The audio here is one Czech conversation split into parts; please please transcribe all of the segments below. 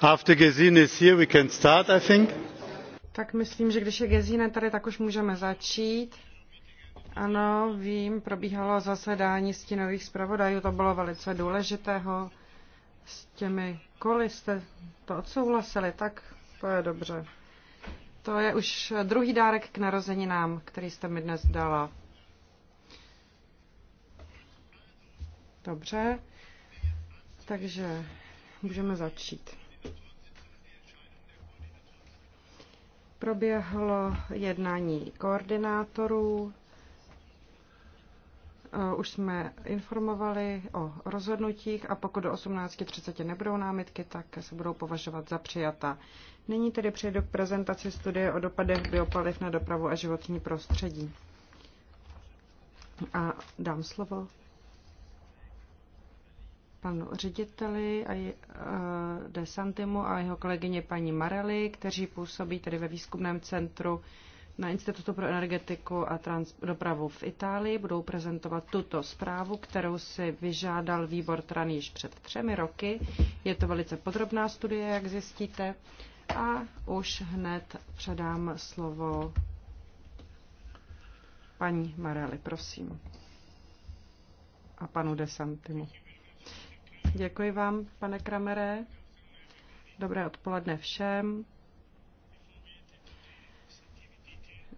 After Gesine is here, we can start, I think. Tak myslím, že když je Gesine tady, tak už můžeme začít. Ano, vím, probíhalo zasedání stínových zpravodajů, to bylo velice důležitého. S těmi koli jste to odsouhlasili, tak to je dobře. To je už druhý dárek k narozeninám, který jste mi dnes dala. Dobře, takže můžeme začít. Proběhlo jednání koordinátorů. E, už jsme informovali o rozhodnutích a pokud do 18.30 nebudou námitky, tak se budou považovat za přijata. Nyní tedy přejdu k prezentaci studie o dopadech biopaliv na dopravu a životní prostředí. A dám slovo panu řediteli eh, De Santimu a jeho kolegyně paní Marely, kteří působí tedy ve výzkumném centru na Institutu pro energetiku a trans- dopravu v Itálii. Budou prezentovat tuto zprávu, kterou si vyžádal výbor TRAN již před třemi roky. Je to velice podrobná studie, jak zjistíte. A už hned předám slovo paní Marely, prosím. A panu Desantimu. Děkuji vám, pane Kramere. Dobré odpoledne všem.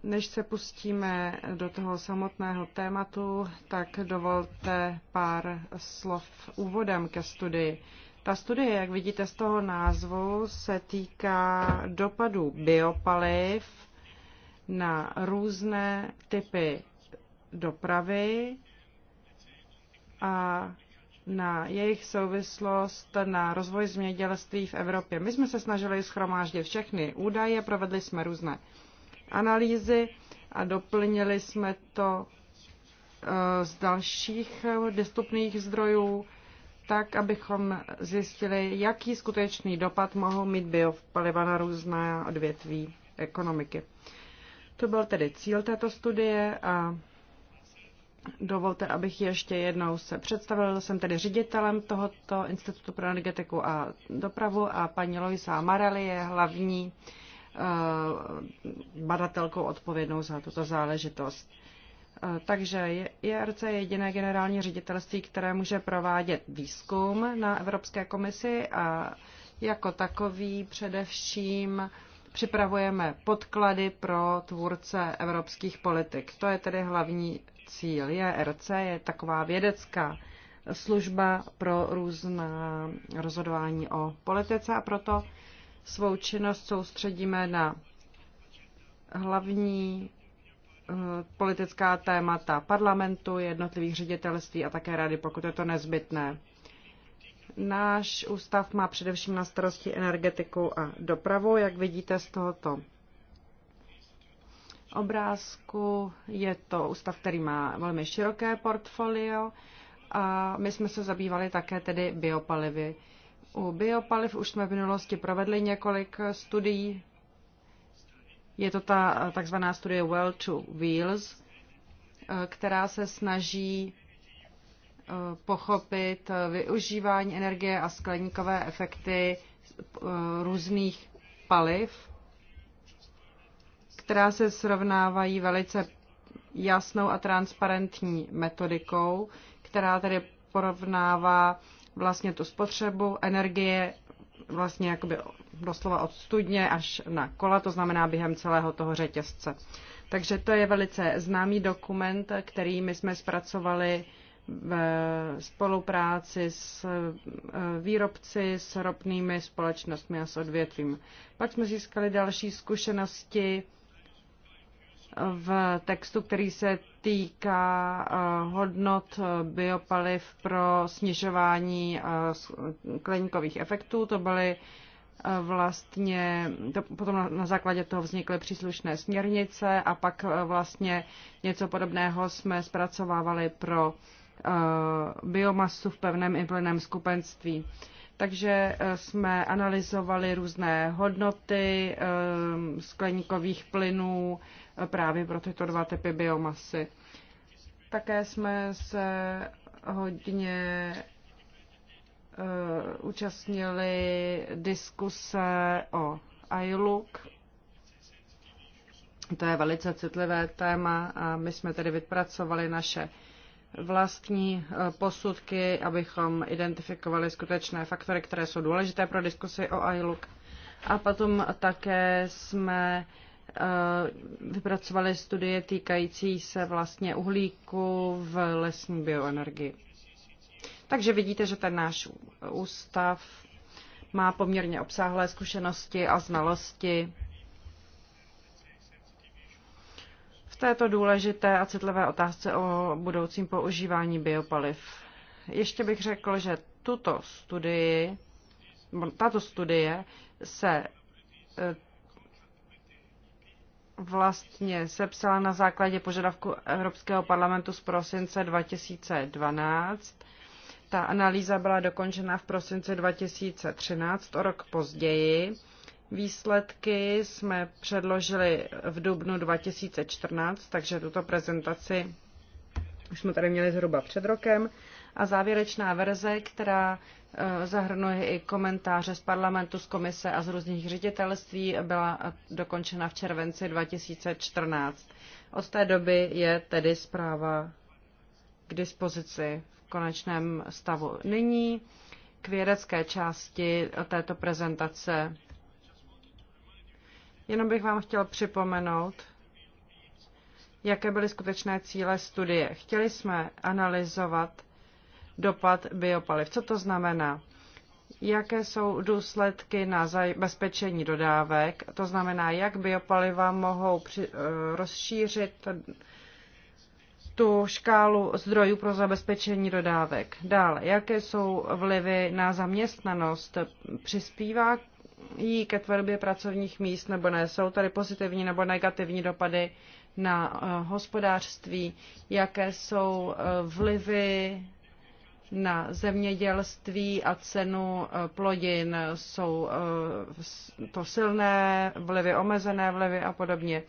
Než se pustíme do toho samotného tématu, tak dovolte pár slov úvodem ke studii. Ta studie, jak vidíte z toho názvu, se týká dopadů biopaliv na různé typy dopravy a na jejich souvislost na rozvoj zemědělství v Evropě. My jsme se snažili schromáždit všechny údaje, provedli jsme různé analýzy a doplnili jsme to eh, z dalších eh, dostupných zdrojů, tak, abychom zjistili, jaký skutečný dopad mohou mít biopaliva na různá odvětví ekonomiky. To byl tedy cíl této studie a Dovolte, abych ještě jednou se představil. Jsem tedy ředitelem tohoto Institutu pro energetiku a dopravu a paní Loisa Amarelli je hlavní eh, badatelkou odpovědnou za tuto záležitost. Eh, takže IRC je jediné generální ředitelství, které může provádět výzkum na Evropské komisi a jako takový především připravujeme podklady pro tvůrce evropských politik. To je tedy hlavní cíl. JRC je taková vědecká služba pro různá rozhodování o politice a proto svou činnost soustředíme na hlavní eh, politická témata parlamentu, jednotlivých ředitelství a také rady, pokud je to nezbytné. Náš ústav má především na starosti energetiku a dopravu, jak vidíte z tohoto obrázku. Je to ústav, který má velmi široké portfolio a my jsme se zabývali také tedy biopalivy. U biopaliv už jsme v minulosti provedli několik studií. Je to ta takzvaná studie Well to Wheels, která se snaží eh, pochopit využívání energie a skleníkové efekty eh, různých paliv která se srovnávají velice jasnou a transparentní metodikou, která tedy porovnává vlastně tu spotřebu energie vlastně jakoby doslova od studně až na kola, to znamená během celého toho řetězce. Takže to je velice známý dokument, který my jsme zpracovali v spolupráci s e, výrobci, s ropnými společnostmi a s odvětvím. Pak jsme získali další zkušenosti v textu, který se týká eh, hodnot eh, biopaliv pro snižování eh, skleníkových efektů. To byly vlastně, to potom na základě toho vznikly příslušné směrnice a pak vlastně něco podobného jsme zpracovávali pro biomasu v pevném i plném skupenství. Takže jsme analyzovali různé hodnoty skleníkových plynů, právě pro tyto dva typy biomasy. Také jsme se hodně eh, účastnili diskuse o iLook. To je velice citlivé téma a my jsme tedy vypracovali naše vlastní eh, posudky, abychom identifikovali skutečné faktory, které jsou důležité pro diskusi o iLook. A potom také jsme Eh, vypracovali studie týkající se vlastně uhlíku v lesní bioenergii. Takže vidíte, že ten náš ústav má poměrně obsáhlé zkušenosti a znalosti v této důležité a citlivé otázce o budoucím používání biopaliv. Ještě bych řekl, že tuto studii, tato studie se eh, vlastně sepsala na základě požadavku Evropského parlamentu z prosince 2012. Ta analýza byla dokončena v prosinci 2013, o rok později. Výsledky jsme předložili v dubnu 2014, takže tuto prezentaci už jsme tady měli zhruba před rokem a závěrečná verze, která eh, zahrnuje i komentáře z parlamentu, z komise a z různých ředitelství, byla eh, dokončena v červenci 2014. Od té doby je tedy zpráva k dispozici v konečném stavu. Nyní k vědecké části této prezentace. Jenom bych vám chtěl připomenout, jaké byly skutečné cíle studie. Chtěli jsme analyzovat dopad biopaliv. Co to znamená? Jaké jsou důsledky na zabezpečení dodávek? To znamená, jak biopaliva mohou při, eh, rozšířit tu škálu zdrojů pro zabezpečení dodávek. Dále, jaké jsou vlivy na zaměstnanost? Přispívá jí ke tvorbě pracovních míst nebo ne? Jsou tady pozitivní nebo negativní dopady na eh, hospodářství? Jaké jsou eh, vlivy na zemědělství a cenu eh, plodin. Jsou eh, to silné vlivy, omezené vlivy a podobně.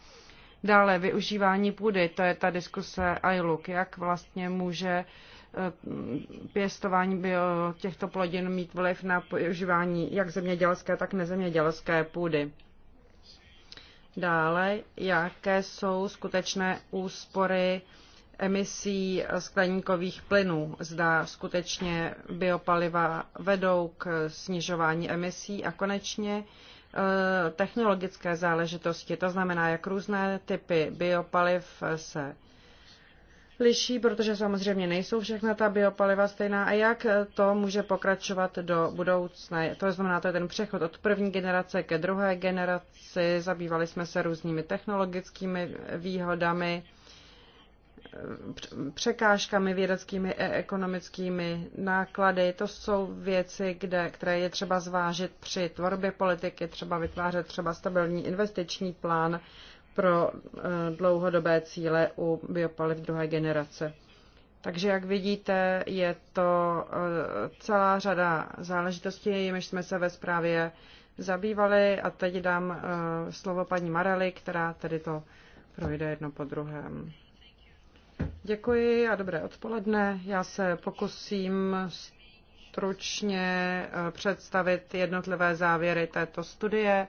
Dále využívání půdy, to je ta diskuse ILUK, jak vlastně může eh, pěstování bio těchto plodin mít vliv na používání jak zemědělské, tak nezemědělské půdy. Dále, jaké jsou skutečné úspory emisí skleníkových plynů. Zda skutečně biopaliva vedou k snižování emisí a konečně eh, technologické záležitosti. To znamená, jak různé typy biopaliv se liší, protože samozřejmě nejsou všechna ta biopaliva stejná a jak to může pokračovat do budoucna. To znamená, to je ten přechod od první generace ke druhé generaci. Zabývali jsme se různými technologickými výhodami překážkami vědeckými ekonomickými náklady. To jsou věci, kde, které je třeba zvážit při tvorbě politiky, třeba vytvářet třeba stabilní investiční plán pro eh, dlouhodobé cíle u biopaliv druhé generace. Takže jak vidíte, je to eh, celá řada záležitostí, jimiž jsme se ve zprávě zabývali a teď dám eh, slovo paní Marely, která tedy to projde jedno po druhém. Děkuji a dobré odpoledne. Já se pokusím stručně eh, představit jednotlivé závěry této studie,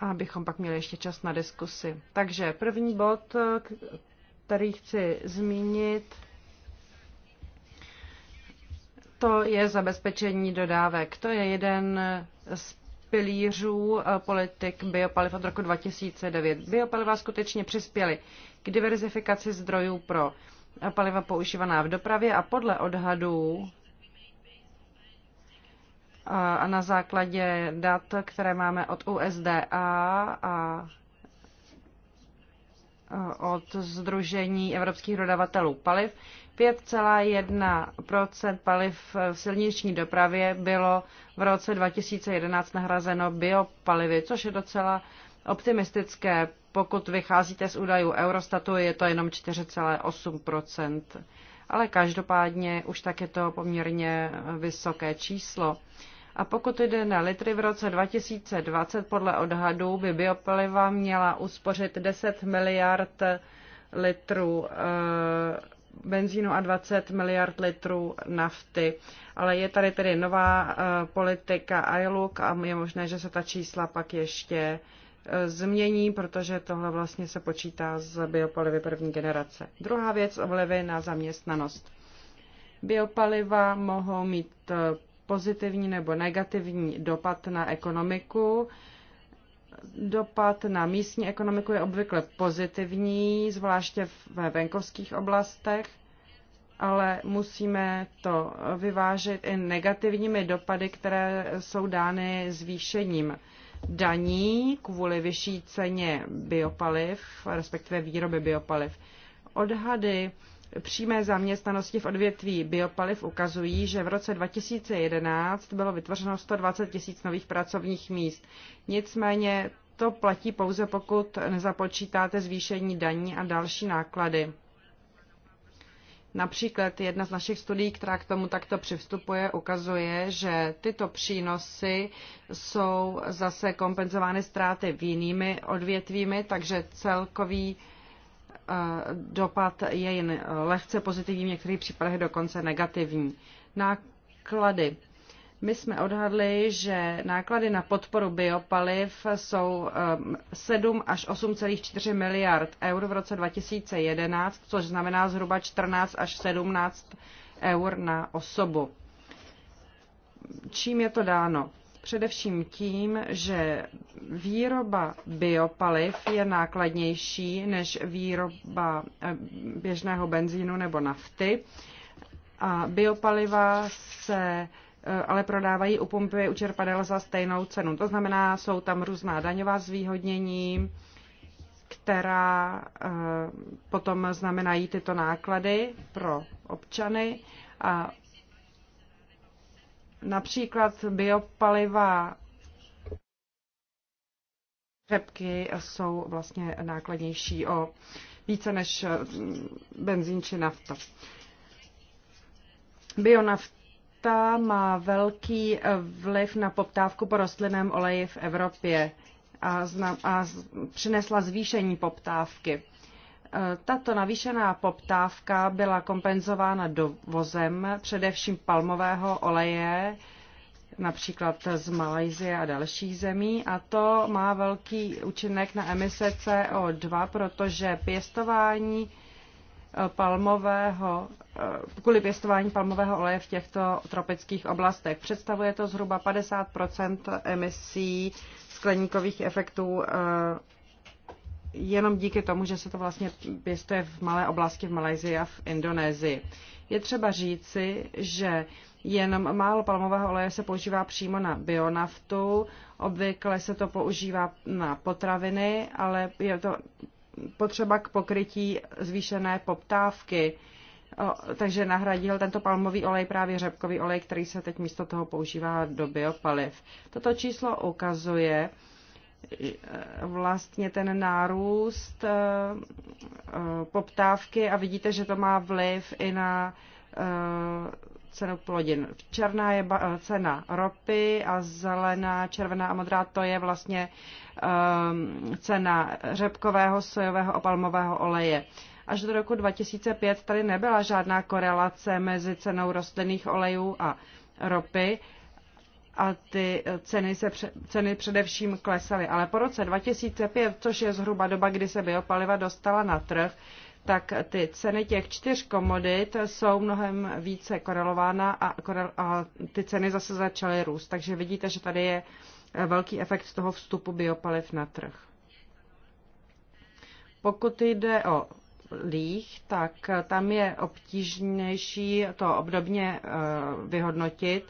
abychom pak měli ještě čas na diskusi. Takže první bod, eh, který chci zmínit, to je zabezpečení dodávek. To je jeden z pilířů eh, politik biopaliv od roku 2009. Biopaliva skutečně přispěly k diverzifikaci zdrojů pro eh, paliva používaná v dopravě a podle odhadů eh, a na základě dat, které máme od USDA a od Združení evropských dodavatelů paliv, 5,1 paliv v silniční dopravě bylo v roce 2011 nahrazeno biopalivy, což je docela optimistické. Pokud vycházíte z údajů Eurostatu, je to jenom 4,8 ale každopádně už tak je to poměrně vysoké číslo. A pokud jde na litry v roce 2020, podle odhadů by biopaliva měla uspořit 10 miliard litrů e benzínu a 20 miliard litrů nafty. Ale je tady tedy nová eh, politika ILUK a je možné, že se ta čísla pak ještě eh, změní, protože tohle vlastně se počítá z biopalivy první generace. Druhá věc, ovlivy na zaměstnanost. Biopaliva mohou mít eh, pozitivní nebo negativní dopad na ekonomiku. Dopad na místní ekonomiku je obvykle pozitivní, zvláště ve venkovských oblastech, ale musíme to vyvážit i negativními dopady, které jsou dány zvýšením daní kvůli vyšší ceně biopaliv, respektive výroby biopaliv. Odhady přímé zaměstnanosti v odvětví biopaliv ukazují, že v roce 2011 bylo vytvořeno 120 tisíc nových pracovních míst. Nicméně to platí pouze, pokud nezapočítáte zvýšení daní a další náklady. Například jedna z našich studií, která k tomu takto přivstupuje, ukazuje, že tyto přínosy jsou zase kompenzovány ztráty v jinými odvětvími, takže celkový dopad je jen lehce pozitivní, v některých případech dokonce negativní. Náklady. My jsme odhadli, že náklady na podporu biopaliv jsou 7 um, až 8,4 miliard eur v roce 2011, což znamená zhruba 14 až 17 eur na osobu. Čím je to dáno? Především tím, že výroba biopaliv je nákladnější než výroba eh, běžného benzínu nebo nafty. A biopaliva se eh, ale prodávají u pumpy u čerpadel za stejnou cenu. To znamená, jsou tam různá daňová zvýhodnění, která eh, potom znamenají tyto náklady pro občany a Například biopaliva řepky jsou vlastně nákladnější o více než mm, benzín či nafta. Bionafta má velký eh, vliv na poptávku po rostlinném oleji v Evropě a, zna, a přinesla zvýšení poptávky. Tato navýšená poptávka byla kompenzována dovozem především palmového oleje, například z Malajzie a dalších zemí. A to má velký účinek na emise CO2, protože pěstování eh, palmového, eh, kvůli pěstování palmového oleje v těchto tropických oblastech. Představuje to zhruba 50 emisí skleníkových efektů eh, jenom díky tomu, že se to vlastně pěstuje v malé oblasti v Malajzii a v Indonésii. Je třeba říci, že jenom málo palmového oleje se používá přímo na bionaftu, obvykle se to používá na potraviny, ale je to potřeba k pokrytí zvýšené poptávky. Takže nahradil tento palmový olej právě řepkový olej, který se teď místo toho používá do biopaliv. Toto číslo ukazuje, vlastně ten nárůst eh, eh, poptávky a vidíte, že to má vliv i na eh, cenu plodin. Černá je cena ropy a zelená, červená a modrá to je vlastně cena řepkového, sojového a palmového oleje. Až do roku 2005 tady nebyla žádná korelace mezi cenou rostlinných olejů a ropy, a ty eh, ceny, se, ceny především klesaly. Ale po roce 2005, což je zhruba doba, kdy se biopaliva dostala na trh, tak ty ceny těch čtyř komodit jsou mnohem více korelována a, korel, a ty ceny zase začaly růst. Takže vidíte, že tady je eh, velký efekt z toho vstupu biopaliv na trh. Pokud jde o líh, tak eh, tam je obtížnější to obdobně vyhodnotit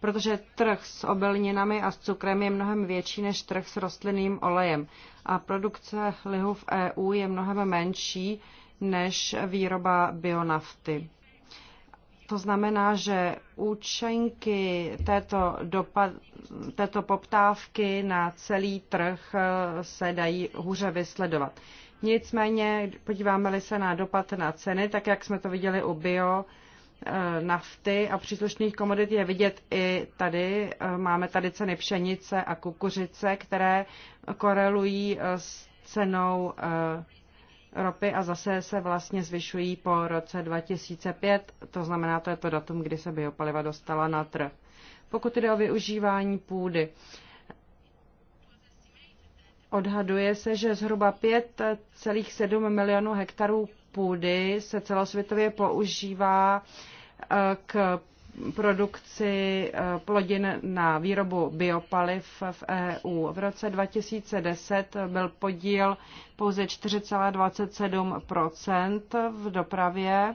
protože trh s obilninami a s cukrem je mnohem větší než trh s rostlinným olejem a produkce lihu v EU je mnohem menší než výroba bionafty. To znamená, že účinky této, dopad, této poptávky na celý trh eh, se dají hůře vysledovat. Nicméně, podíváme-li se na dopad na ceny, tak jak jsme to viděli u bio, Eh, nafty a příslušných komodit je vidět i tady. Eh, máme tady ceny pšenice a kukuřice, které korelují eh, s cenou ropy a zase se vlastně zvyšují po roce 2005, to znamená, to je to datum, kdy se biopaliva dostala na trh. Pokud jde o využívání půdy, odhaduje se, že zhruba 5,7 milionů hektarů půdy se celosvětově používá eh, k produkci eh, plodin na výrobu biopaliv v EU. V roce 2010 byl podíl pouze 4,27 v dopravě.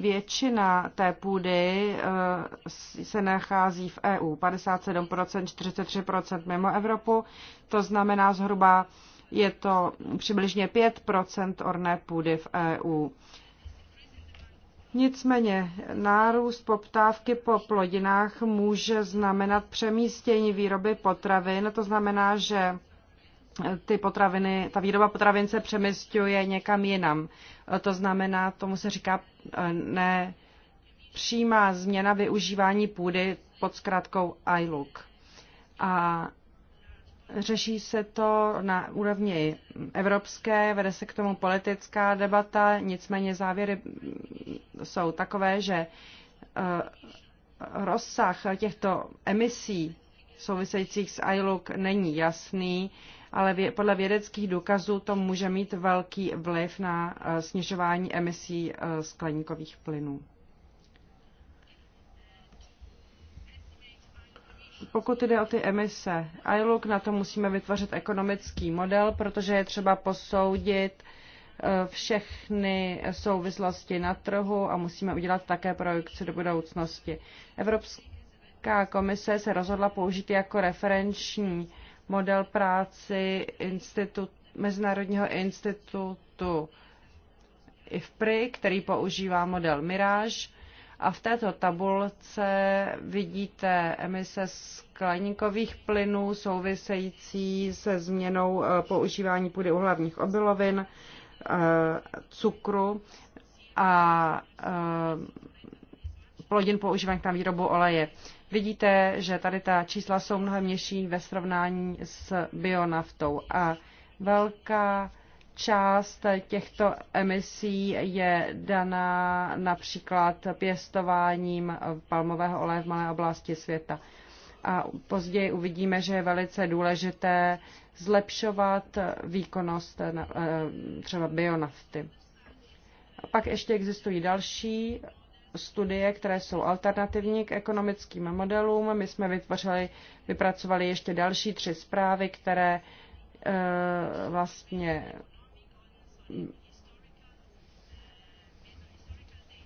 Většina té půdy eh, se nachází v EU, 57%, 43% mimo Evropu, to znamená zhruba je to přibližně 5 orné půdy v EU. Nicméně nárůst poptávky po plodinách může znamenat přemístění výroby potravin. To znamená, že ty potraviny, ta výroba potravin se přemysťuje někam jinam. To znamená, tomu se říká eh, ne přímá změna využívání půdy pod zkratkou ILUC. A Řeší se to na úrovni evropské, vede se k tomu politická debata, nicméně závěry jsou takové, že eh, rozsah těchto emisí souvisejících s ILUC není jasný, ale podle vědeckých důkazů to může mít velký vliv na eh, snižování emisí eh, skleníkových plynů. Pokud jde o ty emise, ILUK na to musíme vytvořit ekonomický model, protože je třeba posoudit eh, všechny souvislosti na trhu a musíme udělat také projekci do budoucnosti. Evropská komise se rozhodla použít jako referenční model práci institut, Mezinárodního institutu IFPRI, který používá model Mirage a v této tabulce vidíte emise skleníkových plynů související se změnou eh, používání půdy uhlavních obilovin, eh, cukru a eh, plodin používaných na výrobu oleje. Vidíte, že tady ta čísla jsou mnohem nižší ve srovnání s bionaftou a velká Část těchto emisí je daná například pěstováním palmového oleje v malé oblasti světa. A později uvidíme, že je velice důležité zlepšovat výkonnost eh, třeba bionafty. Pak ještě existují další studie, které jsou alternativní k ekonomickým modelům. My jsme vytvořili, vypracovali ještě další tři zprávy, které eh, vlastně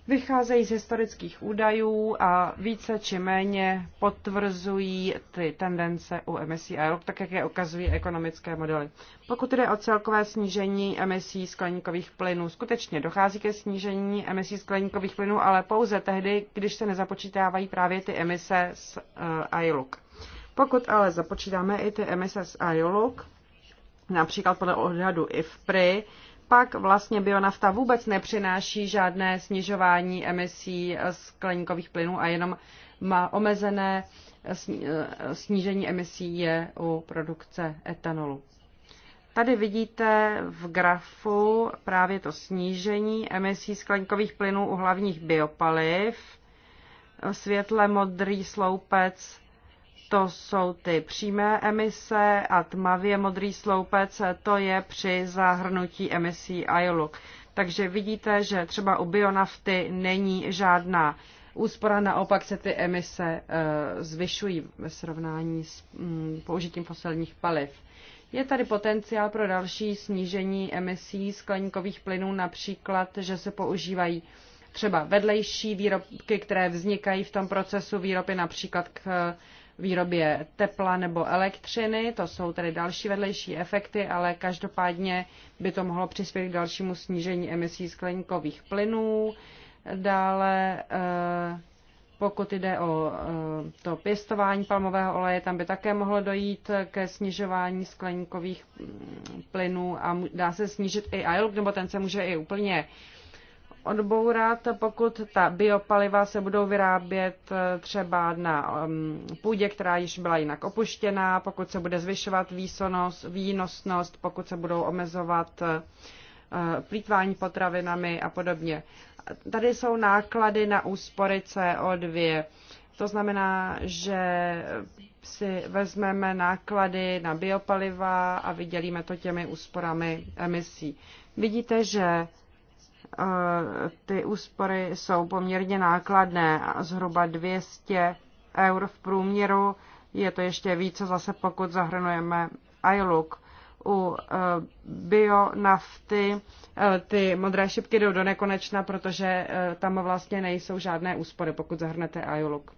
vycházejí z historických údajů a více či méně potvrzují ty tendence u emisí aerob, tak jak je ukazují ekonomické modely. Pokud jde o celkové snížení emisí skleníkových plynů, skutečně dochází ke snížení emisí skleníkových plynů, ale pouze tehdy, když se nezapočítávají právě ty emise z eh, ILUC. Pokud ale započítáme i ty emise z ILUC, například podle odhadu IFPRI, pak vlastně bionafta vůbec nepřináší žádné snižování emisí skleníkových plynů a jenom má omezené snížení emisí je u produkce etanolu. Tady vidíte v grafu právě to snížení emisí skleníkových plynů u hlavních biopaliv. Světle modrý sloupec to jsou ty přímé emise a tmavě modrý sloupec, to je při zahrnutí emisí ILUC. Takže vidíte, že třeba u bionafty není žádná úspora, naopak se ty emise e, zvyšují ve srovnání s mm, použitím fosilních paliv. Je tady potenciál pro další snížení emisí skleníkových plynů, například, že se používají třeba vedlejší výrobky, které vznikají v tom procesu výroby, například k výrobě tepla nebo elektřiny. To jsou tedy další vedlejší efekty, ale každopádně by to mohlo přispět k dalšímu snížení emisí skleníkových plynů. Dále eh, pokud jde o eh, to pěstování palmového oleje, tam by také mohlo dojít ke snižování skleníkových mm, plynů a dá se snížit i ILOG, nebo ten se může i úplně odbourat, pokud ta biopaliva se budou vyrábět eh, třeba na mm, půdě, která již byla jinak opuštěná, pokud se bude zvyšovat výsonost, výnosnost, pokud se budou omezovat eh, plítvání potravinami a podobně. Tady jsou náklady na úspory CO2. To znamená, že si vezmeme náklady na biopaliva a vydělíme to těmi úsporami emisí. Vidíte, že ty úspory jsou poměrně nákladné, zhruba 200 eur v průměru. Je to ještě více zase, pokud zahrnujeme iLook. U e, bionafty e, ty modré šipky jdou do nekonečna, protože e, tam vlastně nejsou žádné úspory, pokud zahrnete iLook.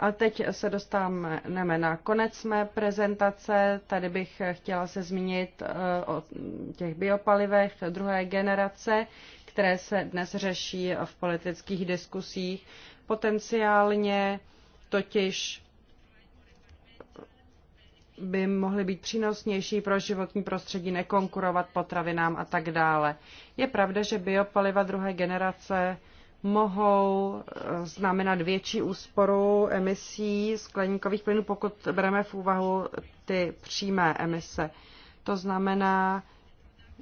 A teď se dostáváme na konec mé prezentace. Tady bych chtěla se zmínit eh, o těch biopalivech druhé generace, které se dnes řeší v politických diskusích. Potenciálně totiž by mohly být přínosnější pro životní prostředí, nekonkurovat potravinám a tak dále. Je pravda, že biopaliva druhé generace mohou eh, znamenat větší úsporu emisí skleníkových plynů, pokud bereme v úvahu ty přímé emise. To znamená,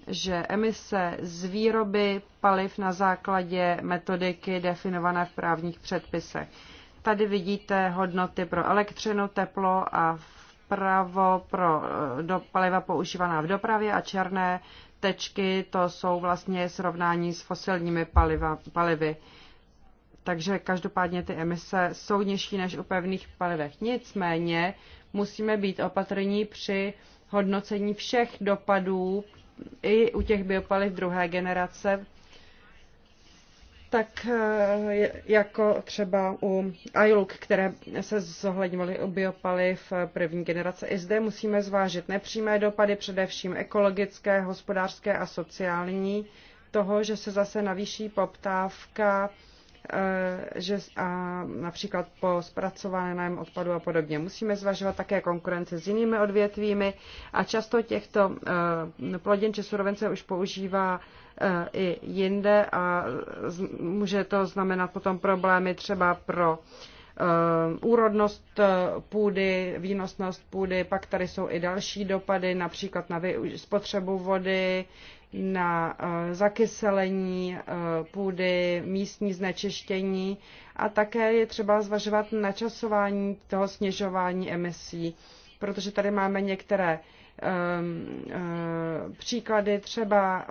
že emise z výroby paliv na základě metodiky definované v právních předpisech. Tady vidíte hodnoty pro elektřinu, teplo a vpravo pro eh, do paliva používaná v dopravě a černé tečky, to jsou vlastně srovnání s fosilními paliva, palivy. Takže každopádně ty emise jsou nižší než u pevných palivech. Nicméně musíme být opatrní při hodnocení všech dopadů i u těch biopaliv druhé generace, tak eh, jako třeba u iLook, které se zohledňovaly u biopaliv první generace. I zde musíme zvážit nepřímé dopady, především ekologické, hospodářské a sociální, toho, že se zase navýší poptávka eh, že a například po zpracovaném odpadu a podobně. Musíme zvažovat také konkurence s jinými odvětvími a často těchto eh, plodin či surovence už používá E, i jinde a může to znamenat potom problémy třeba pro e, úrodnost půdy, výnosnost půdy, pak tady jsou i další dopady, například na spotřebu vody, na e, zakyselení půdy, místní znečištění a také je třeba zvažovat načasování toho snižování emisí, protože tady máme některé Ehm, ehm, příklady třeba eh,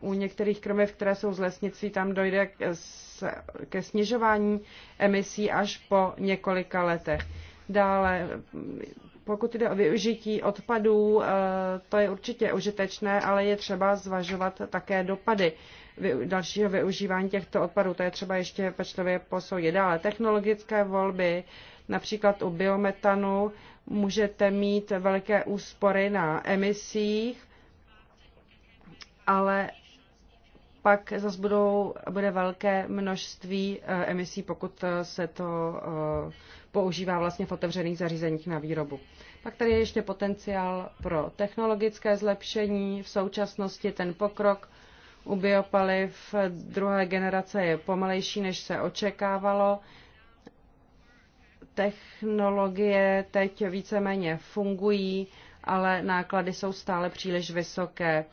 u některých krmiv, které jsou z lesnictví, tam dojde ke snižování emisí až po několika letech. Dále, pokud jde o využití odpadů, eh, to je určitě užitečné, ale je třeba zvažovat také dopady dalšího využívání těchto odpadů. To je třeba ještě pečlivě posoudit. Dále technologické volby, například u biometanu, můžete mít velké úspory na emisích, ale pak zase budou, bude velké množství eh, emisí, pokud eh, se to eh, používá vlastně v otevřených zařízeních na výrobu. Pak tady je ještě potenciál pro technologické zlepšení. V současnosti ten pokrok u biopaliv druhé generace je pomalejší, než se očekávalo technologie teď víceméně fungují, ale náklady jsou stále příliš vysoké.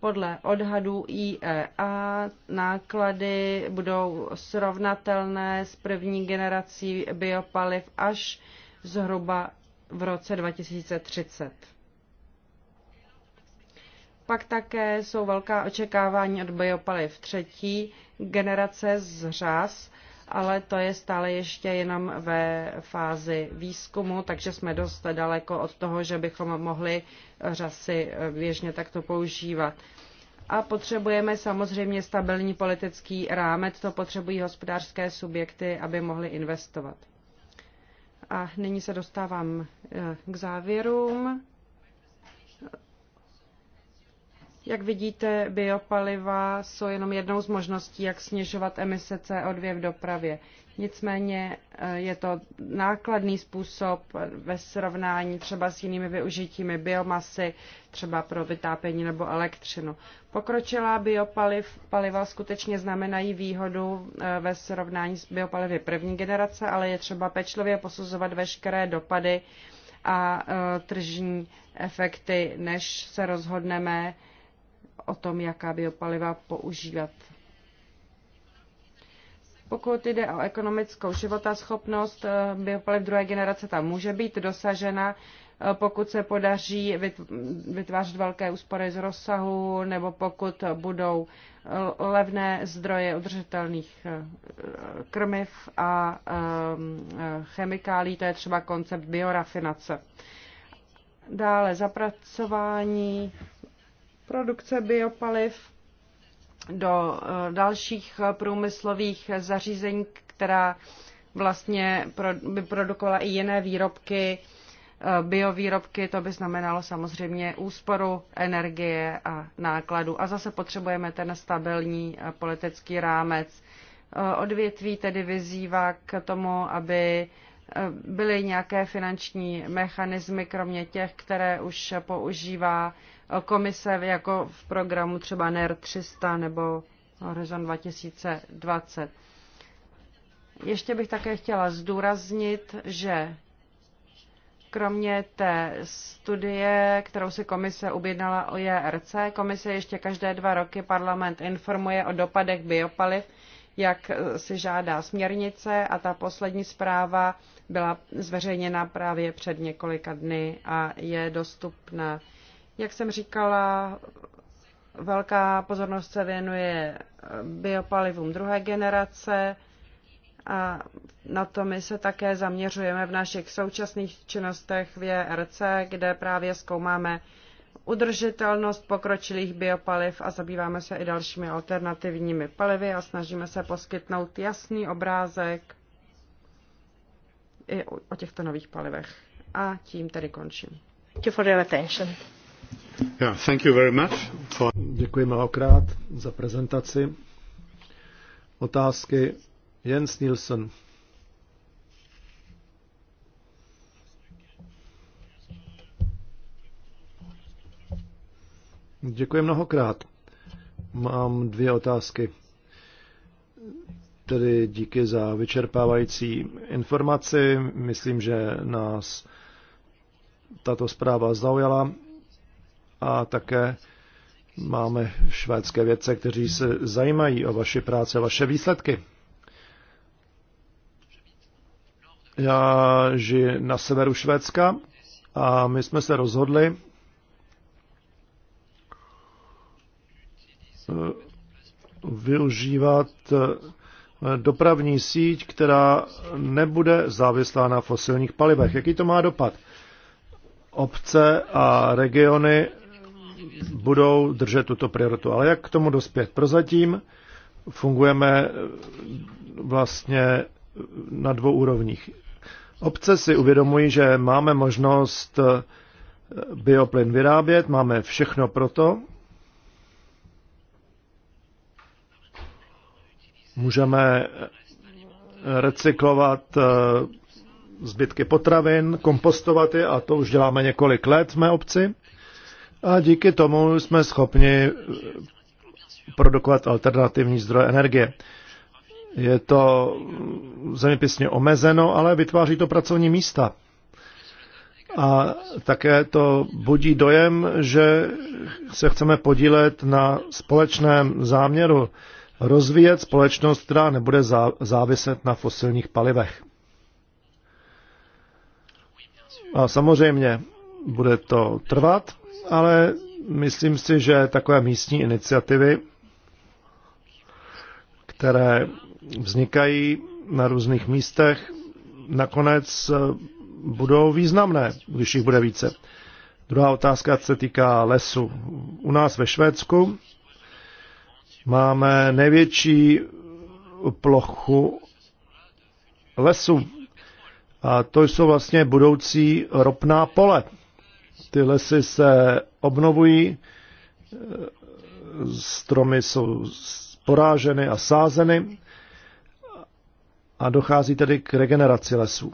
Podle odhadů IEA náklady budou srovnatelné s první generací biopaliv až zhruba v roce 2030. Pak také jsou velká očekávání od biopaliv třetí generace z řas, ale to je stále ještě jenom ve fázi výzkumu, takže jsme dost daleko od toho, že bychom mohli řasy eh, běžně takto používat. A potřebujeme samozřejmě stabilní politický rámec, to potřebují hospodářské subjekty, aby mohly investovat. A nyní se dostávám eh, k závěrům. Jak vidíte, biopaliva jsou jenom jednou z možností, jak snižovat emise CO2 v dopravě. Nicméně eh, je to nákladný způsob ve srovnání třeba s jinými využitími biomasy, třeba pro vytápění nebo elektřinu. Pokročilá biopaliva skutečně znamenají výhodu eh, ve srovnání s biopalivy první generace, ale je třeba pečlivě posuzovat veškeré dopady a eh, tržní efekty, než se rozhodneme, o tom, jaká biopaliva používat. Pokud jde o ekonomickou životaschopnost, eh, biopaliv druhé generace tam může být dosažena, eh, pokud se podaří vytvářet velké úspory z rozsahu, nebo pokud budou eh, levné zdroje udržitelných krmiv a ehm, chemikálí, to je třeba koncept biorafinace. Dále zapracování produkce biopaliv do e, dalších průmyslových zařízení, která vlastně by produkovala i jiné výrobky, e, biovýrobky, to by znamenalo samozřejmě úsporu energie a nákladu. A zase potřebujeme ten stabilní e, politický rámec. Odvětví tedy vyzývá k tomu, aby byly nějaké finanční mechanismy, kromě těch, které už používá komise jako v programu třeba NER 300 nebo Horizon 2020. Ještě bych také chtěla zdůraznit, že kromě té studie, kterou si komise objednala o JRC, komise ještě každé dva roky parlament informuje o dopadech biopaliv, jak si žádá směrnice a ta poslední zpráva byla zveřejněna právě před několika dny a je dostupná jak jsem říkala, velká pozornost se věnuje eh, biopalivům druhé generace a na to my se také zaměřujeme v našich současných činnostech v JRC, kde právě zkoumáme udržitelnost pokročilých biopaliv a zabýváme se i dalšími alternativními palivy a snažíme se poskytnout jasný obrázek i o těchto nových palivech. A tím tedy končím. Thank you for your attention. Děkuji mnohokrát za prezentaci. Otázky Jens Nilsson. Děkuji mnohokrát. Mám dvě otázky. Tedy díky za vyčerpávající informaci. Myslím, že nás tato zpráva zaujala a také máme švédské vědce, kteří se zajímají o vaši práci vaše výsledky. Já žiji na severu Švédska a my jsme se rozhodli eh, využívat eh, dopravní síť, která nebude závislá na fosilních palivech. Jaký to má dopad? Obce a regiony budou držet tuto prioritu. Ale jak k tomu dospět? Prozatím fungujeme eh, vlastně na dvou úrovních. Obce si uvědomují, že máme možnost eh, bioplyn vyrábět, máme všechno proto. Můžeme eh, recyklovat zbytky potravin, kompostovat je a to už děláme několik let v mé obci. A díky tomu jsme schopni eh, produkovat alternativní zdroje energie. Je to eh, zeměpisně omezeno, ale vytváří to pracovní místa. A také to budí dojem, že se chceme podílet na společném záměru rozvíjet společnost, která nebude záviset na fosilních palivech. A samozřejmě bude to trvat, ale myslím si, že takové místní iniciativy, které vznikají na různých místech, nakonec eh, budou významné, když jich bude více. Druhá otázka se týká lesu. U nás ve Švédsku máme největší plochu lesu. A to jsou vlastně budoucí ropná pole. Ty lesy se obnovují, e, stromy jsou poráženy a sázeny a dochází tedy k regeneraci lesů.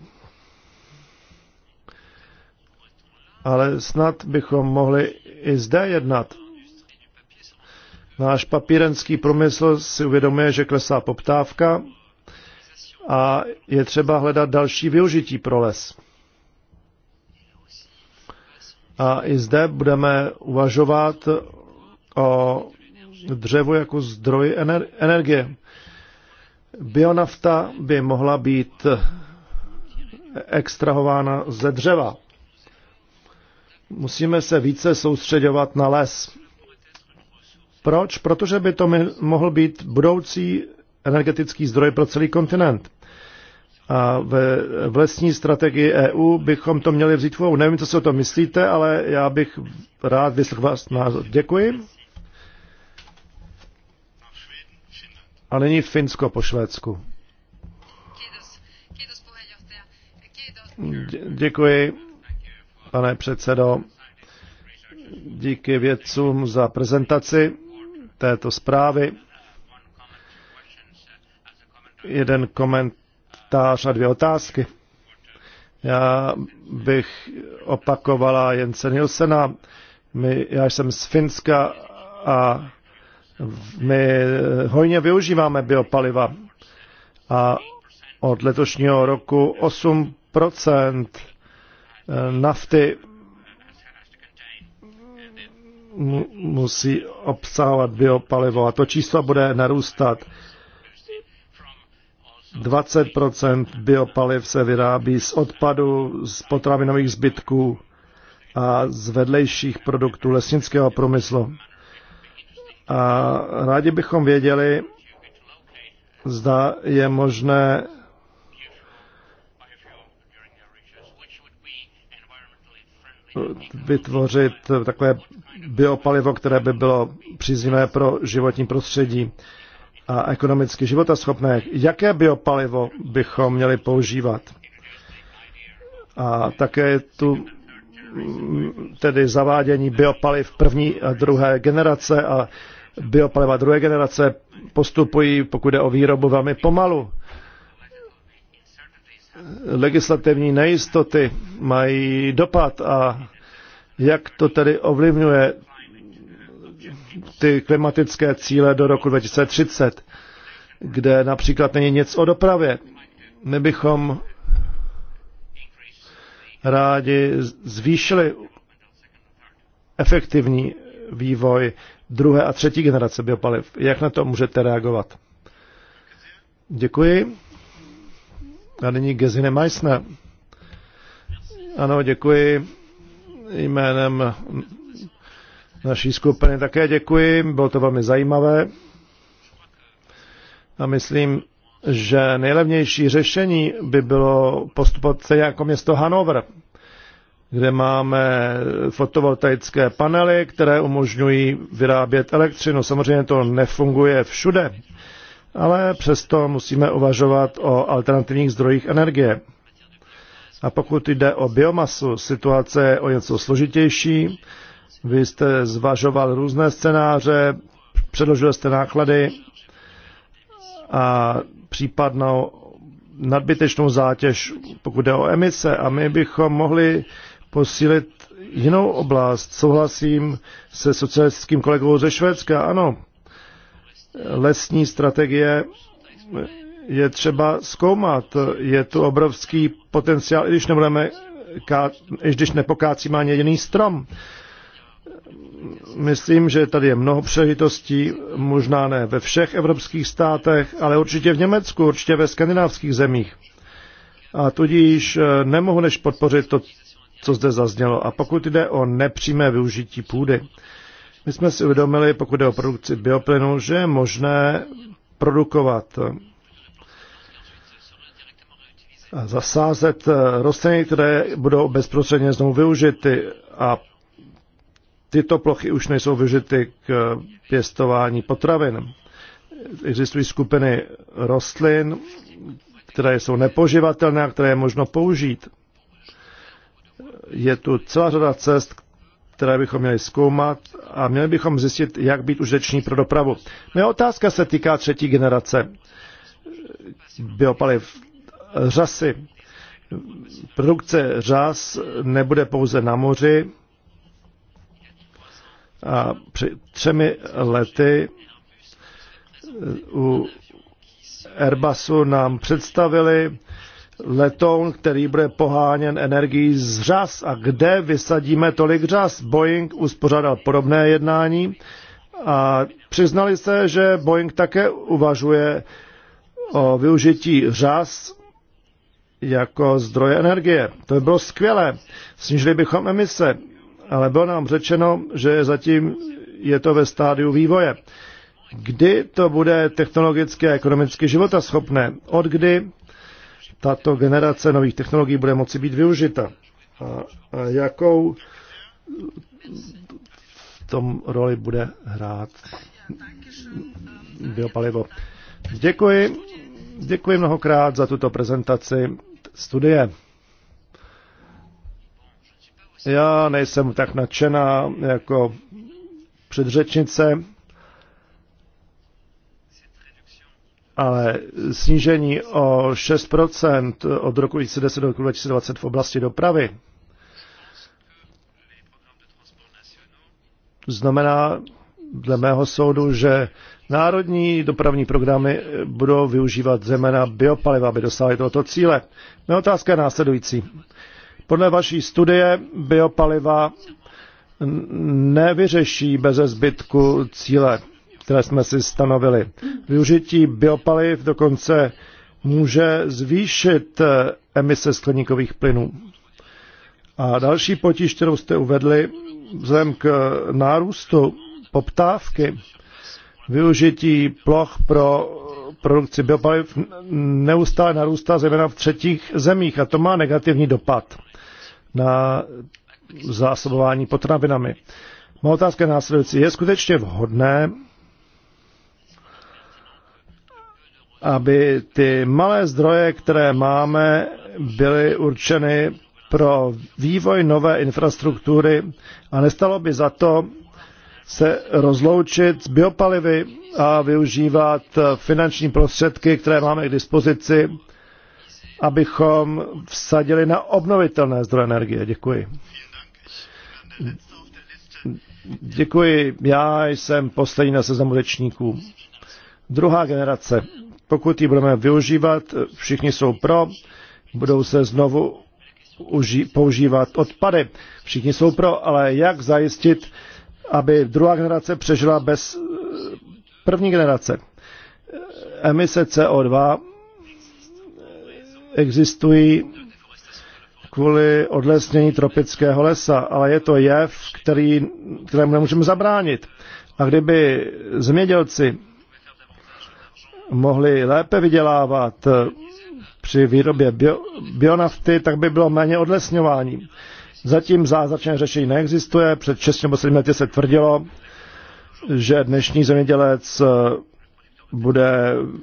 Ale snad bychom mohli i zde jednat. Náš papírenský průmysl si uvědomuje, že klesá poptávka a je třeba hledat další využití pro les. A i zde budeme uvažovat o dřevu jako zdroj energie. Bionafta by mohla být extrahována ze dřeva. Musíme se více soustředovat na les. Proč? Protože by to mohl být budoucí energetický zdroj pro celý kontinent. A ve, v lesní strategii EU bychom to měli vzít v Nevím, co si o tom myslíte, ale já bych rád vyslechl vás názor. Děkuji. A nyní Finsko po Švédsku. Děkuji, pane předsedo. Díky vědcům za prezentaci této zprávy. Jeden komentář komentář a dvě otázky. Já bych opakovala Jense Nilsena. My, já jsem z Finska a my hojně využíváme biopaliva a od letošního roku 8% nafty musí obsahovat biopalivo a to číslo bude narůstat. 20 biopaliv se vyrábí z odpadu, z potravinových zbytků a z vedlejších produktů lesnického průmyslu. A rádi bychom věděli, zda je možné vytvořit takové biopalivo, které by bylo příznivé pro životní prostředí a ekonomicky životaschopné, jaké biopalivo bychom měli používat. A také tu mm, tedy zavádění biopaliv první a druhé generace a biopaliva druhé generace postupují, pokud jde o výrobu, velmi pomalu. Legislativní nejistoty mají dopad a jak to tedy ovlivňuje ty klimatické cíle do roku 2030, kde například není nic o dopravě. My bychom rádi zvýšili efektivní vývoj druhé a třetí generace biopaliv. Jak na to můžete reagovat? Děkuji. A nyní Gezine Meissner. Ano, děkuji jménem naší skupiny také děkuji, bylo to velmi zajímavé. A myslím, že nejlevnější řešení by bylo postupovat se jako město Hanover, kde máme fotovoltaické panely, které umožňují vyrábět elektřinu. Samozřejmě to nefunguje všude, ale přesto musíme uvažovat o alternativních zdrojích energie. A pokud jde o biomasu, situace je o něco složitější. Vy jste zvažoval různé scénáře, předložil jste náklady a případnou nadbytečnou zátěž, pokud jde o emise. A my bychom mohli posílit jinou oblast. Souhlasím se socialistickým kolegou ze Švédska. Ano, lesní strategie je třeba zkoumat. Je tu obrovský potenciál, i když nebudeme i když nepokácíme ani jediný strom myslím, že tady je mnoho přežitostí, možná ne ve všech evropských státech, ale určitě v Německu, určitě ve skandinávských zemích. A tudíž eh, nemohu než podpořit to, co zde zaznělo. A pokud jde o nepřímé využití půdy, my jsme si uvědomili, pokud jde o produkci bioplynu, že je možné produkovat eh, a zasázet eh, rostliny, které budou bezprostředně znovu využity a tyto plochy už nejsou vyžity k pěstování potravin. Existují skupiny rostlin, které jsou nepoživatelné a které je možno použít. Je tu celá řada cest, které bychom měli zkoumat a měli bychom zjistit, jak být užiteční pro dopravu. Moje otázka se týká třetí generace biopaliv řasy. Produkce řas nebude pouze na moři, a při třemi lety eh, u Airbusu nám představili letoun, který bude poháněn energií z řas a kde vysadíme tolik řas. Boeing uspořádal podobné jednání a přiznali se, že Boeing také uvažuje o využití řas jako zdroje energie. To by bylo skvělé. Snížili bychom emise ale bylo nám řečeno, že zatím je to ve stádiu vývoje. Kdy to bude technologicky a ekonomicky životaschopné? Od kdy tato generace nových technologií bude moci být využita? A, a jakou v tom roli bude hrát biopalivo? Děkuji, děkuji mnohokrát za tuto prezentaci studie. Já nejsem tak nadšená jako předřečnice, ale snížení o 6% od roku 2010 do roku 2020 v oblasti dopravy znamená dle mého soudu, že národní dopravní programy budou využívat zejména biopaliva, aby dosáhly tohoto cíle. Mé otázka je následující. Podle vaší studie biopaliva nevyřeší beze zbytku cíle, které jsme si stanovili. Využití biopaliv dokonce může zvýšit eh, emise skleníkových plynů. A další potíž, kterou jste uvedli, vzhledem k nárůstu poptávky, využití ploch pro produkci biopaliv neustále narůstá, zejména v třetích zemích, a to má negativní dopad na zásobování potravinami. Má otázka je následující. Je skutečně vhodné, aby ty malé zdroje, které máme, byly určeny pro vývoj nové infrastruktury a nestalo by za to se rozloučit s biopalivy a využívat finanční prostředky, které máme k dispozici abychom vsadili na obnovitelné zdroje energie. Děkuji. Děkuji. Já jsem poslední na seznamu řečníků. Druhá generace. Pokud ji budeme využívat, všichni jsou pro, budou se znovu používat odpady. Všichni jsou pro, ale jak zajistit, aby druhá generace přežila bez eh, první generace? Emise CO2 existují kvůli odlesnění tropického lesa, ale je to jev, který, kterému nemůžeme zabránit. A kdyby zemědělci mohli lépe vydělávat při výrobě bio, bionafty, tak by bylo méně odlesňování. Zatím zázračné řešení neexistuje. Před 6 nebo 7 lety se tvrdilo, že dnešní zemědělec bude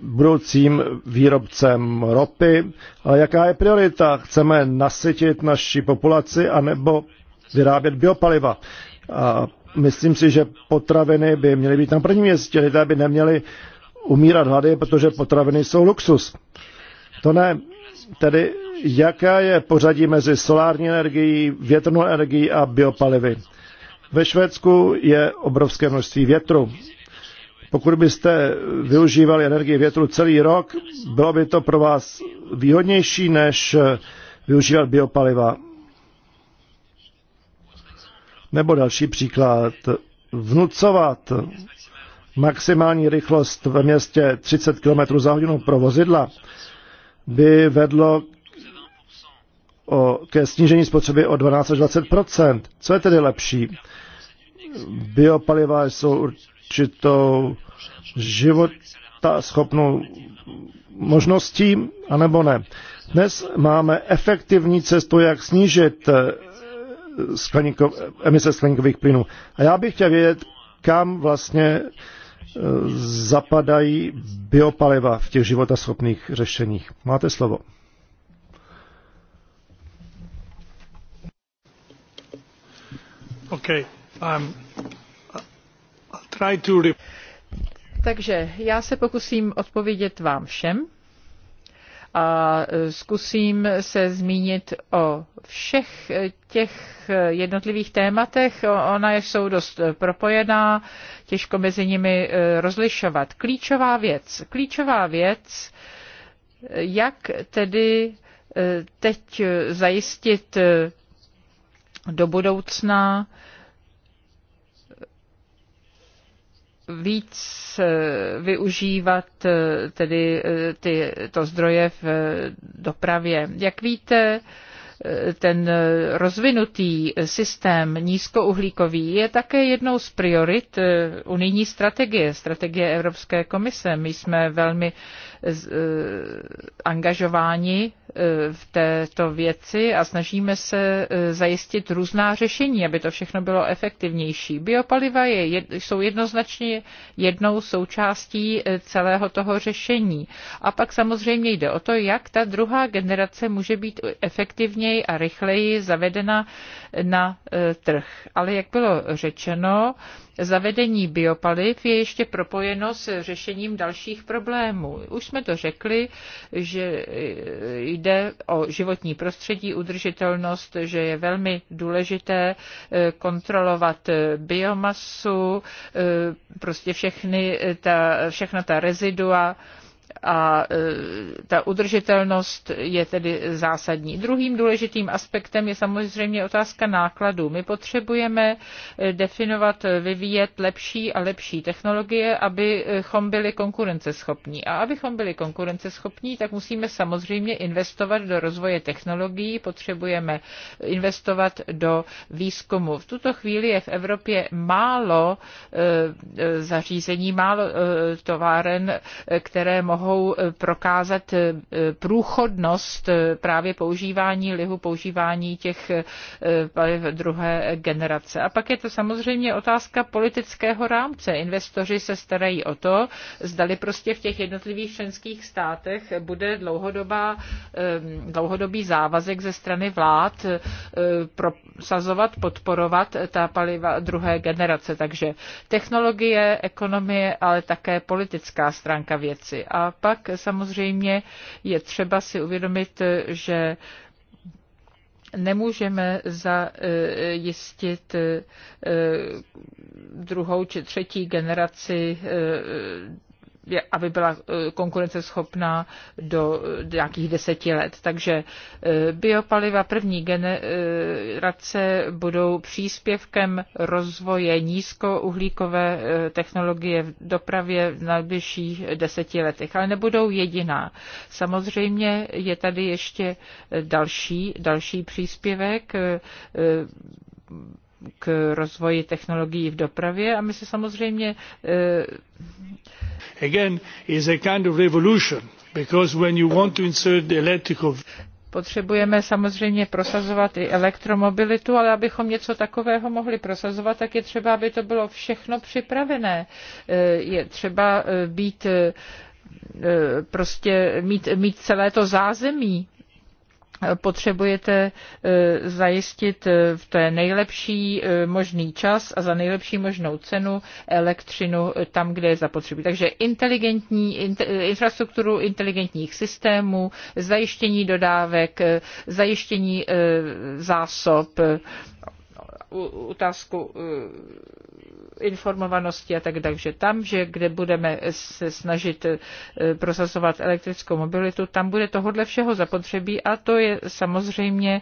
budoucím výrobcem ropy, A jaká je priorita? Chceme nasytit naši populaci anebo vyrábět biopaliva? A myslím si, že potraviny by měly být na prvním městě. Lidé by neměli umírat hlady, protože potraviny jsou luxus. To ne. Tedy jaká je pořadí mezi solární energií, větrnou energií a biopalivy? Ve Švédsku je obrovské množství větru pokud byste využívali energii větru celý rok, bylo by to pro vás výhodnější, než využívat biopaliva. Nebo další příklad. Vnucovat maximální rychlost ve městě 30 km za hodinu pro vozidla by vedlo o, ke snížení spotřeby o 12 až 20 Co je tedy lepší? Biopaliva jsou určitou života schopnou možností, anebo ne. Dnes máme efektivní cestu, jak snížit eh, skleníko, emise skleníkových plynů. A já bych chtěl vědět, kam vlastně eh, zapadají biopaliva v těch životaschopných řešeních. Máte slovo. Okay. Um, I'll try to... Takže já se pokusím odpovědět vám všem a e, zkusím se zmínit o všech těch jednotlivých tématech. Ona jsou dost propojená, těžko mezi nimi e, rozlišovat. Klíčová věc. Klíčová věc, jak tedy e, teď zajistit do budoucna víc eh, využívat eh, tedy eh, ty, to zdroje v dopravě. Jak víte, ten rozvinutý systém nízkouhlíkový je také jednou z priorit unijní strategie, strategie Evropské komise. My jsme velmi angažováni Eh, v této věci a snažíme se eh, zajistit různá řešení, aby to všechno bylo efektivnější. Biopaliva je, jsou jednoznačně jednou součástí eh, celého toho řešení. A pak samozřejmě jde o to, jak ta druhá generace může být efektivněji a rychleji zavedena na trh. Ale jak bylo řečeno, zavedení biopaliv je ještě propojeno s řešením dalších problémů. Už jsme to řekli, že jde o životní prostředí, udržitelnost, že je velmi důležité eh, kontrolovat eh, biomasu, eh, prostě všechny ta, všechna ta rezidua, a e, ta udržitelnost je tedy zásadní. Druhým důležitým aspektem je samozřejmě otázka nákladů. My potřebujeme e, definovat, e, vyvíjet lepší a lepší technologie, abychom byli konkurenceschopní. A abychom byli konkurenceschopní, tak musíme samozřejmě investovat do rozvoje technologií, potřebujeme investovat do výzkumu. V tuto chvíli je v Evropě málo zařízení, málo továren, které mohou mohou eh, prokázat eh, průchodnost eh, právě používání lihu, používání těch paliv druhé generace. A pak je to samozřejmě otázka politického rámce. Investoři se starají o to, zdali prostě v těch jednotlivých členských státech bude dlouhodobá, ehm, dlouhodobý závazek ze strany vlád prosazovat, podporovat ta paliva druhé generace. Takže technologie, ekonomie, ale také politická stránka věci. A pak samozřejmě je třeba si uvědomit, že nemůžeme zajistit eh, druhou či třetí generaci eh, aby byla eh, konkurenceschopná do eh, nějakých deseti let. Takže eh, biopaliva první generace budou příspěvkem rozvoje nízkouhlíkové technologie v dopravě v nejbližších deseti letech, ale nebudou jediná. Samozřejmě je tady ještě další, další příspěvek k rozvoji technologií v dopravě a my se samozřejmě eh, Again, is a kind of revolution because when you want to insert electrical Potřebujeme samozřejmě prosazovat i elektromobilitu, ale abychom něco takového mohli prosazovat, tak je třeba, aby to bylo všechno připravené. Eh, je třeba eh, být prostě mít, mít celé to zázemí potřebujete eh, zajistit eh, v té nejlepší eh, možný čas a za nejlepší možnou cenu elektřinu tam, kde je zapotřebí. Takže inteligentní infrastrukturu inteligentních systémů, zajištění dodávek, zajištění zásob, otázku informovanosti a tak takže tam, že kde budeme se snažit e, prosazovat elektrickou mobilitu, tam bude tohodle všeho zapotřebí a to je samozřejmě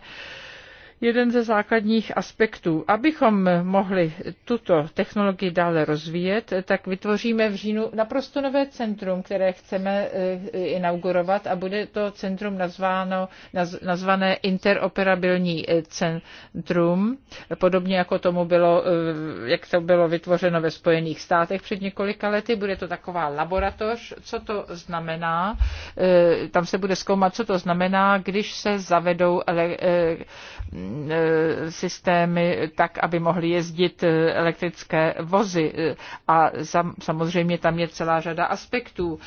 jeden ze základních aspektů. Abychom mohli tuto technologii dále rozvíjet, tak vytvoříme v říjnu naprosto nové centrum, které chceme eh, inaugurovat a bude to centrum nazváno, naz, nazvané interoperabilní eh, centrum, podobně jako tomu bylo, eh, jak to bylo vytvořeno ve Spojených státech před několika lety. Bude to taková laboratoř, co to znamená. Tam se bude zkoumat, co to znamená, když se zavedou ele, Eh, systémy tak, aby mohly jezdit eh, elektrické vozy. Eh, a samozřejmě tam je celá řada aspektů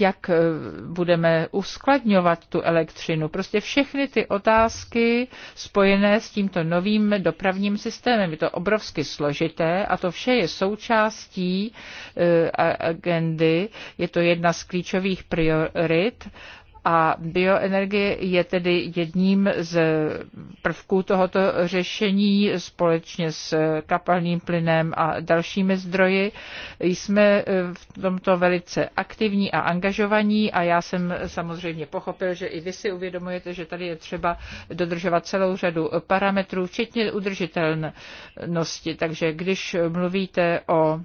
jak budeme uskladňovat tu elektřinu. Prostě všechny ty otázky spojené s tímto novým dopravním systémem. Je to obrovsky složité a to vše je součástí agendy. Je to jedna z klíčových priorit a bioenergie je tedy jedním z prvků tohoto řešení společně s kapalným plynem a dalšími zdroji. Jsme e, v tomto velice aktivní a angažovaní a já jsem samozřejmě pochopil, že i vy si uvědomujete, že tady je třeba dodržovat celou řadu parametrů, včetně udržitelnosti. Takže když mluvíte o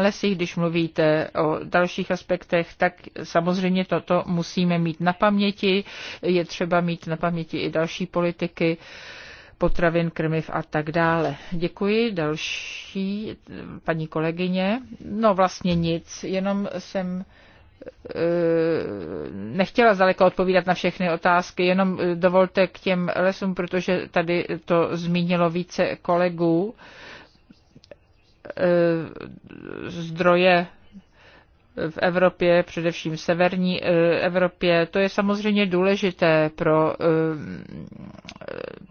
lesích, když mluvíte o dalších aspektech, tak samozřejmě toto musíme mít na paměti. Je třeba mít na paměti i další politiky potravin, krmiv a tak dále. Děkuji. Další paní kolegyně. No vlastně nic, jenom jsem eh, nechtěla zdaleka odpovídat na všechny otázky, jenom eh, dovolte k těm lesům, protože tady to zmínilo více kolegů. Eh, zdroje v Evropě, především v severní eh, Evropě. To je samozřejmě důležité pro eh,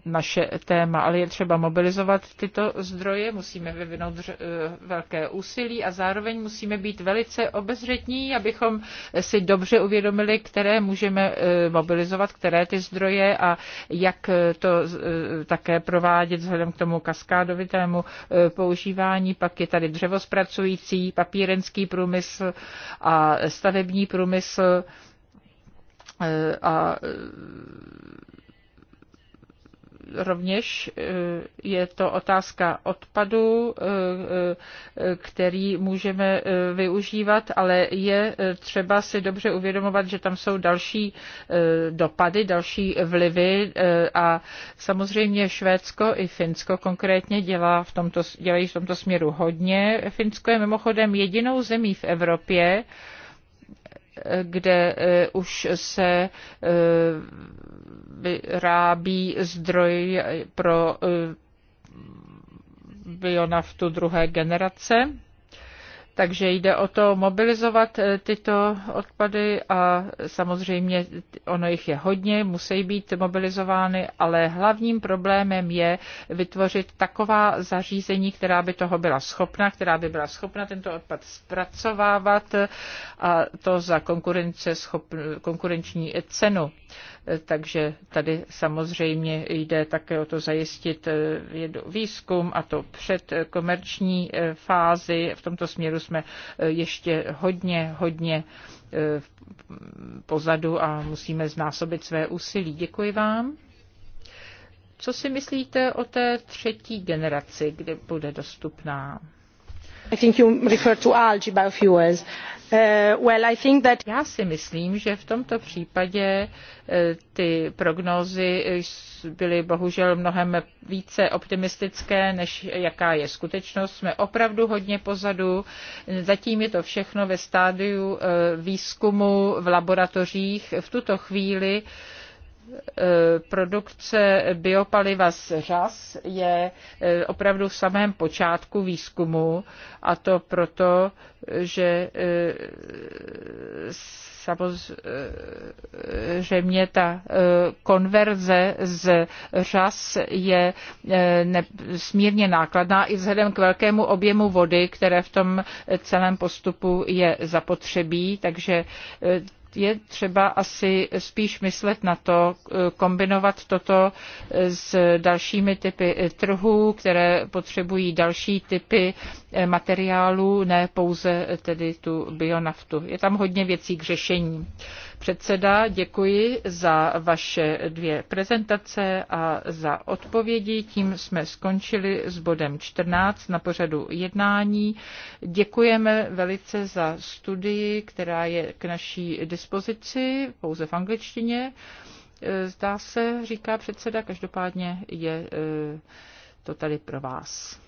naše téma, ale je třeba mobilizovat tyto zdroje, musíme vyvinout eh, velké úsilí a zároveň musíme být velice obezřetní, abychom si dobře uvědomili, které můžeme mobilizovat, které ty zdroje a jak to také provádět vzhledem k tomu kaskádovitému používání. Pak je tady dřevospracující, papírenský průmysl, a stavební průmysl eh, a rovněž eh, je to otázka odpadu, eh, eh, který můžeme využívat, ale je třeba si dobře uvědomovat, že tam jsou další dopady, další vlivy a samozřejmě Švédsko i Finsko konkrétně dělá v tomto, dělají v tomto směru hodně. Finsko je mimochodem jedinou zemí v Evropě, kde eh, už se eh, vyrábí zdroj pro eh, bionaftu druhé generace. Takže jde o to mobilizovat eh, tyto odpady a samozřejmě ono jich je hodně, musí být mobilizovány, ale hlavním problémem je vytvořit taková zařízení, která by toho byla schopna, která by byla schopna tento odpad zpracovávat eh, a to za konkurenční cenu. Eh, takže tady samozřejmě jde také o to zajistit eh, výzkum a to před eh, komerční fázi. V tomto směru jsme ještě hodně, hodně pozadu a musíme znásobit své úsilí. Děkuji vám. Co si myslíte o té třetí generaci, kdy bude dostupná? Já si myslím, že v tomto případě eh, ty prognózy byly bohužel mnohem více optimistické, než jaká je skutečnost. Jsme opravdu hodně pozadu. Zatím je to všechno ve stádiu eh, výzkumu v laboratořích. V tuto chvíli E, produkce biopaliva z řas je e, opravdu v samém počátku výzkumu a to proto, že e, samozřejmě ta konverze z řas je smírně nákladná i vzhledem k velkému objemu vody, které v tom celém postupu je zapotřebí, takže je třeba asi spíš myslet na to, eh, kombinovat toto eh, s dalšími typy eh, trhů, které potřebují další typy materiálů, ne pouze tedy tu bionaftu. Je tam hodně věcí k řešení. Předseda, děkuji za vaše dvě prezentace a za odpovědi. Tím jsme skončili s bodem 14 na pořadu jednání. Děkujeme velice za studii, která je k naší dispozici pouze v angličtině. Zdá se, říká předseda, každopádně je eh, to tady pro vás.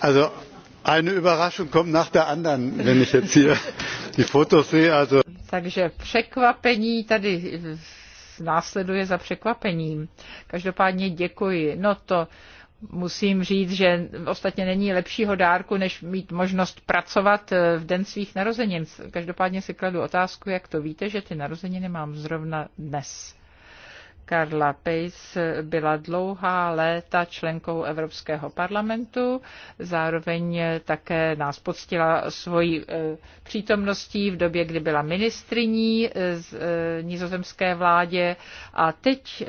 Also eine Überraschung kommt nach der anderen, wenn ich jetzt hier die Fotos sehe. Also. Takže překvapení tady eh, následuje za překvapením. Každopádně děkuji. No to musím říct, že ostatně není lepšího dárku, než mít možnost pracovat eh, v den svých narozenin. Každopádně si kladu otázku, jak to víte, že ty narozeniny mám zrovna dnes. Karla Pace byla dlouhá léta členkou Evropského parlamentu, zároveň také nás poctila svojí eh, přítomností v době, kdy byla ministriní eh, z eh, nizozemské vládě a teď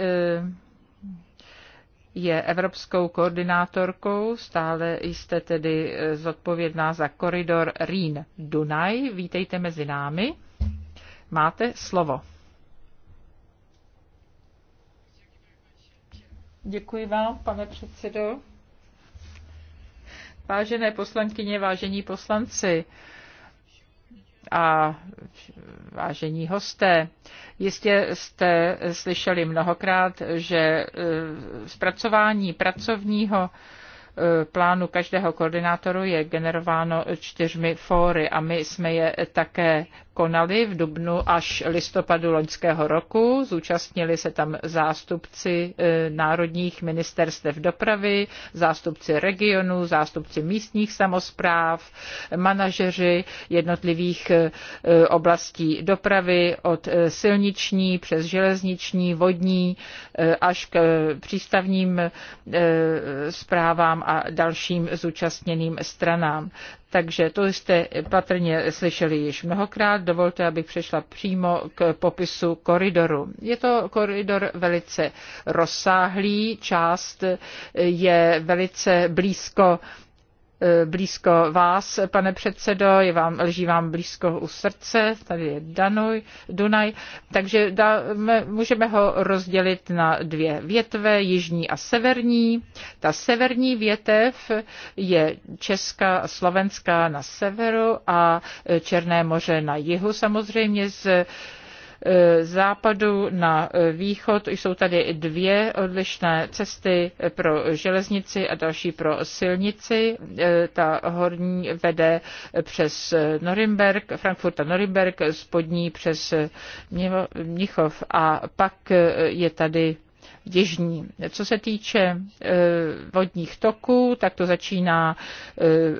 je evropskou koordinátorkou, stále jste tedy zodpovědná za koridor Rýn-Dunaj. Vítejte mezi námi. Máte slovo. Děkuji vám, pane předsedo. Vážené poslankyně, vážení poslanci a vážení hosté, jistě jste slyšeli mnohokrát, že eh, zpracování pracovního Eh, plánu každého koordinátoru je generováno čtyřmi fóry a my jsme je také konali v dubnu až listopadu loňského roku. Zúčastnili se tam zástupci eh, národních ministerstev dopravy, zástupci regionu, zástupci místních samozpráv, manažeři jednotlivých eh, oblastí dopravy od silniční přes železniční, vodní až k přístavním zprávám a dalším zúčastněným stranám. Takže to jste patrně slyšeli již mnohokrát. Dovolte, abych přešla přímo k popisu koridoru. Je to koridor velice rozsáhlý, část je velice blízko E, blízko vás, pane předsedo, je vám, leží vám blízko u srdce, tady je Danuj, Dunaj, takže dáme, můžeme ho rozdělit na dvě větve, jižní a severní. Ta severní větev je Česká a Slovenská na severu a Černé moře na jihu samozřejmě s Eh, západu na eh, východ. Jsou tady dvě odlišné cesty pro železnici a další pro silnici. Eh, ta horní vede přes Norimberg, Frankfurt a Norimberg, spodní přes Mnichov a pak je tady jižní. Co se týče e, vodních toků, tak to začíná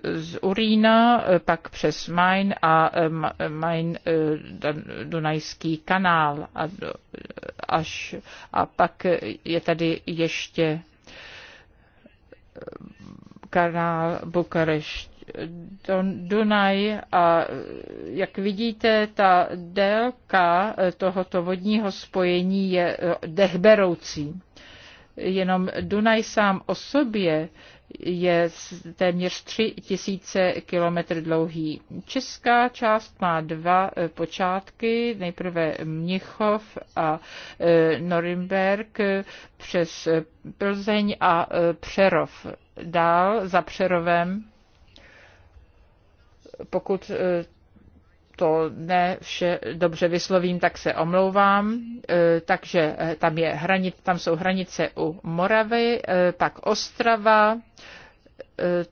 e, z Urína, e, pak přes Main a Main Dunajský kanál a, až, a pak je tady ještě kanál Bukarešť Dunaj a jak vidíte, ta délka eh, tohoto vodního spojení je eh, dehberoucí. Jenom Dunaj sám o sobě je téměř 3 tisíce kilometr dlouhý. Česká část má dva eh, počátky, nejprve Mnichov a Norimberg přes Plzeň a Přerov. Dál za Přerovem pokud eh, to ne vše dobře vyslovím, tak se omlouvám. Eh, takže eh, tam, je hranic, tam jsou hranice u Moravy, pak Ostrava,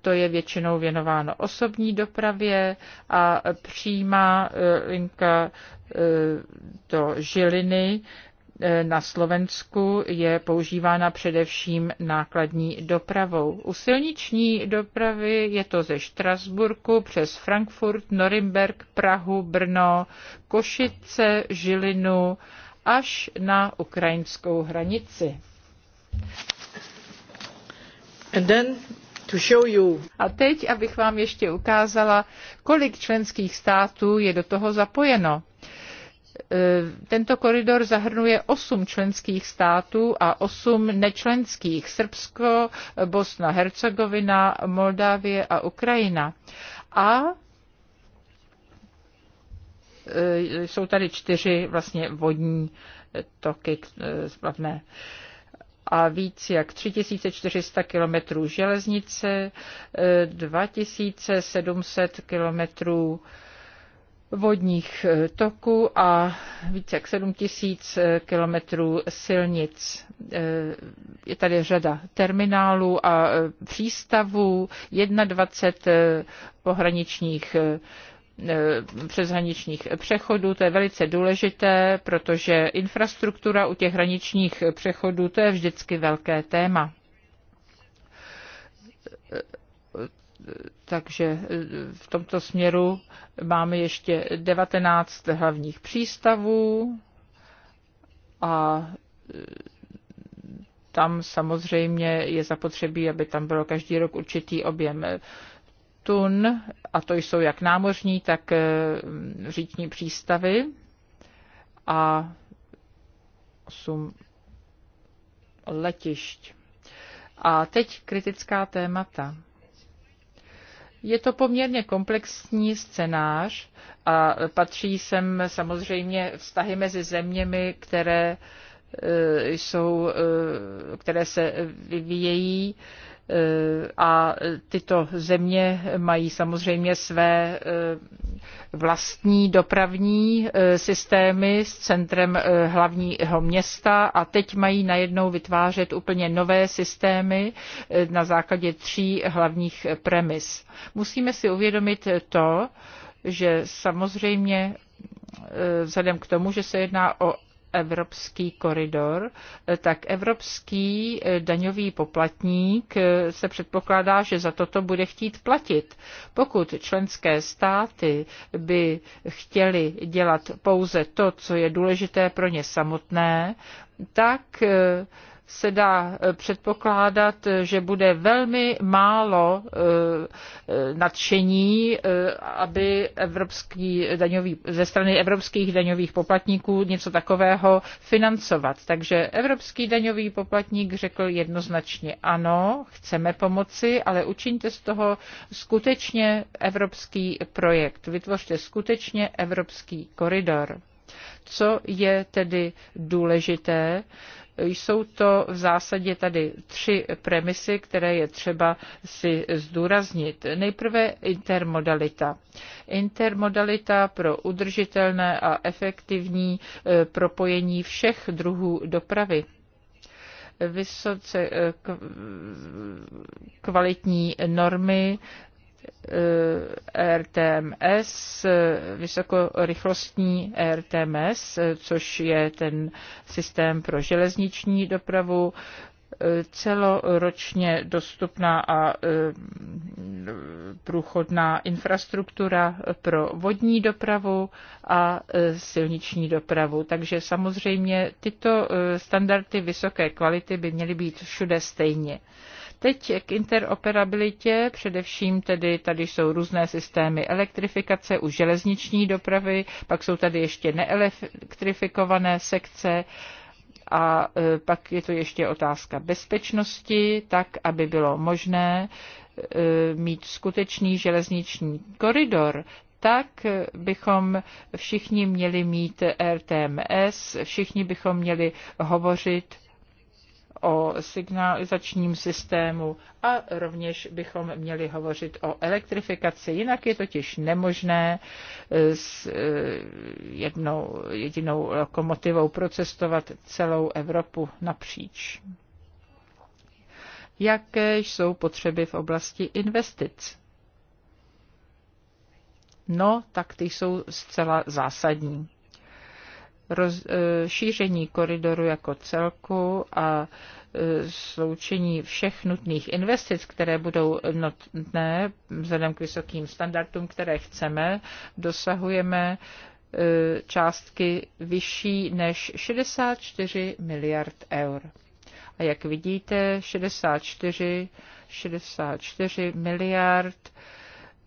to je většinou věnováno osobní dopravě a přímá linka do Žiliny E, na Slovensku je používána především nákladní dopravou. U silniční dopravy je to ze Štrasburku přes Frankfurt, Norimberg, Prahu, Brno, Košice, Žilinu až na ukrajinskou hranici. And then to show you. A teď, abych vám ještě ukázala, kolik členských států je do toho zapojeno. E, tento koridor zahrnuje osm členských států a osm nečlenských Srbsko, Bosna, Hercegovina, Moldávie a Ukrajina. A e, jsou tady čtyři vlastně vodní toky e, splavné a víc jak 3400 kilometrů železnice, 2700 kilometrů km vodních eh, toků a více jak 7 tisíc eh, kilometrů silnic. Eh, je tady řada terminálů a přístavů, 21 pohraničních přeshraničních přechodů. To je velice důležité, protože infrastruktura u těch hraničních přechodů to je vždycky velké téma takže e, v tomto směru máme ještě 19 hlavních přístavů a e, tam samozřejmě je zapotřebí, aby tam byl každý rok určitý objem tun, a to jsou jak námořní, tak e, říční přístavy. A jsou letišť. A teď kritická témata. Je to poměrně komplexní scénář a patří sem samozřejmě vztahy mezi zeměmi, které e, jsou, e, které se vyvíjejí Eh, a tyto země mají samozřejmě své eh, vlastní dopravní eh, systémy s centrem hlavního města a teď mají najednou vytvářet úplně nové systémy na základě tří hlavních premis. Musíme si uvědomit to, že samozřejmě vzhledem k tomu, že se jedná o evropský koridor, tak evropský eh, daňový poplatník eh, se předpokládá, že za toto bude chtít platit. Pokud členské státy by chtěly dělat pouze to, co je důležité pro ně samotné, tak eh, se dá eh, předpokládat, že bude velmi málo eh, eh, nadšení, aby evropský daňový, ze strany evropských daňových poplatníků něco takového financovat. Takže evropský daňový poplatník řekl jednoznačně ano, chceme pomoci, ale učiňte z toho skutečně evropský projekt. Vytvořte skutečně evropský koridor. Co je tedy důležité? Jsou to v zásadě tady tři premisy, které je třeba si zdůraznit. Nejprve intermodalita. Intermodalita pro udržitelné a efektivní eh, propojení všech druhů dopravy vysoce eh, kvalitní normy Eh, RTMS, eh, vysokorychlostní RTMS, eh, což je ten systém pro železniční dopravu, celoročně dostupná a průchodná infrastruktura pro vodní dopravu a silniční dopravu. Takže samozřejmě tyto standardy vysoké kvality by měly být všude stejně. Teď k interoperabilitě, především tedy tady jsou různé systémy elektrifikace u železniční dopravy, pak jsou tady ještě neelektrifikované sekce, a e, pak je to ještě otázka bezpečnosti, tak aby bylo možné e, mít skutečný železniční koridor, tak bychom všichni měli mít RTMS, všichni bychom měli hovořit o signalizačním systému a rovněž bychom měli hovořit o elektrifikaci. Jinak je totiž nemožné eh, s eh, jednou jedinou lokomotivou procestovat celou Evropu napříč. Jaké jsou potřeby v oblasti investic? No, tak ty jsou zcela zásadní rozšíření eh, koridoru jako celku a eh, sloučení všech nutných investic, které budou nutné vzhledem k vysokým standardům, které chceme, dosahujeme eh, částky vyšší než 64 miliard eur. A jak vidíte, 64, 64 miliard,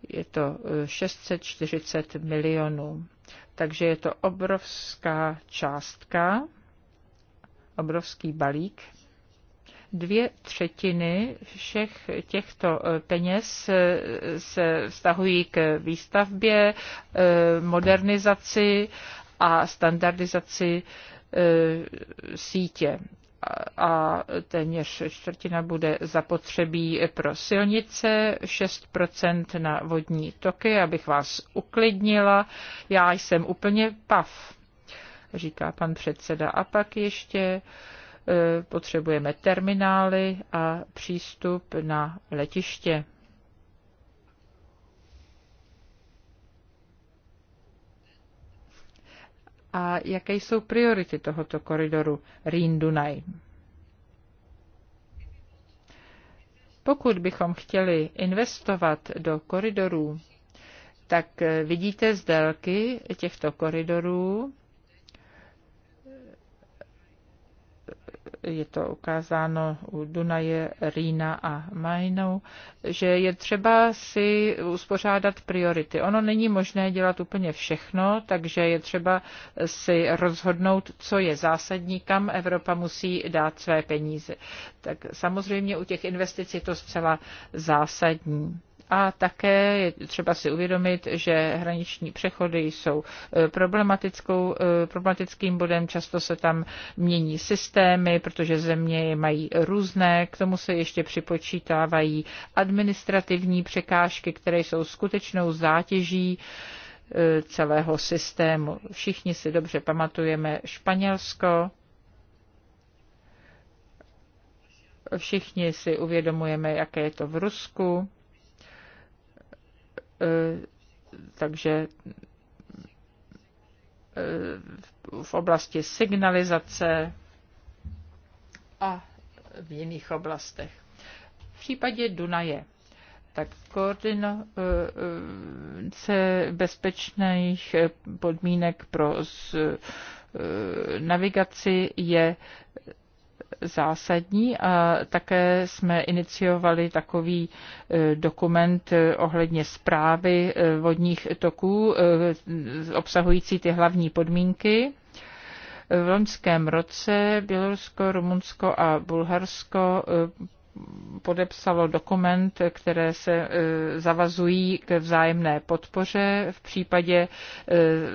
je to 640 milionů. Takže je to obrovská částka, obrovský balík. Dvě třetiny všech těchto eh, peněz eh, se vztahují k výstavbě, eh, modernizaci a standardizaci sítě a téměř čtvrtina bude zapotřebí pro silnice, 6% na vodní toky, abych vás uklidnila. Já jsem úplně pav, říká pan předseda. A pak ještě e, potřebujeme terminály a přístup na letiště. a jaké jsou priority tohoto koridoru rín dunaj Pokud bychom chtěli investovat do koridorů, tak vidíte z délky těchto koridorů, je to ukázáno u Dunaje, Rýna a Majnou, že je třeba si uspořádat priority. Ono není možné dělat úplně všechno, takže je třeba si rozhodnout, co je zásadní, kam Evropa musí dát své peníze. Tak samozřejmě u těch investic je to zcela zásadní. A také je třeba si uvědomit, že hraniční přechody jsou e, problematickou, e, problematickým bodem. Často se tam mění systémy, protože země je mají různé. K tomu se ještě připočítávají administrativní překážky, které jsou skutečnou zátěží e, celého systému. Všichni si dobře pamatujeme Španělsko, všichni si uvědomujeme, jaké je to v Rusku. Eh, takže eh, v oblasti signalizace a v jiných oblastech. V případě Dunaje tak koordinace bezpečných podmínek pro eh, navigaci je zásadní a také jsme iniciovali takový e, dokument e, ohledně zprávy e, vodních toků obsahující ty hlavní podmínky. V loňském roce Bělorusko, Rumunsko a Bulharsko podepsalo dokument, které se e, zavazují k vzájemné podpoře v případě e,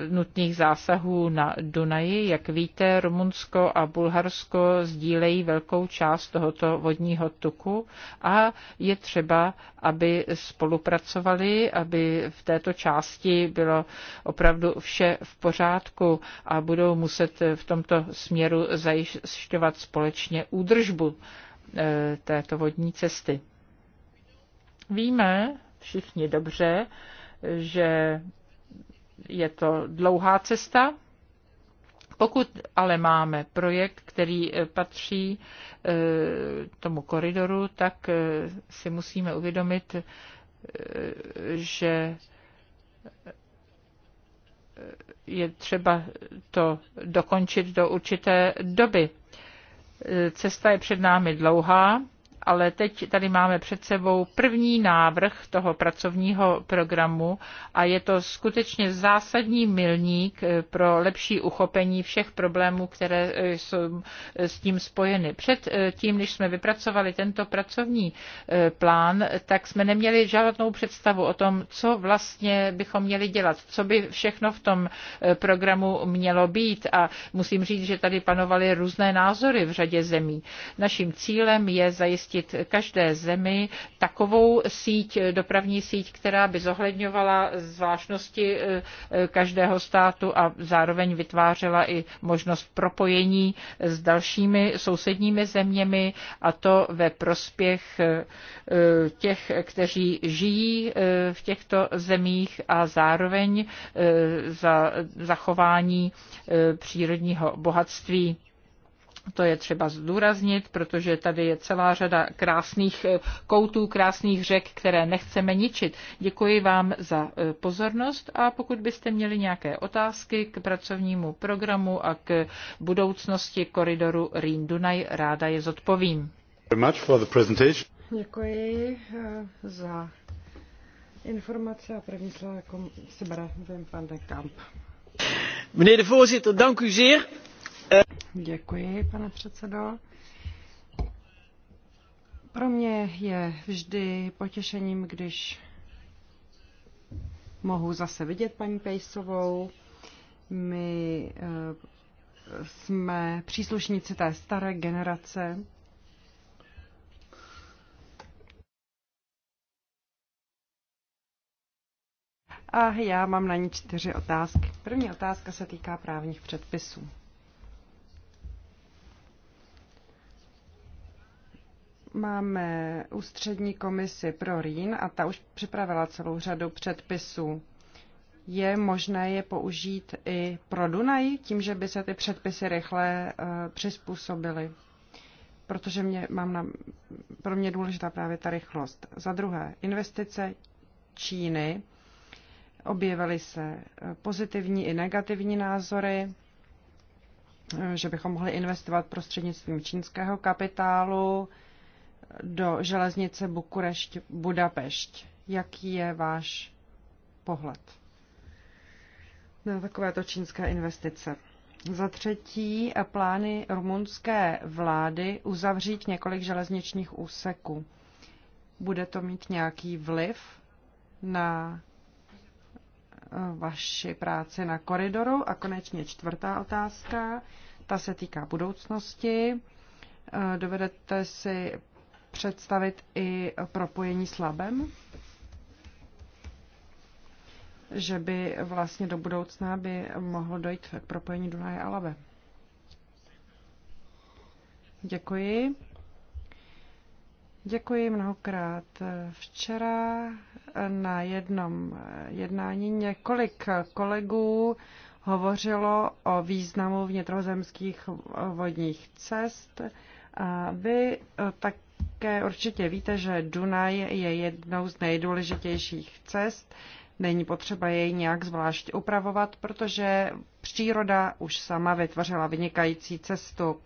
nutných zásahů na Dunaji. Jak víte, Rumunsko a Bulharsko sdílejí velkou část tohoto vodního tuku a je třeba, aby spolupracovali, aby v této části bylo opravdu vše v pořádku a budou muset v tomto směru zajišťovat společně údržbu Eh, této vodní cesty. Víme všichni dobře, že je to dlouhá cesta, pokud ale máme projekt, který eh, patří eh, tomu koridoru, tak si musíme uvědomit, že je třeba to dokončit do určité doby. Cesta je před námi dlouhá ale teď tady máme před sebou první návrh toho pracovního programu a je to skutečně zásadní milník eh, pro lepší uchopení všech problémů, které eh, jsou eh, s tím spojeny. Před tím, než jsme vypracovali tento pracovní plán, tak jsme neměli žádnou představu o tom, co vlastně bychom měli dělat, co by všechno v tom programu mělo být. A musím říct, že tady panovaly různé názory v řadě zemí. Naším cílem je zajistit zajistit každé zemi takovou síť, dopravní síť, která by zohledňovala zvláštnosti eh, eh, každého státu a zároveň vytvářela i možnost propojení s dalšími sousedními zeměmi a to ve prospěch eh, těch, kteří žijí v těchto zemích a zároveň za zachování přírodního bohatství to je třeba zdůraznit, protože tady je celá řada krásných eh, koutů, krásných řek, které nechceme ničit. Děkuji vám za eh, pozornost a pokud byste měli nějaké otázky k pracovnímu programu a k budoucnosti koridoru Rýn-Dunaj, ráda je zodpovím. Děkuji eh, za informace a první slovo jako se Wim pan den Kamp. Meneer de voorzitter, dank u zeer. Děkuji, pane předsedo. Pro mě je vždy potěšením, když mohu zase vidět paní Pejsovou. My eh, jsme příslušníci té staré generace. A já mám na ní čtyři otázky. První otázka se týká právních předpisů. máme ústřední komisi pro Rýn a ta už připravila celou řadu předpisů. Je možné je použít i pro Dunaj, tím, že by se ty předpisy rychle eh, přizpůsobily? Protože mě, mám na, pro mě důležitá právě ta rychlost. Za druhé, investice Číny. Objevily se eh, pozitivní i negativní názory eh, že bychom mohli investovat prostřednictvím čínského kapitálu, do železnice Bukurešť-Budapešť. Jaký je váš pohled na takovéto čínské investice? Za třetí plány rumunské vlády uzavřít několik železničních úseků. Bude to mít nějaký vliv na eh, vaši práci na koridoru? A konečně čtvrtá otázka, ta se týká budoucnosti. Eh, dovedete si představit i propojení s labem? Že by vlastně do budoucna by mohlo dojít k propojení Dunaje a Labe. Děkuji. Děkuji mnohokrát. Včera na jednom jednání několik kolegů hovořilo o významu vnitrozemských vodních cest. A vy tak také určitě víte, že Dunaj je jednou z nejdůležitějších cest. Není potřeba jej nějak zvlášť upravovat, protože příroda už sama vytvořila vynikající cestu.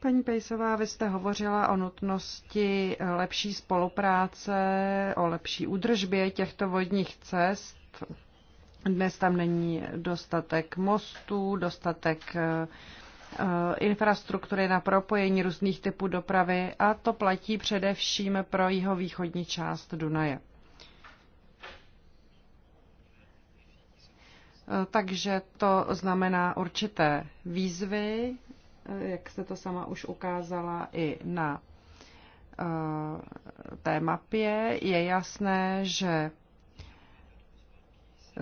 Paní Pejsová, vy jste hovořila o nutnosti lepší spolupráce, o lepší údržbě těchto vodních cest. Dnes tam není dostatek mostů, dostatek uh, Eh, infrastruktury na propojení různých typů dopravy a to platí především pro jeho východní část Dunaje. Eh, takže to znamená určité výzvy, eh, jak jste to sama už ukázala i na té mapě. Je jasné, že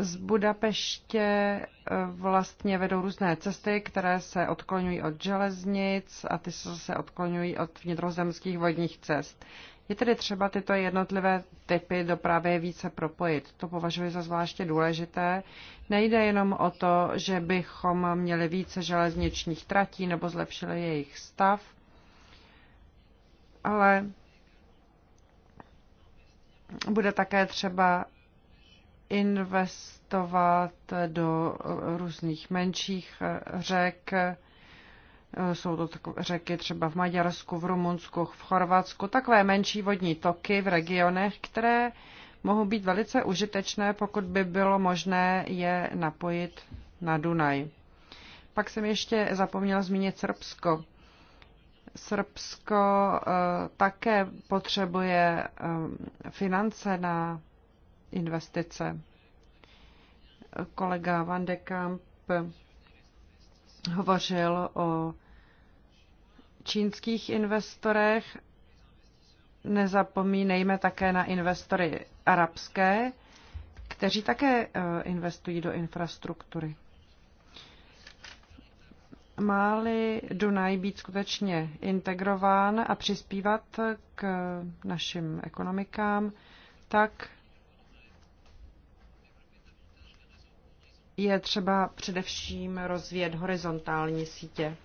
z Budapeště eh, vlastně vedou různé cesty, které se odklonují od železnic a ty se odklonují od vnitrozemských vodních cest. Je tedy třeba tyto jednotlivé typy dopravy více propojit. To považuji za zvláště důležité. Nejde jenom o to, že bychom měli více železničních tratí nebo zlepšili jejich stav, ale bude také třeba investovat do různých menších řek. Jsou to takové řeky třeba v Maďarsku, v Rumunsku, v Chorvatsku, takové menší vodní toky v regionech, které mohou být velice užitečné, pokud by bylo možné je napojit na Dunaj. Pak jsem ještě zapomněla zmínit Srbsko. Srbsko eh, také potřebuje eh, finance na investice. Kolega Van de Kamp hovořil o čínských investorech. Nezapomínejme také na investory arabské, kteří také eh, investují do infrastruktury. Máli Dunaj být skutečně integrován a přispívat k našim ekonomikám, tak je třeba především rozvíjet horizontální sítě.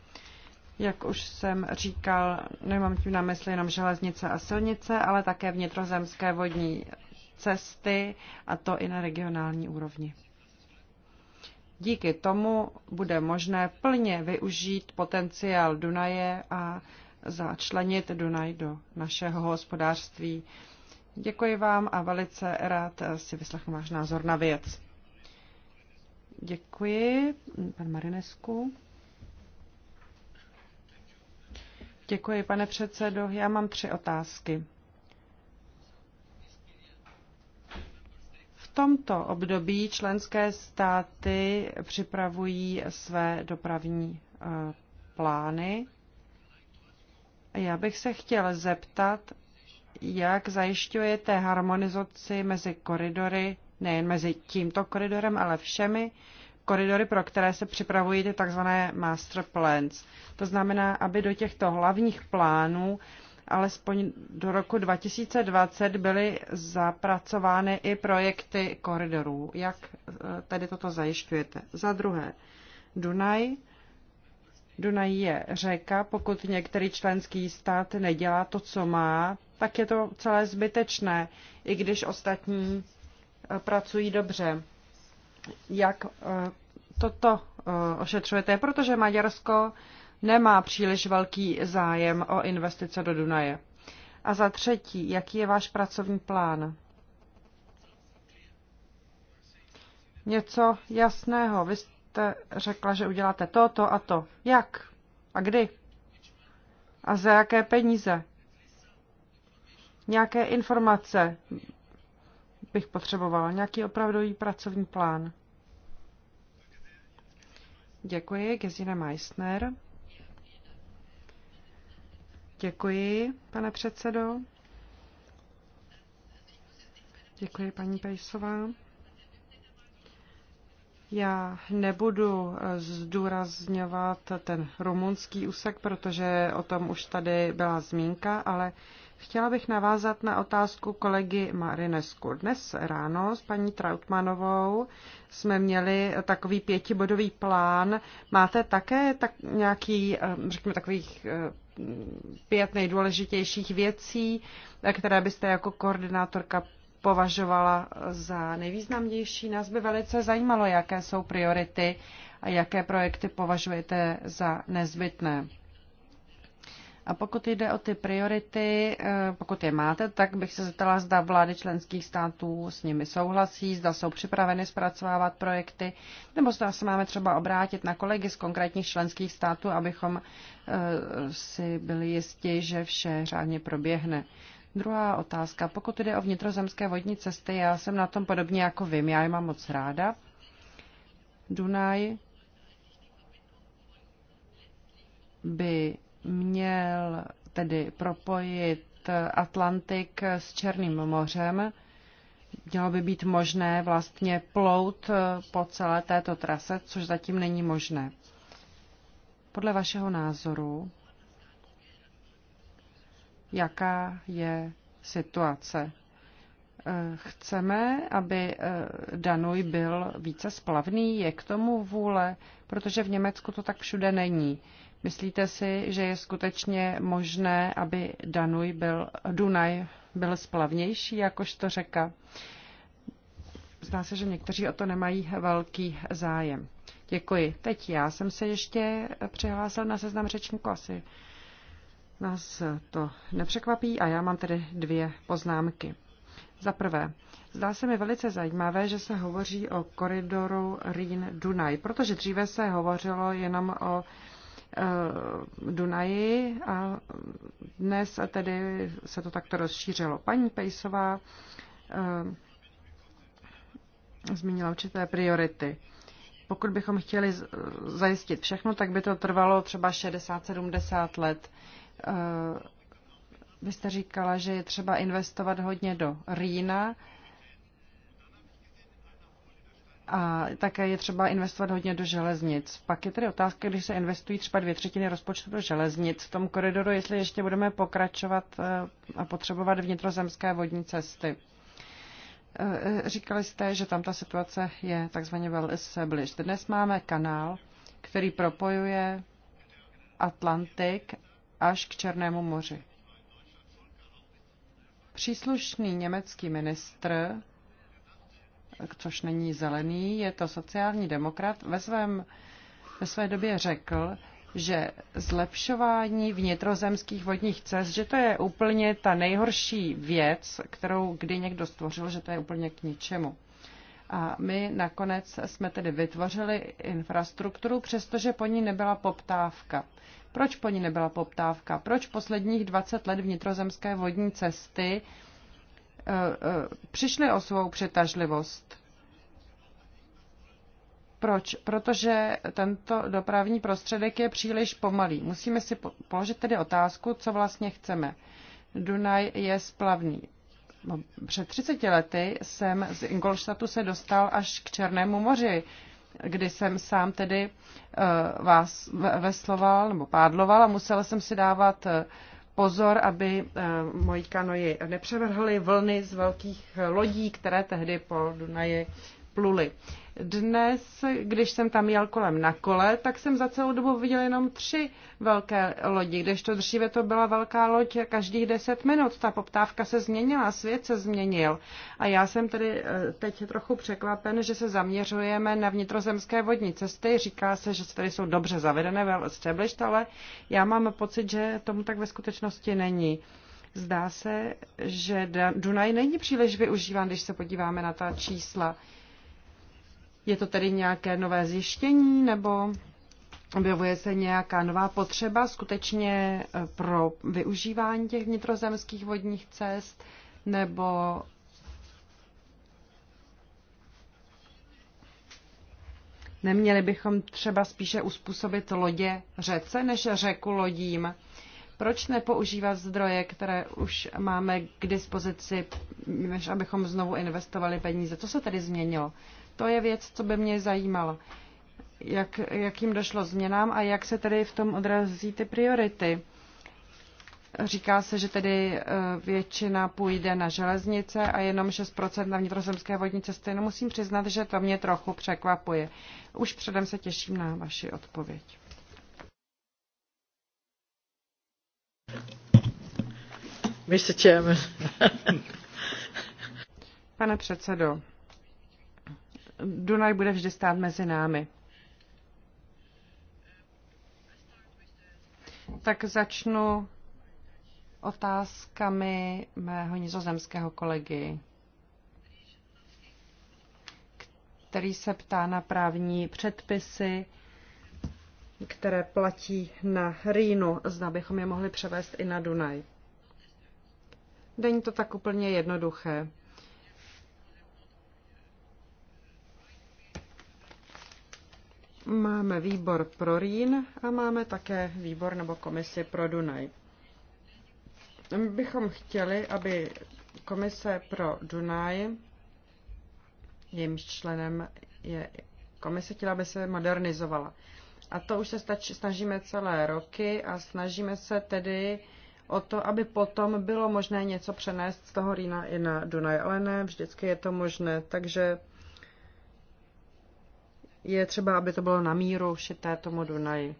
Jak už jsem říkal, nemám tím na mysli jenom železnice a silnice, ale také vnitrozemské vodní cesty a to i na regionální úrovni. Díky tomu bude možné plně využít potenciál Dunaje a začlenit Dunaj do našeho hospodářství. Děkuji vám a velice rád si vyslechnu váš názor na věc. Děkuji, pan Marinesku. Děkuji, pane předsedo. Já mám tři otázky. V tomto období členské státy připravují své dopravní eh, plány. Já bych se chtěl zeptat, jak zajišťujete harmonizaci mezi koridory nejen mezi tímto koridorem, ale všemi koridory, pro které se připravují ty tzv. master plans. To znamená, aby do těchto hlavních plánů alespoň do roku 2020 byly zapracovány i projekty koridorů. Jak eh, tedy toto zajišťujete? Za druhé, Dunaj. Dunaj je řeka. Pokud některý členský stát nedělá to, co má, tak je to celé zbytečné, i když ostatní Eh, pracují dobře. Jak eh, toto eh, ošetřujete? Protože Maďarsko nemá příliš velký zájem o investice do Dunaje. A za třetí, jaký je váš pracovní plán? Něco jasného. Vy jste řekla, že uděláte to, to a to. Jak? A kdy? A za jaké peníze? Nějaké informace bych potřebovala nějaký opravdový pracovní plán. Děkuji, Gesine Meissner. Děkuji, pane předsedo. Děkuji, paní Pejsová. Já nebudu eh, zdůrazňovat ten rumunský úsek, protože o tom už tady byla zmínka, ale Chtěla bych navázat na otázku kolegy Marinesku. Dnes ráno s paní Trautmanovou jsme měli takový pětibodový plán. Máte také tak nějaký, eh, řekněme, takových eh, pět nejdůležitějších věcí, které byste jako koordinátorka považovala za nejvýznamnější. Nás by velice zajímalo, jaké jsou priority a jaké projekty považujete za nezbytné. A pokud jde o ty priority, eh, pokud je máte, tak bych se zeptala, zda vlády členských států s nimi souhlasí, zda jsou připraveny zpracovávat projekty, nebo zda se máme třeba obrátit na kolegy z konkrétních členských států, abychom eh, si byli jistí, že vše řádně proběhne. Druhá otázka. Pokud jde o vnitrozemské vodní cesty, já jsem na tom podobně jako vím, já je mám moc ráda. Dunaj by měl tedy propojit Atlantik s Černým mořem. Mělo by být možné vlastně plout eh, po celé této trase, což zatím není možné. Podle vašeho názoru, jaká je situace? Eh, chceme, aby eh, Danuj byl více splavný, je k tomu vůle, protože v Německu to tak všude není. Myslíte si, že je skutečně možné, aby Danuj byl, Dunaj byl splavnější, jakožto řeka? Zdá se, že někteří o to nemají velký zájem. Děkuji. Teď já jsem se ještě přihlásil na seznam řečníků asi. Nás to nepřekvapí a já mám tedy dvě poznámky. Za prvé, zdá se mi velice zajímavé, že se hovoří o koridoru Rýn-Dunaj, protože dříve se hovořilo jenom o Eh, Dunaji a dnes a tedy se to takto rozšířilo. Paní Pejsová eh, zmínila určité priority. Pokud bychom chtěli zajistit všechno, tak by to trvalo třeba 60-70 let. Eh, vy jste říkala, že je třeba investovat hodně do Rýna, a také je třeba investovat hodně do železnic. Pak je tedy otázka, když se investují třeba dvě třetiny rozpočtu do železnic v tom koridoru, jestli ještě budeme pokračovat eh, a potřebovat vnitrozemské vodní cesty. Eh, říkali jste, že tam ta situace je takzvaně well established. Dnes máme kanál, který propojuje Atlantik až k Černému moři. Příslušný německý ministr což není zelený, je to sociální demokrat, ve, svém, ve své době řekl, že zlepšování vnitrozemských vodních cest, že to je úplně ta nejhorší věc, kterou kdy někdo stvořil, že to je úplně k ničemu. A my nakonec jsme tedy vytvořili infrastrukturu, přestože po ní nebyla poptávka. Proč po ní nebyla poptávka? Proč posledních 20 let vnitrozemské vodní cesty Eh, eh, přišli o svou přitažlivost. Proč? Protože tento dopravní prostředek je příliš pomalý. Musíme si položit tedy otázku, co vlastně chceme. Dunaj je splavný. No, před 30 lety jsem z Ingolštatu se dostal až k Černému moři, kdy jsem sám tedy eh, vás vesloval nebo pádloval a musel jsem si dávat pozor, aby eh, moji kanoji nepřevrhly vlny z velkých lodí, které tehdy po Dunaji pluly. Dnes, když jsem tam jel kolem na kole, tak jsem za celou dobu viděl jenom tři velké lodi, kdežto dříve to byla velká loď každých deset minut. Ta poptávka se změnila, svět se změnil. A já jsem tedy eh, teď trochu překvapen, že se zaměřujeme na vnitrozemské vodní cesty. Říká se, že tady jsou dobře zavedené, well established, ale já mám pocit, že tomu tak ve skutečnosti není. Zdá se, že Dunaj není příliš využíván, když se podíváme na ta čísla. Je to tedy nějaké nové zjištění nebo objevuje se nějaká nová potřeba skutečně eh, pro využívání těch vnitrozemských vodních cest nebo Neměli bychom třeba spíše uspůsobit lodě řece než řeku lodím? Proč nepoužívat zdroje, které už máme k dispozici, než abychom znovu investovali peníze? Co se tedy změnilo? To je věc, co by mě zajímalo. Jak, jakým došlo změnám a jak se tedy v tom odrazí ty priority? Říká se, že tedy eh, většina půjde na železnice a jenom 6% na vnitrozemské vodní cesty. No musím přiznat, že to mě trochu překvapuje. Už předem se těším na vaši odpověď. Mr. Chairman. Pane předsedo, Dunaj bude vždy stát mezi námi. Tak začnu otázkami mého nizozemského kolegy, který se ptá na právní předpisy, které platí na Rýnu, zda bychom je mohli převést i na Dunaj. Není to tak úplně jednoduché. Máme výbor pro Rýn a máme také výbor nebo komisi pro Dunaj. My bychom chtěli, aby komise pro Dunaj, jejímž členem je komise, chtěla, aby se modernizovala. A to už se stač, snažíme celé roky a snažíme se tedy o to, aby potom bylo možné něco přenést z toho Rýna i na Dunaj, ale ne vždycky je to možné. Takže je třeba, aby to bylo na míru šité tomu Dunaji.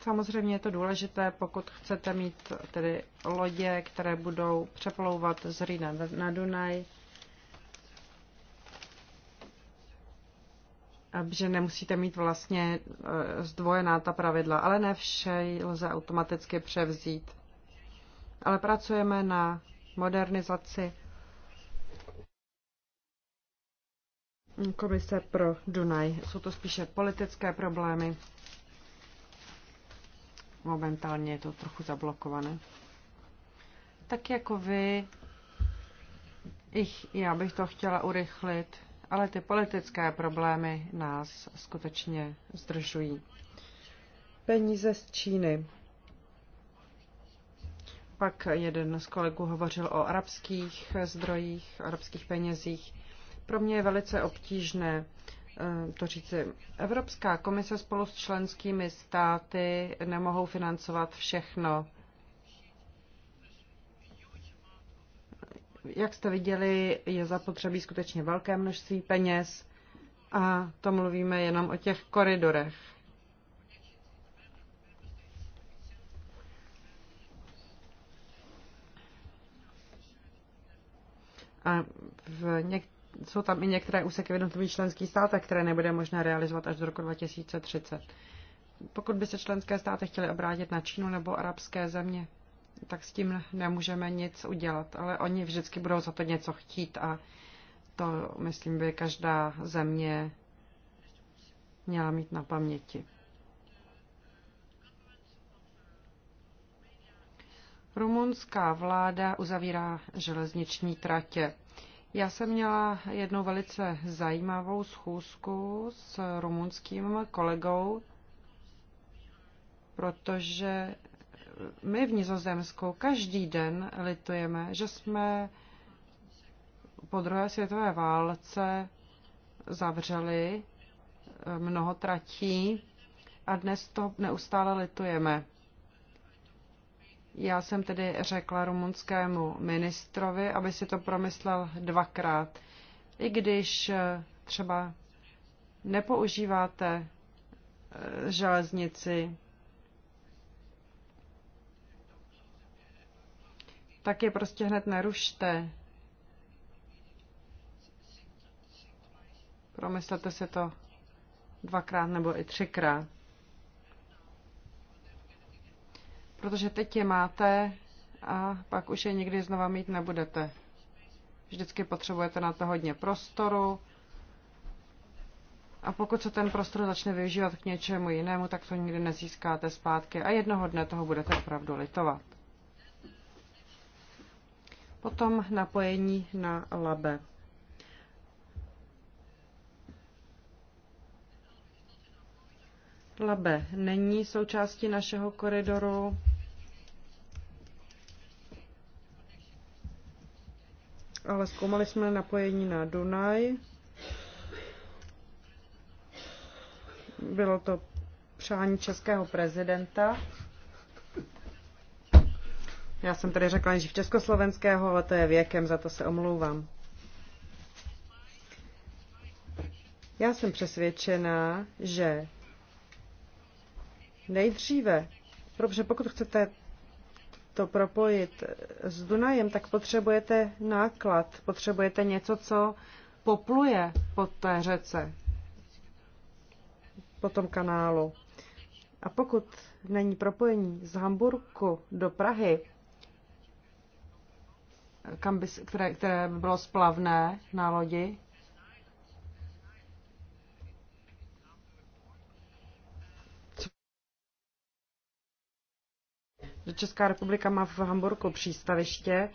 Samozřejmě je to důležité, pokud chcete mít tedy lodě, které budou přeplouvat z Rýna na Dunaj, že nemusíte mít vlastně e, zdvojená ta pravidla, ale ne vše lze automaticky převzít. Ale pracujeme na modernizaci Komise pro Dunaj. Jsou to spíše politické problémy. Momentálně je to trochu zablokované. Tak jako vy, ich, já bych to chtěla urychlit, ale ty politické problémy nás skutečně zdržují. Peníze z Číny. Pak jeden z kolegů hovořil o arabských zdrojích, arabských penězích. Pro mě je velice obtížné eh, to říci. Evropská komise spolu s členskými státy nemohou financovat všechno. Jak jste viděli, je zapotřebí skutečně velké množství peněz a to mluvíme jenom o těch koridorech. A v něk- jsou tam i některé úseky v jednotlivých členských státech, které nebude možné realizovat až do roku 2030. Pokud by se členské státy chtěly obrátit na Čínu nebo arabské země, tak s tím nemůžeme nic udělat, ale oni vždycky budou za to něco chtít a to, myslím, by každá země měla mít na paměti. Rumunská vláda uzavírá železniční tratě. Já jsem měla jednu velice zajímavou schůzku s rumunským kolegou, protože my v Nizozemsku každý den litujeme, že jsme po druhé světové válce zavřeli eh, mnoho tratí a dnes to neustále litujeme. Já jsem tedy řekla rumunskému ministrovi, aby si to promyslel dvakrát. I když eh, třeba nepoužíváte eh, železnici, tak je prostě hned nerušte. Promyslete si to dvakrát nebo i třikrát. protože teď je máte a pak už je nikdy znova mít nebudete. Vždycky potřebujete na to hodně prostoru a pokud se ten prostor začne využívat k něčemu jinému, tak to nikdy nezískáte zpátky a jednoho dne toho budete opravdu litovat. Potom napojení na labe. Labe není součástí našeho koridoru. ale zkoumali jsme napojení na Dunaj. Bylo to přání českého prezidenta. Já jsem tady řekla že v československého, ale to je věkem, za to se omlouvám. Já jsem přesvědčená, že nejdříve, protože pokud chcete to propojit s Dunajem, tak potřebujete náklad, potřebujete něco, co popluje po té řece, po tom kanálu. A pokud není propojení z Hamburku do Prahy, kam by, které, které by bylo splavné na lodi, že Česká republika má v Hamburgu přístaviště,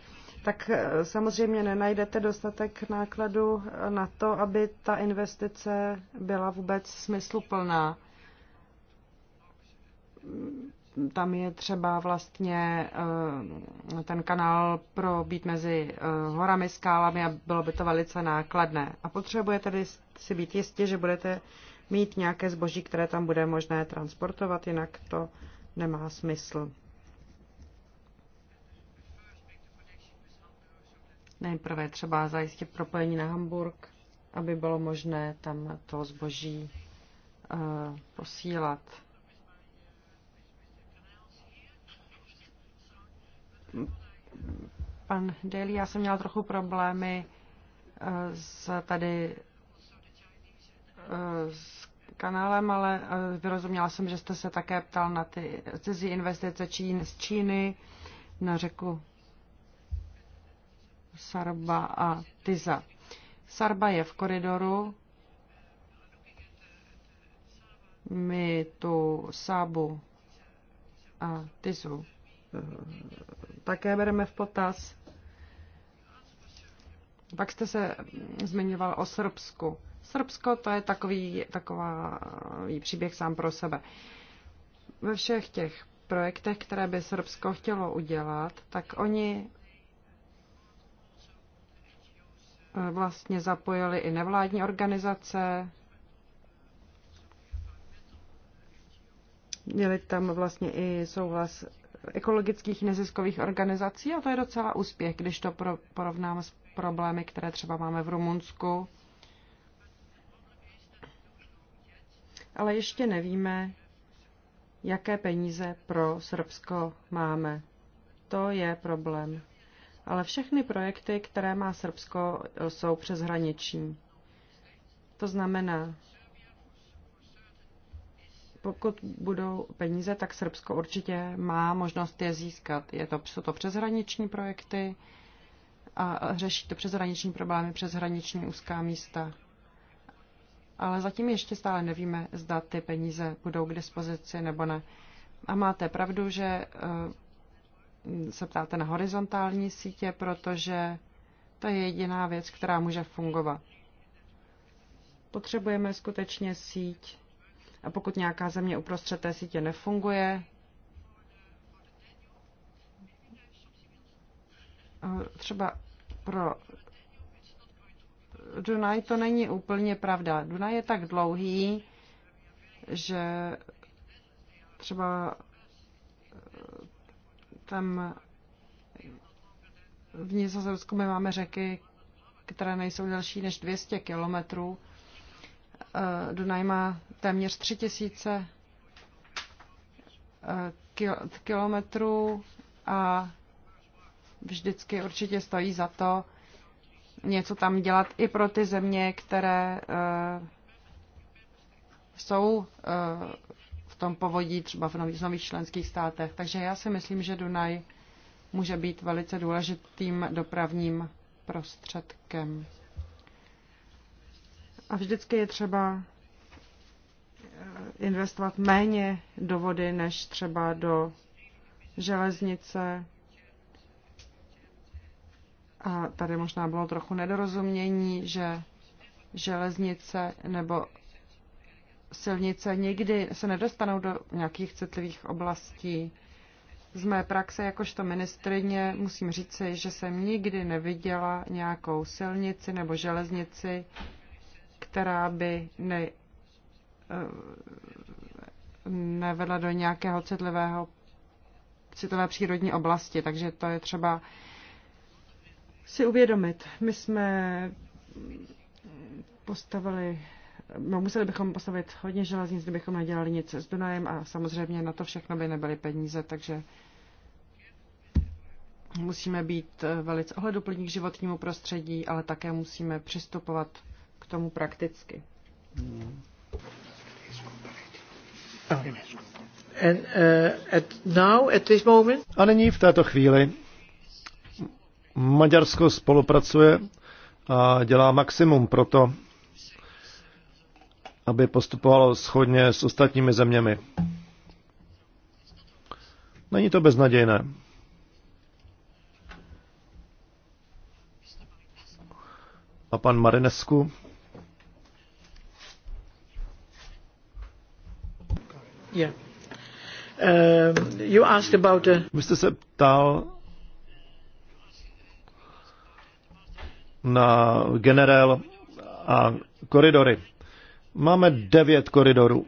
tak e, samozřejmě nenajdete dostatek nákladu na to, aby ta investice byla vůbec smysluplná. Tam je třeba vlastně e, ten kanál pro být mezi e, horami, skálami a bylo by to velice nákladné. A potřebuje tedy si být jistě, že budete mít nějaké zboží, které tam bude možné transportovat, jinak to nemá smysl. Nejprve třeba zajistit propojení na Hamburg, aby bylo možné tam to zboží eh, posílat. Pan Daly, já jsem měla trochu problémy eh, s tady eh, s kanálem, ale vyrozuměla jsem, že jste se také ptal na ty cizí investice Čín, z Číny na řeku Sarba a Tiza. Sarba je v koridoru. My tu Sábu a Tizu eh, také bereme v potaz. Pak jste se zmiňoval o Srbsku. Srbsko to je takový, taková příběh sám pro sebe. Ve všech těch projektech, které by Srbsko chtělo udělat, tak oni Eh, vlastně zapojili i nevládní organizace. Měli tam vlastně i souhlas ekologických neziskových organizací a to je docela úspěch, když to porovnám s problémy, které třeba máme v Rumunsku. Ale ještě nevíme, jaké peníze pro Srbsko máme. To je problém ale všechny projekty, které má Srbsko, jsou přeshraniční. To znamená, pokud budou peníze, tak Srbsko určitě má možnost je získat. Je to, jsou to přeshraniční projekty a řeší to přeshraniční problémy, přeshraniční úzká místa. Ale zatím ještě stále nevíme, zda ty peníze budou k dispozici nebo ne. A máte pravdu, že eh, se ptáte na horizontální sítě, protože to je jediná věc, která může fungovat. Potřebujeme skutečně síť a pokud nějaká země uprostřed té sítě nefunguje, eh, třeba pro Dunaj to není úplně pravda. Dunaj je tak dlouhý, že třeba eh, tam v Nizozemsku my máme řeky, které nejsou delší než 200 kilometrů. Eh, Dunaj má téměř 3000 eh, kilometrů a vždycky určitě stojí za to něco tam dělat i pro ty země, které eh, jsou tom povodí třeba v nových, nových členských státech. Takže já si myslím, že Dunaj může být velice důležitým dopravním prostředkem. A vždycky je třeba eh, investovat méně do vody než třeba do železnice. A tady možná bylo trochu nedorozumění, že železnice nebo silnice nikdy se nedostanou do nějakých citlivých oblastí. Z mé praxe jakožto ministrině musím říci, že jsem nikdy neviděla nějakou silnici nebo železnici, která by ne, eh, nevedla do nějakého citlivého, citlivé přírodní oblasti, takže to je třeba si uvědomit. My jsme postavili No, museli bychom postavit hodně železnic, kdybychom nedělali nic s Dunajem a samozřejmě na to všechno by nebyly peníze, takže musíme být eh, velice ohleduplní k životnímu prostředí, ale také musíme přistupovat k tomu prakticky. Uh, a nyní v této chvíli Maďarsko spolupracuje a dělá maximum pro to, aby postupovalo schodně s ostatními zeměmi. Není to beznadějné. A pan Marinesku. Yeah. Um, you asked about the... Uh, Vy jste se ptal na generál a koridory. Máme devět koridorů.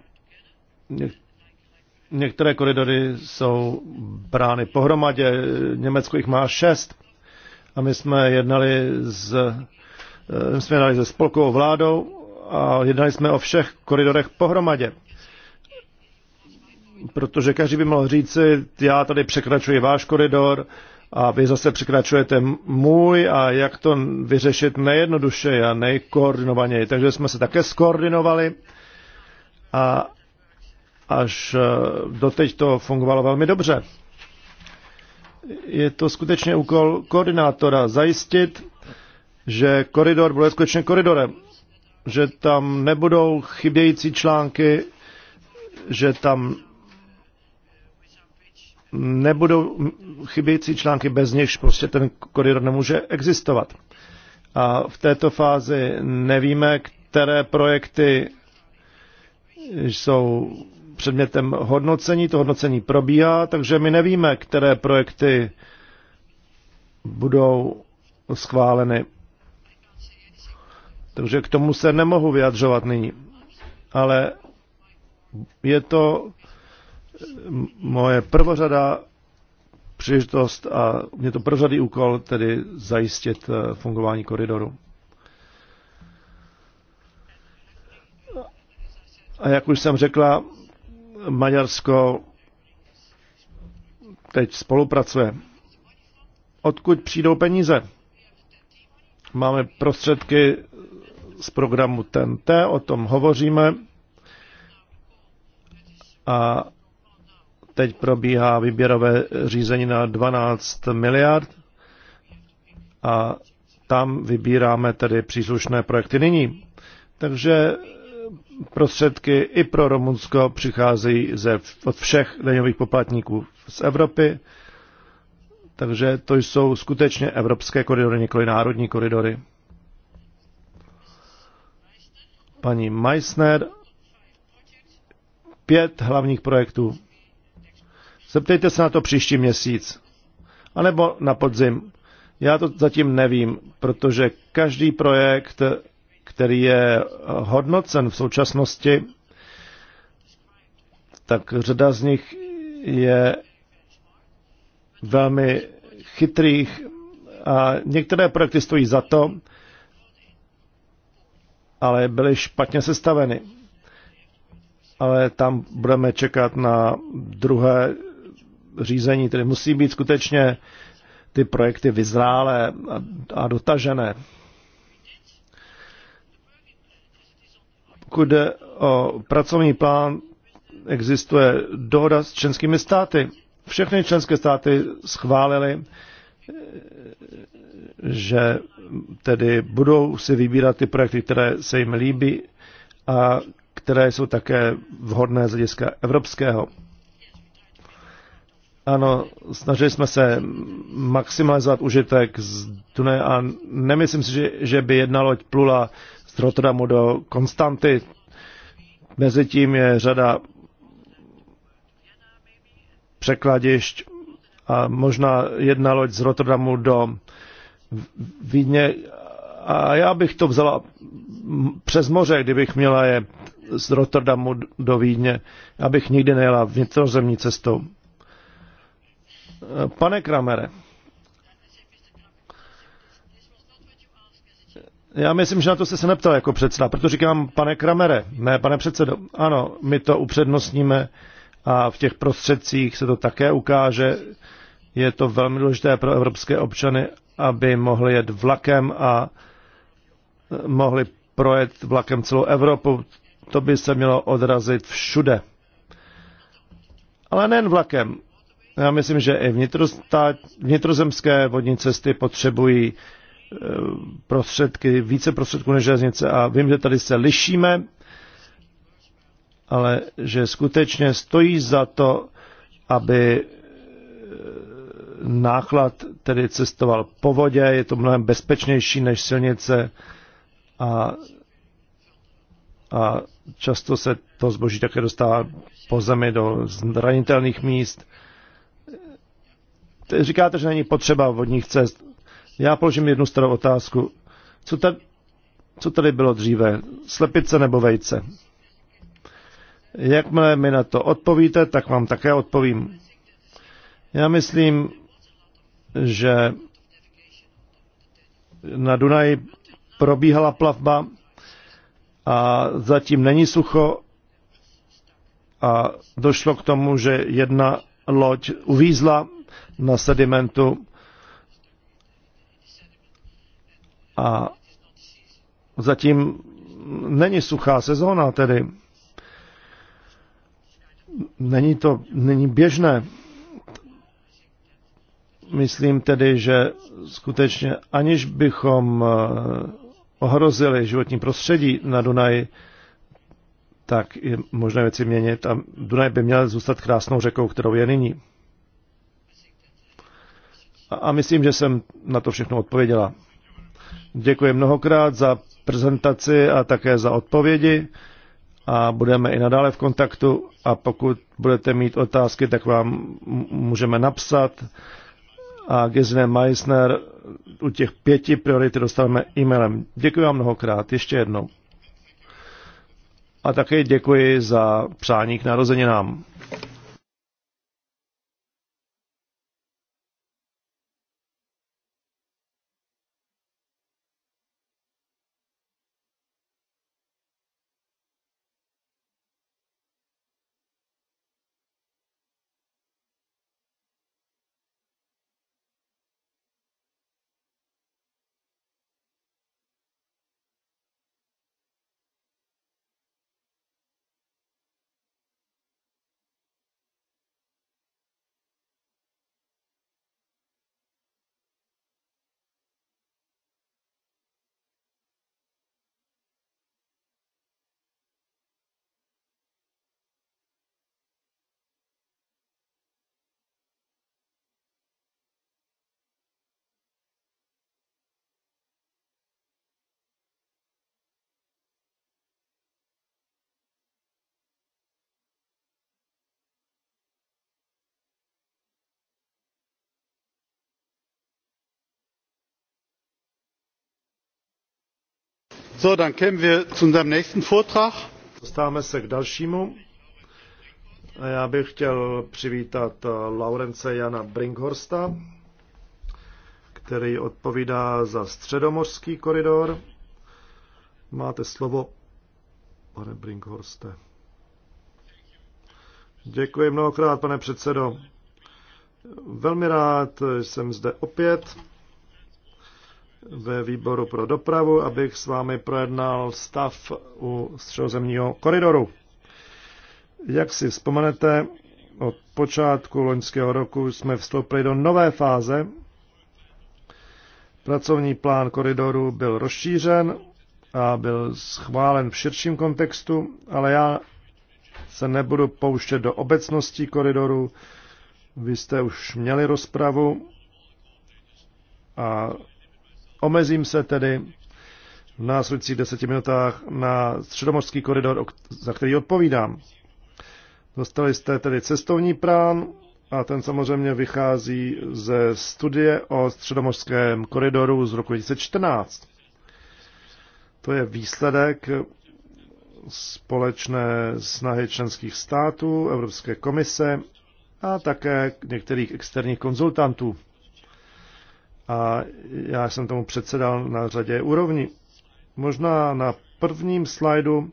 Některé koridory jsou brány pohromadě, Německo jich má šest. A my jsme jednali, s, eh, my jsme jednali se spolkovou vládou a jednali jsme o všech koridorech pohromadě. Protože každý by mohl říci, já tady překračuji váš koridor, a vy zase překračujete můj a jak to vyřešit nejjednoduše a nejkoordinovaněji. Takže jsme se také skoordinovali a až eh, doteď to fungovalo velmi dobře. Je to skutečně úkol koordinátora zajistit, že koridor bude skutečně koridorem, že tam nebudou chybějící články, že tam nebudou chybějící články, bez nichž prostě ten koridor nemůže existovat. A v této fázi nevíme, které projekty jsou předmětem hodnocení, to hodnocení probíhá, takže my nevíme, které projekty budou schváleny. Takže k tomu se nemohu vyjadřovat nyní. Ale je to moje prvořada příležitost a mě to prvořadý úkol, tedy zajistit eh, fungování koridoru. A jak už jsem řekla, Maďarsko teď spolupracuje. Odkud přijdou peníze? Máme prostředky z programu TNT, o tom hovoříme. A Teď probíhá výběrové řízení na 12 miliard a tam vybíráme tedy příslušné projekty nyní. Takže prostředky i pro Rumunsko přicházejí ze, od všech daňových poplatníků z Evropy, takže to jsou skutečně evropské koridory, nikoli národní koridory. Paní Meissner, pět hlavních projektů. Zeptejte se na to příští měsíc. A nebo na podzim. Já to zatím nevím, protože každý projekt, který je hodnocen v současnosti, tak řada z nich je velmi chytrých a některé projekty stojí za to, ale byly špatně sestaveny. Ale tam budeme čekat na druhé řízení, tedy musí být skutečně ty projekty vyzrálé a dotažené. Pokud jde o pracovní plán, existuje dohoda s členskými státy. Všechny členské státy schválily, že tedy budou si vybírat ty projekty, které se jim líbí a které jsou také vhodné z hlediska evropského. Ano, snažili jsme se maximalizovat užitek z Dunaje a nemyslím si, že, že by jedna loď plula z Rotterdamu do Konstanty. Mezitím je řada překladišť a možná jedna loď z Rotterdamu do Vídně. A já bych to vzala přes moře, kdybych měla je z Rotterdamu do Vídně, abych nikdy nejela vnitrozemní cestou. Pane Kramere, já myslím, že na to jste se neptal jako předseda, proto říkám pane Kramere, ne pane předsedo. Ano, my to upřednostníme a v těch prostředcích se to také ukáže. Je to velmi důležité pro evropské občany, aby mohli jet vlakem a eh, mohli projet vlakem celou Evropu. To by se mělo odrazit všude. Ale nejen vlakem. Já myslím, že i vnitrozemské vodní cesty potřebují eh, prostředky, více prostředků než železnice a vím, že tady se lišíme, ale že skutečně stojí za to, aby eh, náklad tedy cestoval po vodě, je to mnohem bezpečnější než silnice a, a často se to zboží také dostává po zemi do zranitelných míst říkáte, že není potřeba vodních cest. Já položím jednu starou otázku. Co tady, co tady bylo dříve? Slepice nebo vejce? Jakmile mi na to odpovíte, tak vám také odpovím. Já myslím, že na Dunaji probíhala plavba a zatím není sucho a došlo k tomu, že jedna loď uvízla na sedimentu a zatím není suchá sezóna, tedy není to není běžné. Myslím tedy, že skutečně aniž bychom eh, ohrozili životní prostředí na Dunaji, tak je možné věci měnit a Dunaj by měl zůstat krásnou řekou, kterou je nyní. A myslím, že jsem na to všechno odpověděla. Děkuji mnohokrát za prezentaci a také za odpovědi a budeme i nadále v kontaktu a pokud budete mít otázky, tak vám můžeme napsat a Gesine Meissner u těch pěti priority dostaneme e-mailem. Děkuji vám mnohokrát, ještě jednou. A také děkuji za přání k narozeninám. Dostáváme se k dalšímu. Já bych chtěl přivítat eh, Laurence Jana Brinkhorsta, který odpovídá za středomořský koridor. Máte slovo, pane Brinkhorste. Děkuji mnohokrát, pane předsedo. Velmi rád jsem zde opět ve výboru pro dopravu, abych s vámi projednal stav u středozemního koridoru. Jak si vzpomenete, od počátku loňského roku jsme vstoupili do nové fáze. Pracovní plán koridoru byl rozšířen a byl schválen v širším kontextu, ale já se nebudu pouštět do obecností koridoru. Vy jste už měli rozpravu a Omezím se tedy v následujících deseti minutách na středomořský koridor, za který odpovídám. Dostali jste tedy cestovní prán a ten samozřejmě vychází ze studie o středomořském koridoru z roku 2014. To je výsledek společné snahy členských států, Evropské komise a také některých externích konzultantů a já jsem tomu předsedal na řadě úrovní. Možná na prvním slajdu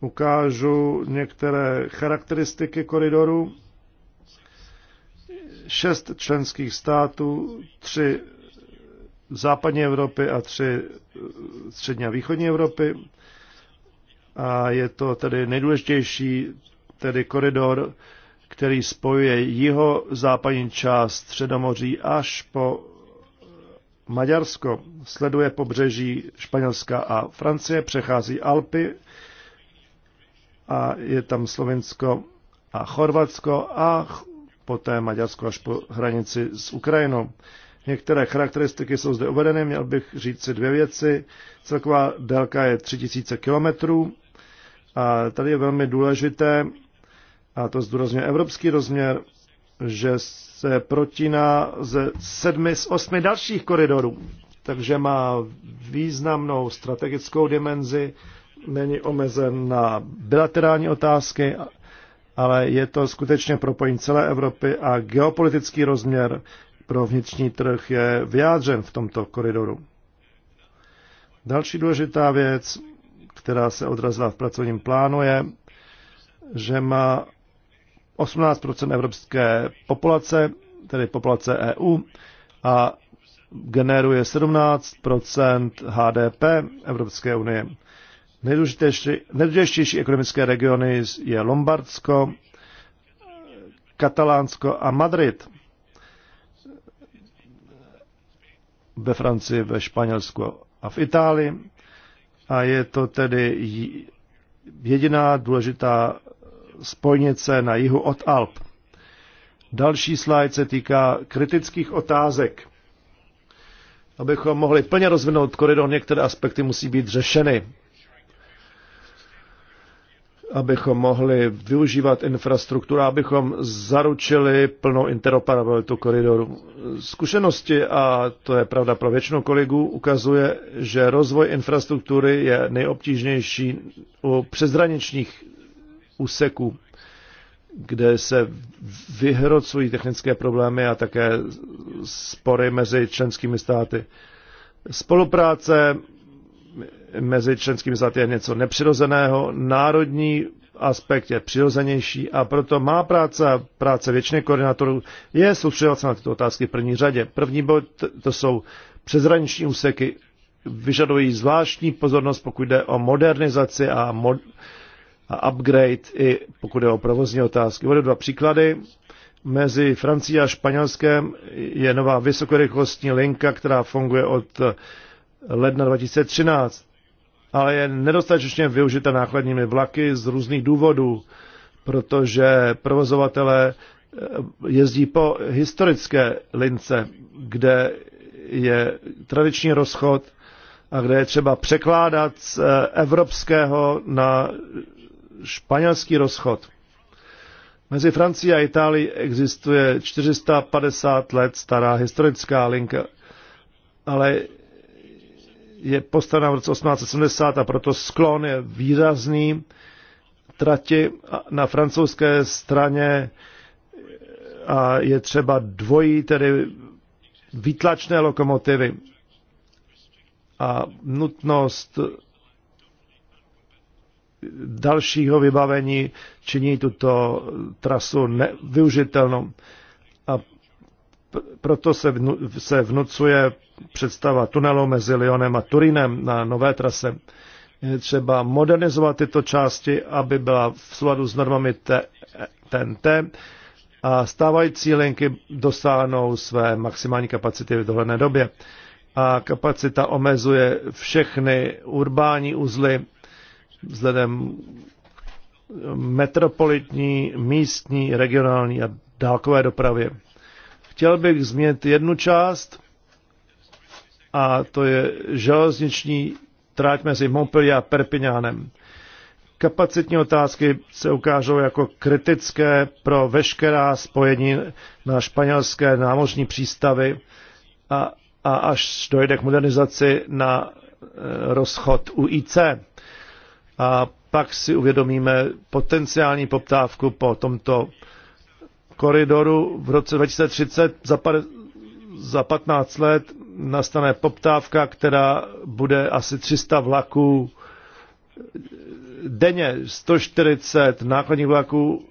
ukážu některé charakteristiky koridoru. Šest členských států, tři západní Evropy a tři střední a východní Evropy. A je to tedy nejdůležitější, tedy koridor, který spojuje jiho západní část Středomoří až po Maďarsko sleduje pobřeží Španělska a Francie, přechází Alpy a je tam Slovensko a Chorvatsko a poté Maďarsko až po hranici s Ukrajinou. Některé charakteristiky jsou zde uvedeny, měl bych říct si dvě věci. Celková délka je 3000 km a tady je velmi důležité, a to zdůrazňuje evropský rozměr, že se protíná ze sedmi z osmi dalších koridorů. Takže má významnou strategickou dimenzi, není omezen na bilaterální otázky, ale je to skutečně propojení celé Evropy a geopolitický rozměr pro vnitřní trh je vyjádřen v tomto koridoru. Další důležitá věc, která se odrazila v pracovním plánu, je, že má 18 evropské populace, tedy populace EU, a generuje 17 HDP Evropské unie. Nejdůležitější, ekonomické regiony je Lombardsko, Katalánsko a Madrid. Ve Francii, ve Španělsku a v Itálii. A je to tedy jediná důležitá spojnice na jihu od Alp. Další slide se týká kritických otázek. Abychom mohli plně rozvinout koridor, některé aspekty musí být řešeny. Abychom mohli využívat infrastrukturu, abychom zaručili plnou interoperabilitu koridoru. Zkušenosti, a to je pravda pro většinu kolegů, ukazuje, že rozvoj infrastruktury je nejobtížnější u přezraničních úseků, kde se vyhrocují technické problémy a také spory mezi členskými státy. Spolupráce mezi členskými státy je něco nepřirozeného, národní aspekt je přirozenější a proto má práce, práce většiny koordinátorů je soustředovat se na tyto otázky v první řadě. První bod to jsou přezraniční úseky, vyžadují zvláštní pozornost, pokud jde o modernizaci a mod, a upgrade i pokud je o provozní otázky. Uvedu dva příklady. Mezi Francií a Španělskem je nová vysokorychlostní linka, která funguje od ledna 2013, ale je nedostatečně využita nákladními vlaky z různých důvodů, protože provozovatele eh, jezdí po historické lince, kde je tradiční rozchod a kde je třeba překládat z eh, evropského na španělský rozchod. Mezi Francií a Itálií existuje 450 let stará historická linka, ale je postavena v roce 1870 a proto sklon je výrazný. Trati na francouzské straně a je třeba dvojí, tedy výtlačné lokomotivy. A nutnost dalšího vybavení činí tuto trasu nevyužitelnou. A proto se, vnu, se vnucuje představa tunelu mezi Lyonem a Turinem na nové trase. Je třeba modernizovat tyto části, aby byla v souladu s normami TNT a stávající linky dosáhnou své maximální kapacity v dohledné době. A kapacita omezuje všechny urbání uzly vzhledem metropolitní, místní, regionální a dálkové dopravě. Chtěl bych změnit jednu část, a to je železniční tráť mezi Montpellier a Perpignanem. Kapacitní otázky se ukážou jako kritické pro veškerá spojení na španělské námořní přístavy a, a až dojde k modernizaci na e, rozchod UIC a pak si uvědomíme potenciální poptávku po tomto koridoru v roce 2030 za, par, za 15 let nastane poptávka, která bude asi 300 vlaků denně, 140 nákladních vlaků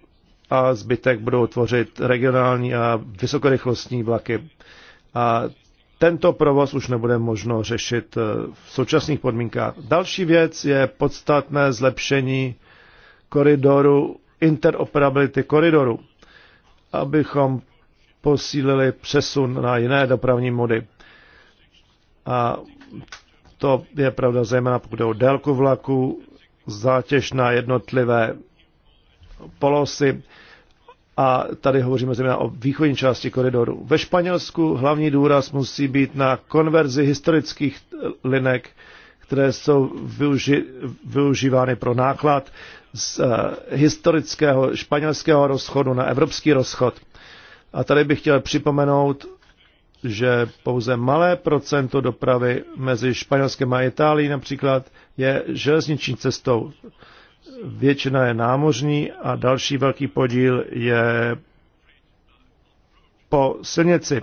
a zbytek budou tvořit regionální a vysokorychlostní vlaky. A tento provoz už nebude možno řešit eh, v současných podmínkách. Další věc je podstatné zlepšení koridoru, interoperability koridoru, abychom posílili přesun na jiné dopravní mody. A to je pravda zejména pokud jde o délku vlaku, zátěž na jednotlivé polosy, a tady hovoříme zejména o východní části koridoru. Ve Španělsku hlavní důraz musí být na konverzi historických linek, které jsou využi- využívány pro náklad z uh, historického španělského rozchodu na evropský rozchod. A tady bych chtěl připomenout, že pouze malé procento dopravy mezi Španělskem a Itálií například je železniční cestou většina je námořní a další velký podíl je po silnici.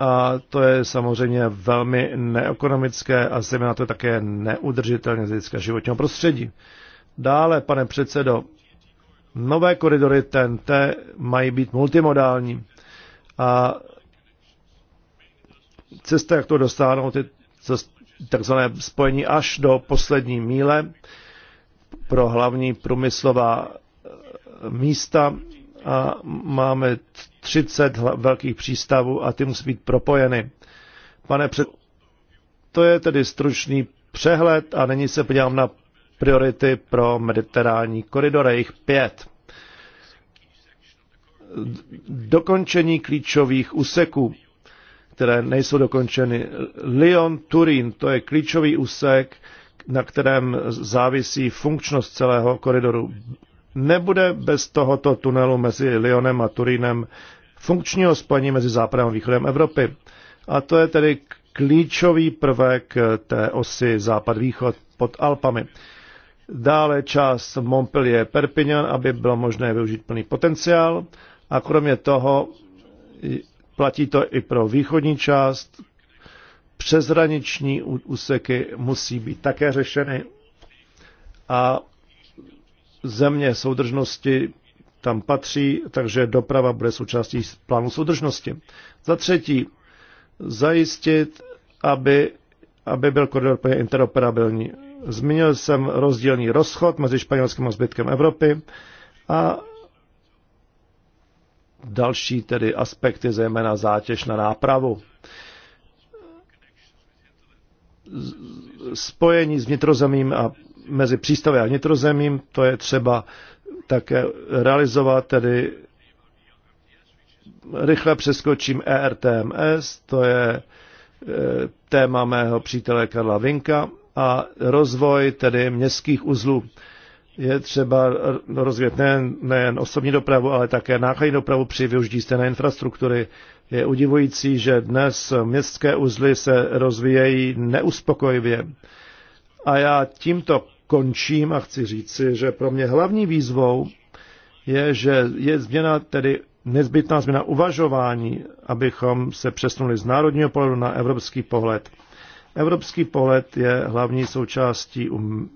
A to je samozřejmě velmi neekonomické a zejména to je také neudržitelné z hlediska životního prostředí. Dále, pane předsedo, nové koridory TNT mají být multimodální a cesta, jak to dosáhnout, je takzvané spojení až do poslední míle, pro hlavní průmyslová eh, místa a máme 30 velkých přístavů a ty musí být propojeny. Pane před... To je tedy stručný přehled a nyní se podívám na priority pro mediterální koridor, jejich pět. Dokončení klíčových úseků, které nejsou dokončeny. Lyon, Turín, to je klíčový úsek, na kterém závisí funkčnost celého koridoru. Nebude bez tohoto tunelu mezi Lyonem a Turínem funkčního spojení mezi západem a východem Evropy. A to je tedy klíčový prvek té osy západ-východ pod Alpami. Dále část Montpellier-Perpignan, aby bylo možné využít plný potenciál. A kromě toho platí to i pro východní část, přezraniční úseky musí být také řešeny a země soudržnosti tam patří, takže doprava bude součástí plánu soudržnosti. Za třetí, zajistit, aby, aby byl koridor plně interoperabilní. Zmínil jsem rozdílný rozchod mezi španělským a zbytkem Evropy a další tedy aspekty, zejména zátěž na nápravu spojení s vnitrozemím a mezi přístavy a vnitrozemím, to je třeba také realizovat, tedy rychle přeskočím ERTMS, to je e, téma mého přítele Karla Vinka a rozvoj tedy městských uzlů je třeba rozvíjet nejen, nejen osobní dopravu, ale také nákladní dopravu při využití stejné infrastruktury. Je udivující, že dnes městské uzly se rozvíjejí neuspokojivě. A já tímto končím a chci říci, že pro mě hlavní výzvou je, že je změna tedy nezbytná změna uvažování, abychom se přesunuli z národního pohledu na evropský pohled. Evropský pohled je hlavní součástí um,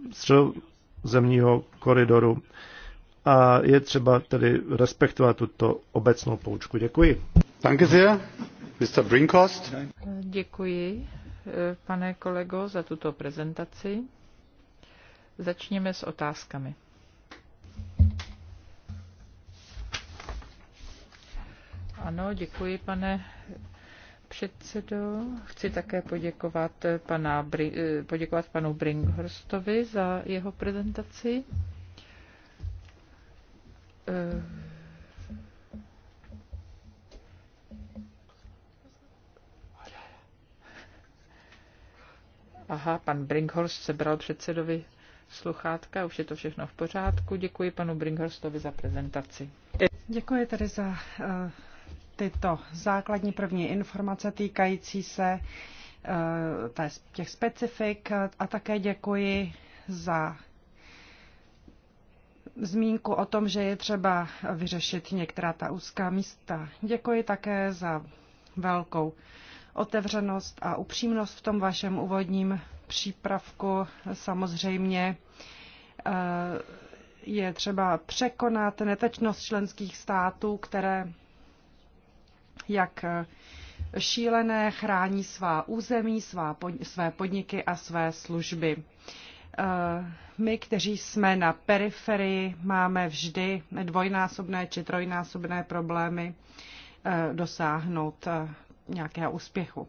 zemního koridoru. A je třeba tedy respektovat tuto obecnou poučku. Děkuji. Danke sehr, Mr. Brinkhorst. Děkuji, eh, pane kolego, za tuto prezentaci. Začněme s otázkami. Ano, děkuji, pane předsedo. Chci také poděkovat, pana, poděkovat panu Bringhorstovi za jeho prezentaci. Eh. Aha, pan Brinkhorst sebral předsedovi sluchátka, už je to všechno v pořádku. Děkuji panu Brinkhorstovi za prezentaci. Děkuji tady za eh, tyto základní první informace týkající se eh, těch specifik a také děkuji za zmínku o tom, že je třeba vyřešit některá ta úzká místa. Děkuji také za velkou otevřenost a upřímnost v tom vašem úvodním přípravku. Samozřejmě eh, je třeba překonat netečnost členských států, které jak eh, šílené chrání svá území, svá pod, své podniky a své služby. Eh, my, kteří jsme na periferii, máme vždy dvojnásobné či trojnásobné problémy eh, dosáhnout nějakého úspěchu.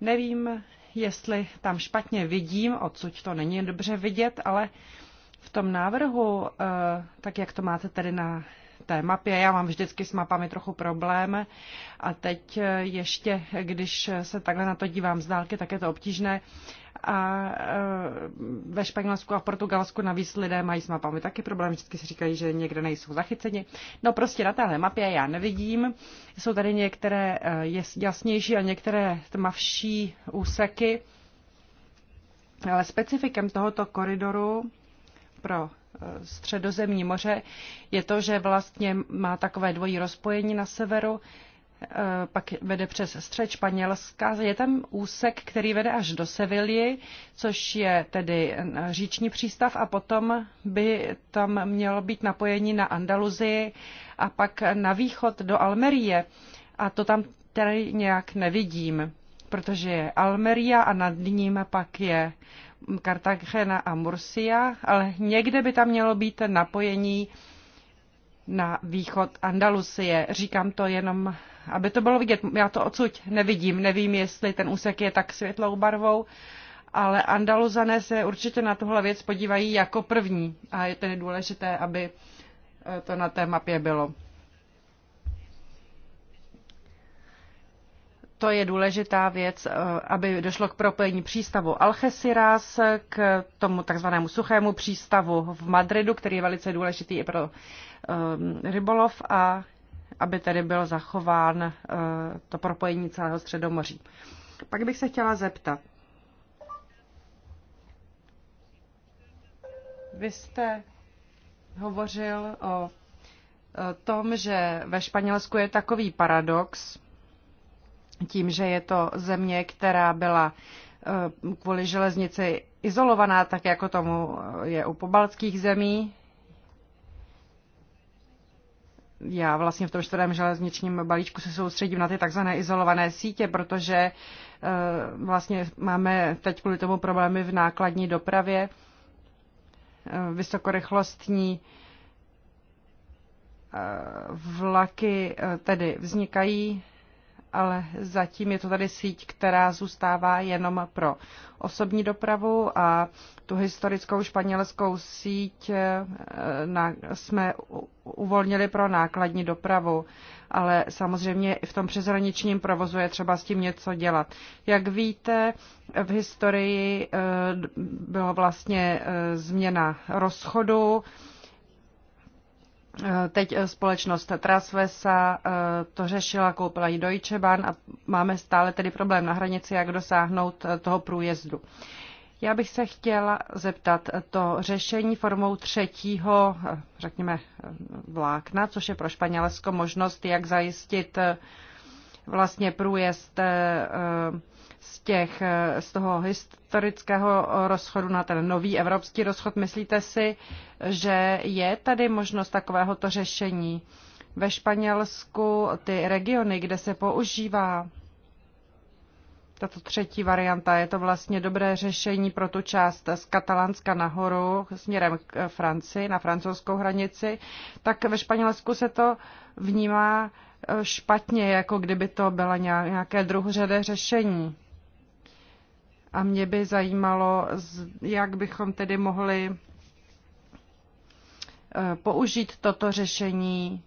Nevím, jestli tam špatně vidím, odsud to není dobře vidět, ale v tom návrhu, tak jak to máte tady na té mapě. Já mám vždycky s mapami trochu problém a teď ještě, když se takhle na to dívám z dálky, tak je to obtížné. A e, ve Španělsku a v Portugalsku navíc lidé mají s mapami taky problém, vždycky si říkají, že někde nejsou zachyceni. No prostě na téhle mapě já nevidím. Jsou tady některé e, jasnější a některé tmavší úseky. Ale specifikem tohoto koridoru pro středozemní moře, je to, že vlastně má takové dvojí rozpojení na severu, eh, pak vede přes střed Španělska. Je tam úsek, který vede až do Sevilly, což je tedy říční přístav a potom by tam mělo být napojení na Andaluzii a pak na východ do Almerie. A to tam tedy nějak nevidím, protože je Almeria a nad ním pak je Cartagena a Murcia, ale někde by tam mělo být napojení na východ Andalusie. Říkám to jenom, aby to bylo vidět. Já to odsud nevidím, nevím, jestli ten úsek je tak světlou barvou, ale Andaluzané se určitě na tuhle věc podívají jako první a je tedy důležité, aby eh, to na té mapě bylo. to je důležitá věc, eh, aby došlo k propojení přístavu Algeciras k tomu takzvanému suchému přístavu v Madridu, který je velice důležitý i pro eh, rybolov a aby tedy byl zachován eh, to propojení celého Středomoří. Pak bych se chtěla zeptat. Vy jste hovořil o tom, že ve Španělsku je takový paradox, tím, že je to země, která byla eh, kvůli železnici izolovaná, tak jako tomu eh, je u pobaltských zemí. Já vlastně v tom čtvrtém železničním balíčku se soustředím na ty takzvané izolované sítě, protože eh, vlastně máme teď kvůli tomu problémy v nákladní dopravě. Vysokorychlostní vlaky tedy vznikají, ale zatím je to tady síť, která zůstává jenom pro osobní dopravu a tu historickou španělskou síť eh, jsme uvolnili pro nákladní dopravu. Ale samozřejmě i v tom přeshraničním provozu je třeba s tím něco dělat. Jak víte, v historii eh, byla vlastně eh, změna rozchodu, Eh, teď eh, společnost Trasvesa eh, to řešila, koupila ji Deutsche Bahn a máme stále tedy problém na hranici, jak dosáhnout toho průjezdu. Já bych se chtěla zeptat to řešení formou třetího, řekněme, vlákna, což je pro Španělsko možnost, jak zajistit vlastně průjezd z, těch, eh, z toho historického rozchodu na ten nový evropský rozchod. Myslíte si, že je tady možnost takovéhoto řešení? Ve Španělsku ty regiony, kde se používá tato třetí varianta, je to vlastně dobré řešení pro tu část z Katalánska nahoru směrem k Francii, na francouzskou hranici, tak ve Španělsku se to vnímá eh, špatně, jako kdyby to byla nějaké druhořadé řešení. A mě by zajímalo, jak bychom tedy mohli eh, použít toto řešení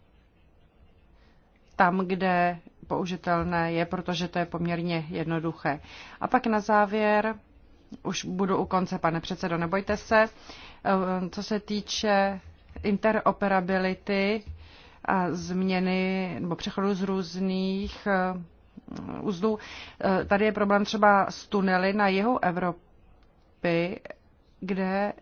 tam, kde použitelné je, protože to je poměrně jednoduché. A pak na závěr, už budu u konce, pane předsedo, nebojte se, eh, co se týče interoperability a změny nebo přechodu z různých eh, uzdu. Eh, tady je problém třeba s tunely na jihu Evropy, kde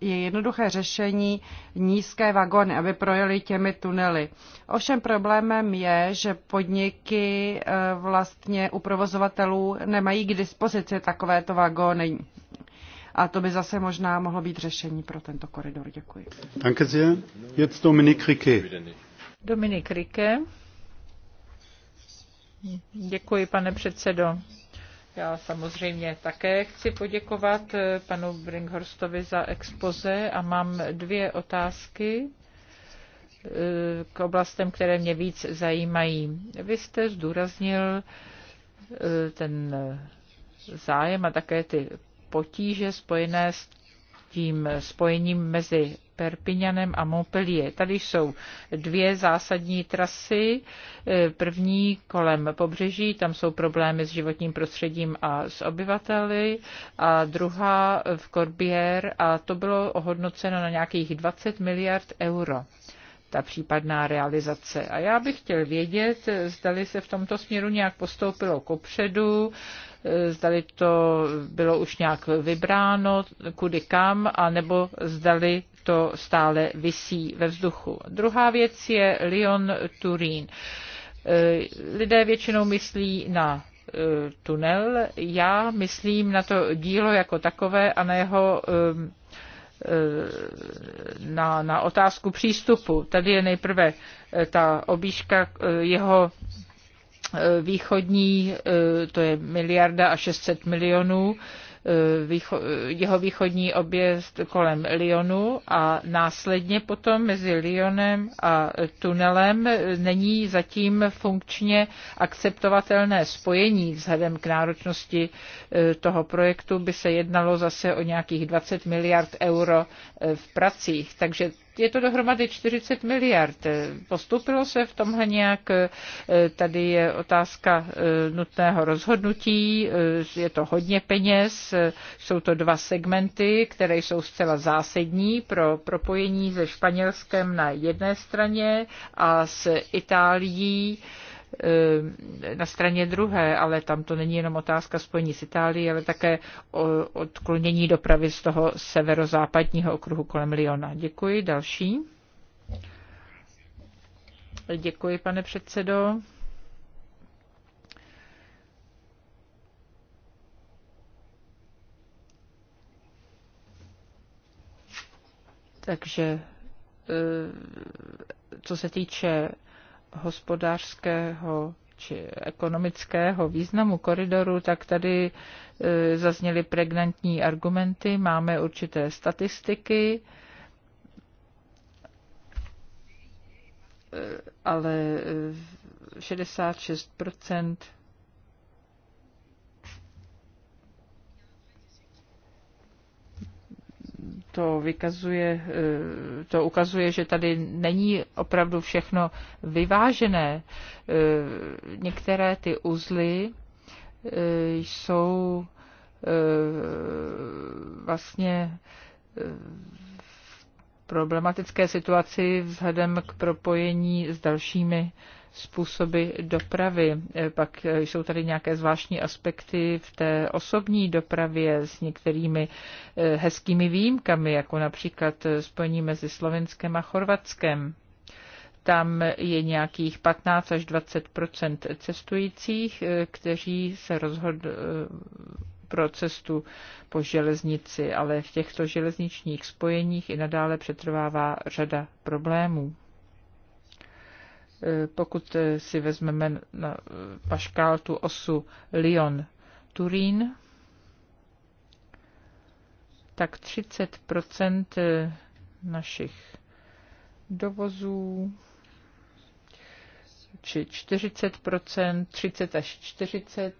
je jednoduché řešení nízké vagony, aby projeli těmi tunely. Ovšem problémem je, že podniky eh, vlastně u provozovatelů nemají k dispozici takovéto vagony, A to by zase možná mohlo být řešení pro tento koridor. Děkuji. Dominik Rike. Dominik Rike. Děkuji, pane předsedo. Já samozřejmě také chci poděkovat eh, panu Bringhorstovi za expoze a mám dvě otázky eh, k oblastem, které mě víc zajímají. Vy jste zdůraznil eh, ten zájem a také ty potíže spojené s tím spojením mezi Perpignanem a Montpellier. Tady jsou dvě zásadní trasy. První kolem pobřeží, tam jsou problémy s životním prostředím a s obyvateli, a druhá v Corbière a to bylo ohodnoceno na nějakých 20 miliard euro ta případná realizace. A já bych chtěl vědět, zdali se v tomto směru nějak postoupilo kopředu, zdali to bylo už nějak vybráno, kudy kam, a nebo zdali to stále visí ve vzduchu. Druhá věc je Lyon-Turín. Lidé většinou myslí na e, tunel. Já myslím na to dílo jako takové a na jeho e, Eh, na, na otázku přístupu. Tady je nejprve eh, ta obíška eh, jeho východní, to je miliarda a 600 milionů Eh, výcho, eh, jeho východní objezd kolem Lyonu a následně potom mezi Lyonem a tunelem není zatím funkčně akceptovatelné spojení vzhledem k náročnosti eh, toho projektu. By se jednalo zase o nějakých 20 miliard euro v pracích. Takže je to dohromady 40 miliard. Postupilo se v tomhle nějak, tady je otázka eh, nutného rozhodnutí, eh, je to hodně peněz, jsou to dva segmenty, které jsou zcela zásadní pro propojení se Španělskem na jedné straně a s Itálií Eh, na straně druhé, ale tam to není jenom otázka spojení s Itálií, ale také odklonění dopravy z toho severozápadního okruhu kolem Liona. Děkuji. Další. Děkuji, pane předsedo. Takže eh, co se týče hospodářského či ekonomického významu koridoru, tak tady e, zazněly pregnantní argumenty, máme určité statistiky, e, ale 66 e, to vykazuje, eh, to ukazuje, že tady není opravdu všechno vyvážené. Eh, některé ty uzly eh, jsou vlastně v problematické situaci vzhledem k propojení s dalšími způsoby dopravy. Eh, pak eh, jsou tady nějaké zvláštní aspekty v té osobní dopravě s některými eh, hezkými výjimkami, jako například spojení mezi Slovenskem a Chorvatskem. Tam je nějakých 15 až 20 cestujících, kteří se rozhodli pro cestu po železnici, ale v těchto železničních spojeních i nadále přetrvává řada problémů. Eh, pokud eh, si vezmeme na eh, paškál tu osu Lyon-Turín, tak 30 našich dovozů či 40 30 až 40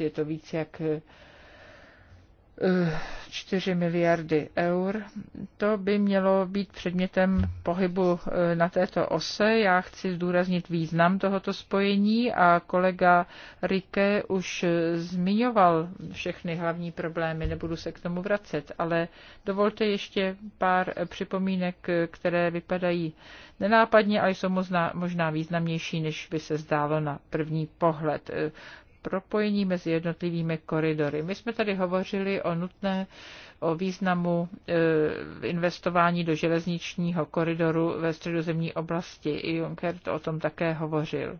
je to víc jak 4 miliardy eur. To by mělo být předmětem pohybu eh, na této ose. Já chci zdůraznit význam tohoto spojení a kolega Rike už eh, zmiňoval všechny hlavní problémy, nebudu se k tomu vracet, ale dovolte ještě pár eh, připomínek, které vypadají nenápadně, ale jsou možná, možná významnější, než by se zdálo na první pohled propojení mezi jednotlivými koridory. My jsme tady hovořili o nutné, o významu e, investování do železničního koridoru ve středozemní oblasti. I Juncker to o tom také hovořil.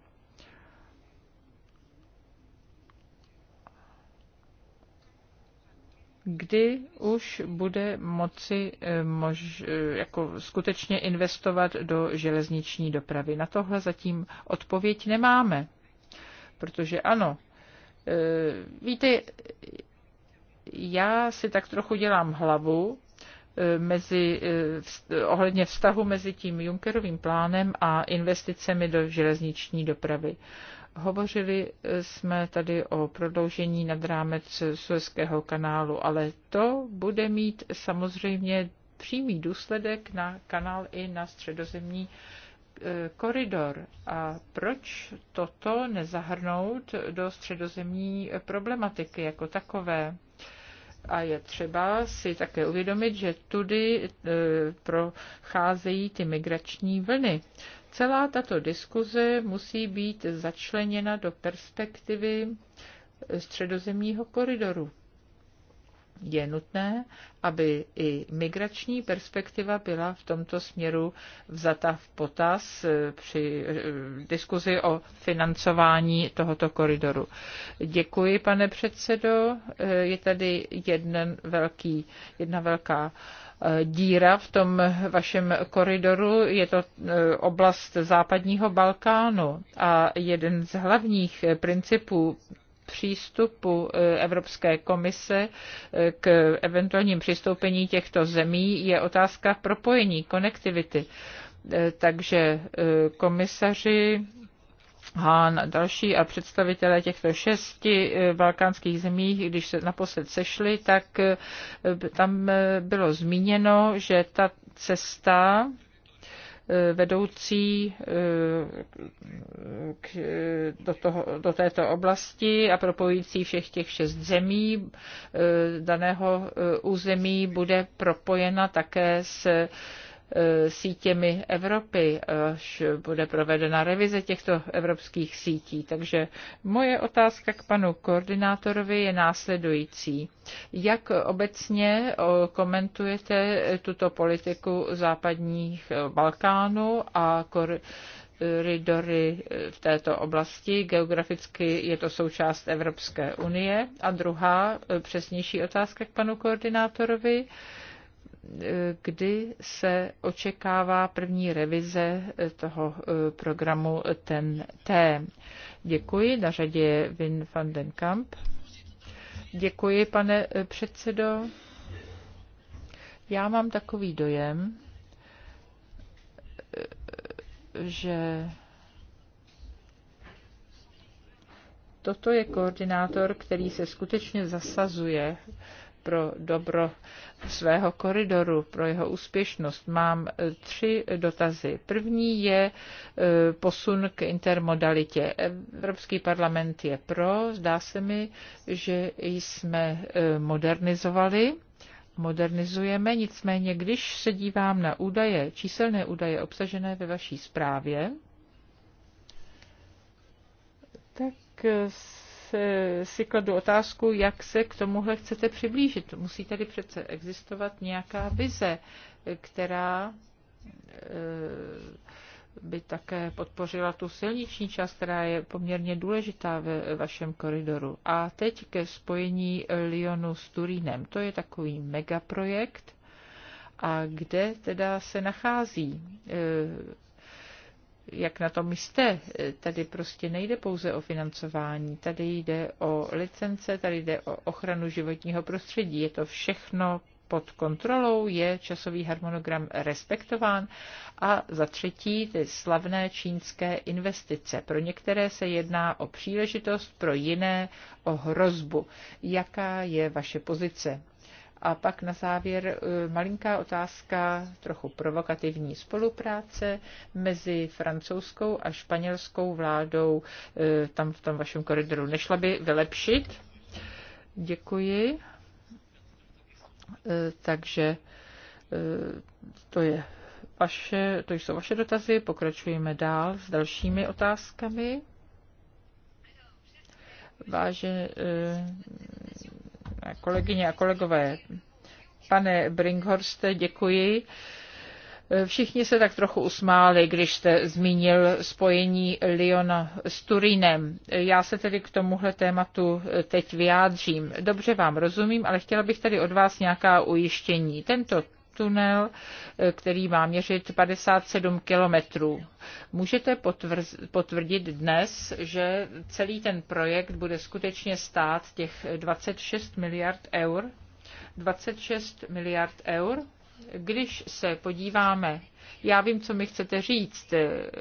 kdy už bude moci e, mož, e, jako skutečně investovat do železniční dopravy. Na tohle zatím odpověď nemáme, protože ano, Eh, víte, já si tak trochu dělám hlavu eh, mezi, eh, ohledně vztahu mezi tím Junckerovým plánem a investicemi do železniční dopravy. Hovořili jsme tady o prodloužení nad rámec Suezského kanálu, ale to bude mít samozřejmě přímý důsledek na kanál i na středozemní Eh, koridor a proč toto nezahrnout do středozemní problematiky jako takové. A je třeba si také uvědomit, že tudy eh, procházejí ty migrační vlny. Celá tato diskuze musí být začleněna do perspektivy středozemního koridoru je nutné, aby i migrační perspektiva byla v tomto směru vzata v potaz eh, při eh, diskuzi o financování tohoto koridoru. Děkuji, pane předsedo. Eh, je tady jeden velký, jedna velká díra v tom vašem koridoru. Je to oblast západního Balkánu a jeden z hlavních principů přístupu eh, Evropské komise eh, k eventuálním přistoupení těchto zemí je otázka propojení, konektivity. Eh, takže komisaři Hán a další a představitelé těchto šesti balkánských zemí, když se naposled sešli, tak tam bylo zmíněno, že ta cesta vedoucí eh, k, do, toho, do této oblasti a propojící všech těch šest zemí eh, daného eh, území bude propojena také s E, sítěmi Evropy, až bude provedena revize těchto evropských sítí. Takže moje otázka k panu koordinátorovi je následující. Jak obecně e, komentujete tuto politiku západních e, Balkánu a kor- koridory v této oblasti. Geograficky je to součást Evropské unie. A druhá přesnější otázka k panu koordinátorovi kdy se očekává první revize toho eh, programu TEN-T. E Děkuji, na řadě je Vin van den Kamp. Děkuji, pane eh, předsedo. Já mám takový dojem, eh, že toto je koordinátor, který se skutečně zasazuje pro dobro svého koridoru, pro jeho úspěšnost. Mám e, tři dotazy. První je e, posun k intermodalitě. Evropský parlament je pro. Zdá se mi, že jsme e, modernizovali modernizujeme, nicméně když se dívám na údaje, číselné údaje obsažené ve vaší zprávě, tak Eh, si kladu otázku, jak se k tomuhle chcete přiblížit. Musí tady přece existovat nějaká vize, která eh, by také podpořila tu silniční část, která je poměrně důležitá ve vašem koridoru. A teď ke spojení Lyonu s Turínem. To je takový megaprojekt. A kde teda se nachází eh, jak na tom jste. Tady prostě nejde pouze o financování, tady jde o licence, tady jde o ochranu životního prostředí. Je to všechno pod kontrolou, je časový harmonogram respektován a za třetí ty slavné čínské investice. Pro některé se jedná o příležitost, pro jiné o hrozbu. Jaká je vaše pozice? A pak na závěr eh, malinká otázka, trochu provokativní spolupráce mezi francouzskou a španělskou vládou eh, tam v tom vašem koridoru. Nešla by vylepšit? Děkuji. Eh, takže to je vaše, to jsou vaše dotazy, pokračujeme dál s dalšími otázkami. Vážené Kolegyně a kolegové, pane Brinkhorste, děkuji. Všichni se tak trochu usmáli, když jste zmínil spojení Liona s Turínem. Já se tedy k tomuhle tématu teď vyjádřím. Dobře vám rozumím, ale chtěla bych tady od vás nějaká ujištění. Tento tunel, eh, který má měřit 57 kilometrů. Můžete potvrdit dnes, že celý ten projekt bude skutečně stát těch 26 miliard eur? 26 miliard eur? Když se podíváme já vím, co mi chcete říct.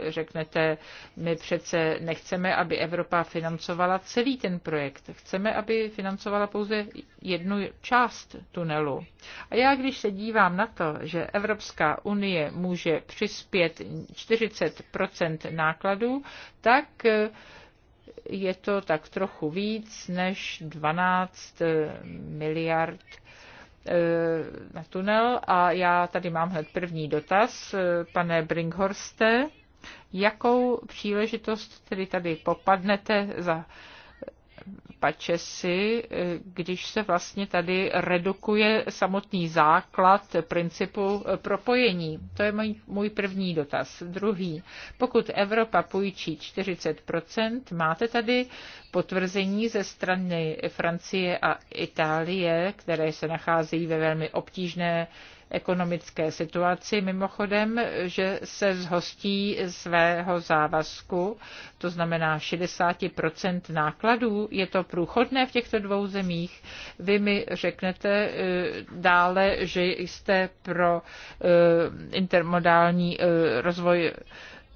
Řeknete, my přece nechceme, aby Evropa financovala celý ten projekt. Chceme, aby financovala pouze jednu část tunelu. A já, když se dívám na to, že Evropská unie může přispět 40 nákladů, tak je to tak trochu víc než 12 miliard Eh, na tunel a já tady mám hned první dotaz. Eh, pane Bringhorste, jakou příležitost tedy tady popadnete za pačesy, eh, když se vlastně tady redukuje samotný základ principu eh, propojení. To je můj, můj první dotaz. Druhý, pokud Evropa půjčí 40%, máte tady potvrzení ze strany Francie a Itálie, které se nacházejí ve velmi obtížné ekonomické situaci, mimochodem, že se zhostí svého závazku, to znamená 60% nákladů. Je to průchodné v těchto dvou zemích. Vy mi řeknete eh, dále, že jste pro eh, intermodální eh, rozvoj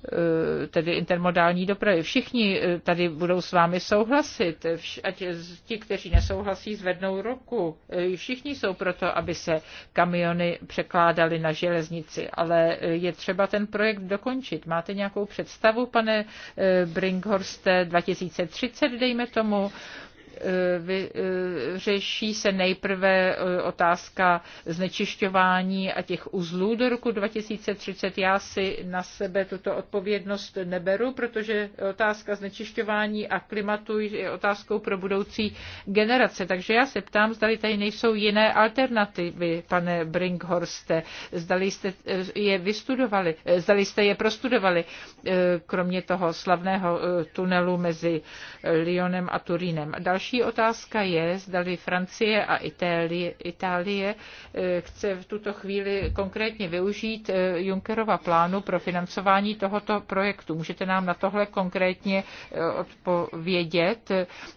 Eh, tedy intermodální dopravy. Všichni eh, tady budou s vámi souhlasit, ať ti, kteří nesouhlasí, zvednou ruku. Eh, všichni jsou proto, aby se kamiony překládaly na železnici, ale je třeba ten projekt dokončit. Máte nějakou představu, pane Brinkhorste, 2030, dejme tomu? vyřeší se nejprve eh, otázka znečišťování a těch uzlů do roku 2030. Já si na sebe tuto odpovědnost neberu, protože otázka znečišťování a klimatu je otázkou pro budoucí generace. Takže já se ptám, zdali tady nejsou jiné alternativy, pane Brinkhorste. Zdali jste eh, je vystudovali, eh, zdali jste je prostudovali, kromě toho slavného tunelu mezi Lyonem a Turínem. Další Další otázka je, zdali Francie a Itálie, Itálie eh, chce v tuto chvíli konkrétně využít eh, Junckerova plánu pro financování tohoto projektu. Můžete nám na tohle konkrétně eh, odpovědět?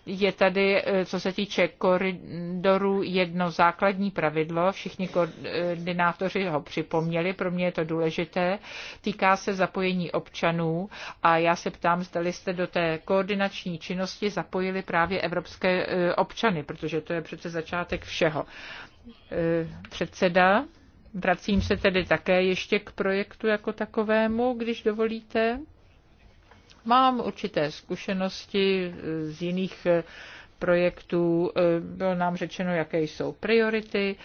Je tady, co se týče koridoru, jedno základní pravidlo, všichni koordinátoři ho připomněli, pro mě je to důležité, týká se zapojení občanů a já se ptám, zdali jste do té koordinační činnosti zapojili právě Evropské české e, občany, protože to je přece začátek všeho. E, předseda, vracím se tedy také ještě k projektu jako takovému, když dovolíte. Mám určité zkušenosti e, z jiných projektů. Bylo nám řečeno, jaké jsou priority.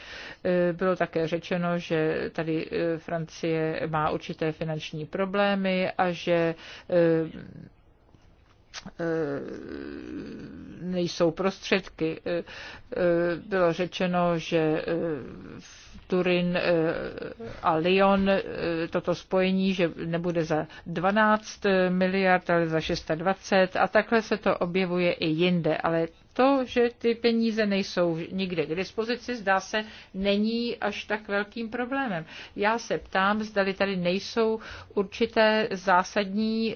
Bylo také řečeno, že tady Francie má určité finanční problémy a že Eh, nejsou prostředky. Eh, eh, bylo řečeno, že v Turin a Lyon, toto spojení, že nebude za 12 miliard, ale za 620 a takhle se to objevuje i jinde, ale to, že ty peníze nejsou nikde k dispozici, zdá se, není až tak velkým problémem. Já se ptám, zdali tady nejsou určité zásadní e,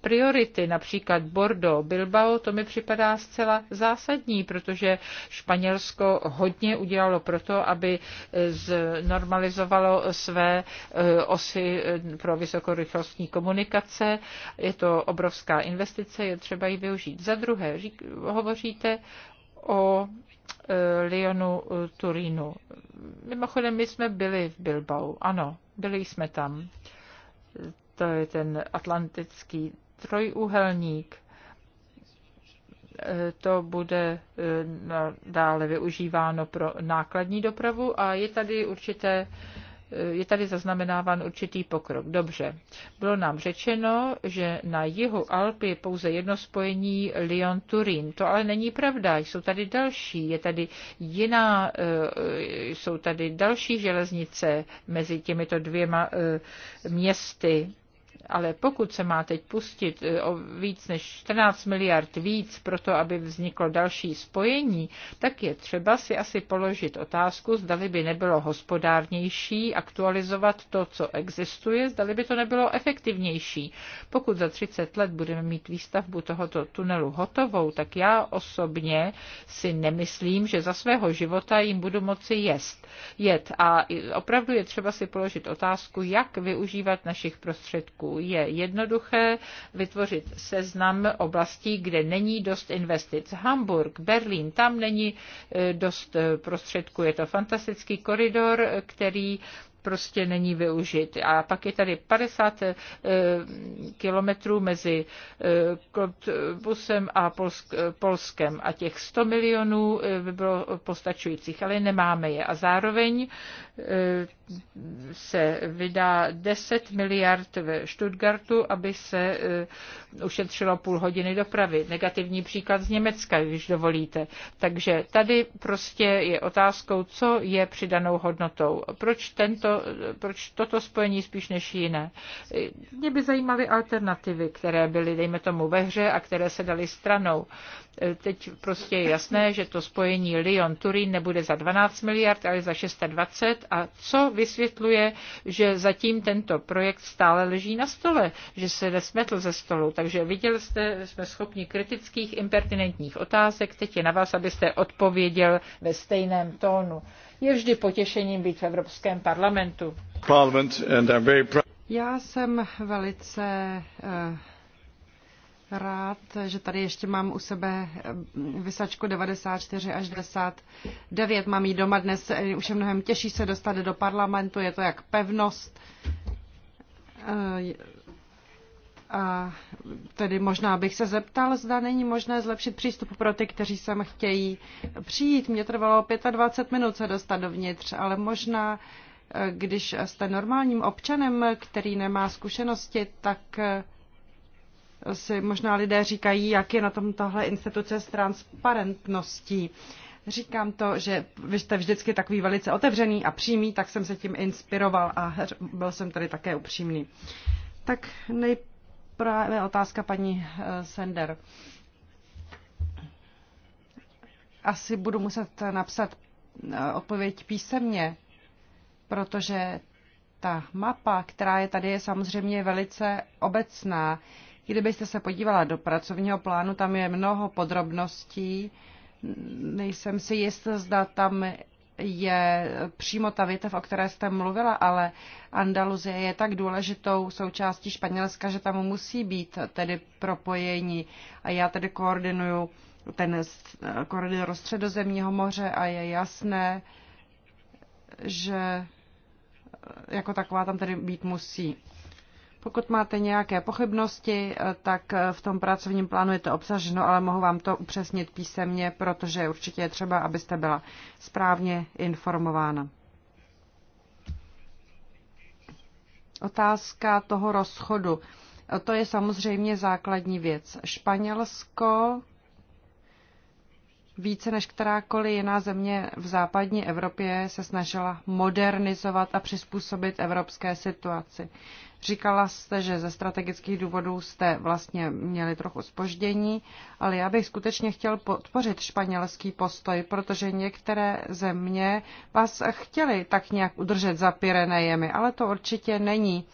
priority, například Bordeaux, Bilbao, to mi připadá zcela zásadní, protože Španělsko hodně udělalo proto, aby e, znormalizovalo své e, osy pro vysokorychlostní komunikace. Je to obrovská investice, je třeba ji využít. Za druhé, hovoříte se o e, Lyonu e, Turínu. Mimochodem, my jsme byli v Bilbao, ano, byli jsme tam. To je ten atlantický trojúhelník. E, to bude dále využíváno pro nákladní dopravu a je tady určité je tady zaznamenáván určitý pokrok. Dobře, bylo nám řečeno, že na jihu Alp je pouze jedno spojení Lyon-Turín. To ale není pravda, jsou tady další, je tady jiná, eh, jsou tady další železnice mezi těmito dvěma eh, městy ale pokud se má teď pustit eh, o víc než 14 miliard víc pro to, aby vzniklo další spojení, tak je třeba si asi položit otázku, zdali by nebylo hospodárnější aktualizovat to, co existuje, zdali by to nebylo efektivnější. Pokud za 30 let budeme mít výstavbu tohoto tunelu hotovou, tak já osobně si nemyslím, že za svého života jim budu moci jest. Jet. A opravdu je třeba si položit otázku, jak využívat našich prostředků, je jednoduché vytvořit seznam oblastí, kde není dost investic. Hamburg, Berlín, tam není eh, dost eh, prostředků. Je to fantastický koridor, který prostě není využit. A pak je tady 50 eh, kilometrů mezi eh, Kotbusem a eh, Polskem a těch 100 milionů by bylo postačujících, ale nemáme je. A zároveň se vydá 10 miliard ve Stuttgartu, aby se ušetřilo půl hodiny dopravy. Negativní příklad z Německa, když dovolíte. Takže tady prostě je otázkou, co je přidanou hodnotou. Proč tento proč toto spojení spíš než jiné. Mě by zajímaly alternativy, které byly, dejme tomu, ve hře a které se daly stranou. Teď prostě je jasné, že to spojení Lyon-Turín nebude za 12 miliard, ale za 620 a co vysvětluje, že zatím tento projekt stále leží na stole, že se nesmetl ze stolu. Takže viděl jste, jsme schopni kritických, impertinentních otázek. Teď je na vás, abyste odpověděl ve stejném tónu. Je vždy potěšením být v Evropském parlamentu. Já jsem velice eh, rád, že tady ještě mám u sebe eh, vysačku 94 až 99. Mám ji doma dnes, eh, už je mnohem těžší se dostat do parlamentu, je to jak pevnost. Eh, a tedy možná bych se zeptal, zda není možné zlepšit přístup pro ty, kteří sem chtějí přijít. Mně trvalo 25 minut se dostat dovnitř, ale možná, když jste normálním občanem, který nemá zkušenosti, tak si možná lidé říkají, jak je na tom tahle instituce s transparentností. Říkám to, že vy jste vždycky takový velice otevřený a přímý, tak jsem se tím inspiroval a byl jsem tady také upřímný. Tak nejprve otázka paní eh, Sender. Asi budu muset napsat eh, odpověď písemně, protože ta mapa, která je tady, je samozřejmě velice obecná. Kdybyste se podívala do pracovního plánu, tam je mnoho podrobností. Nejsem si jist, zda tam je přímo ta větev, o které jste mluvila, ale Andaluzie je tak důležitou součástí Španělska, že tam musí být tedy propojení. A já tedy koordinuju ten koridor středozemního moře a je jasné, že jako taková tam tedy být musí. Pokud máte nějaké pochybnosti, eh, tak eh, v tom pracovním plánu je to obsaženo, ale mohu vám to upřesnit písemně, protože určitě je třeba, abyste byla správně informována. Otázka toho rozchodu. Eh, to je samozřejmě základní věc. Španělsko více než kterákoliv jiná země v západní Evropě se snažila modernizovat a přizpůsobit evropské situaci. Říkala jste, že ze strategických důvodů jste vlastně měli trochu spoždění, ale já bych skutečně chtěl podpořit španělský postoj, protože některé země vás chtěly tak nějak udržet za Pirenejemi, ale to určitě není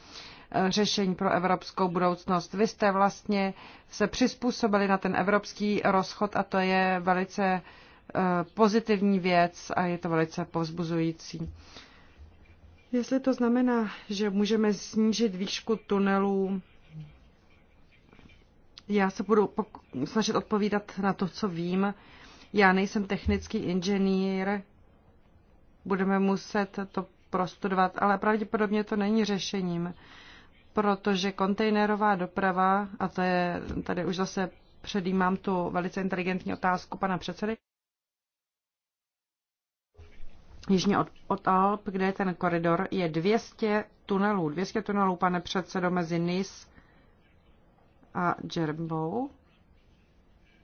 eh, řešení pro evropskou budoucnost. Vy jste vlastně se přizpůsobili na ten evropský rozchod a to je velice eh, pozitivní věc a je to velice povzbuzující. Jestli to znamená, že můžeme snížit výšku tunelů, já se budu snažit odpovídat na to, co vím. Já nejsem technický inženýr, budeme muset to prostudovat, ale pravděpodobně to není řešením, protože kontejnerová doprava, a to je tady už zase předjímám tu velice inteligentní otázku pana předsedy, jižně od, od Alp, kde je ten koridor, je 200 tunelů. 200 tunelů, pane předsedo, mezi Nice a Džerbou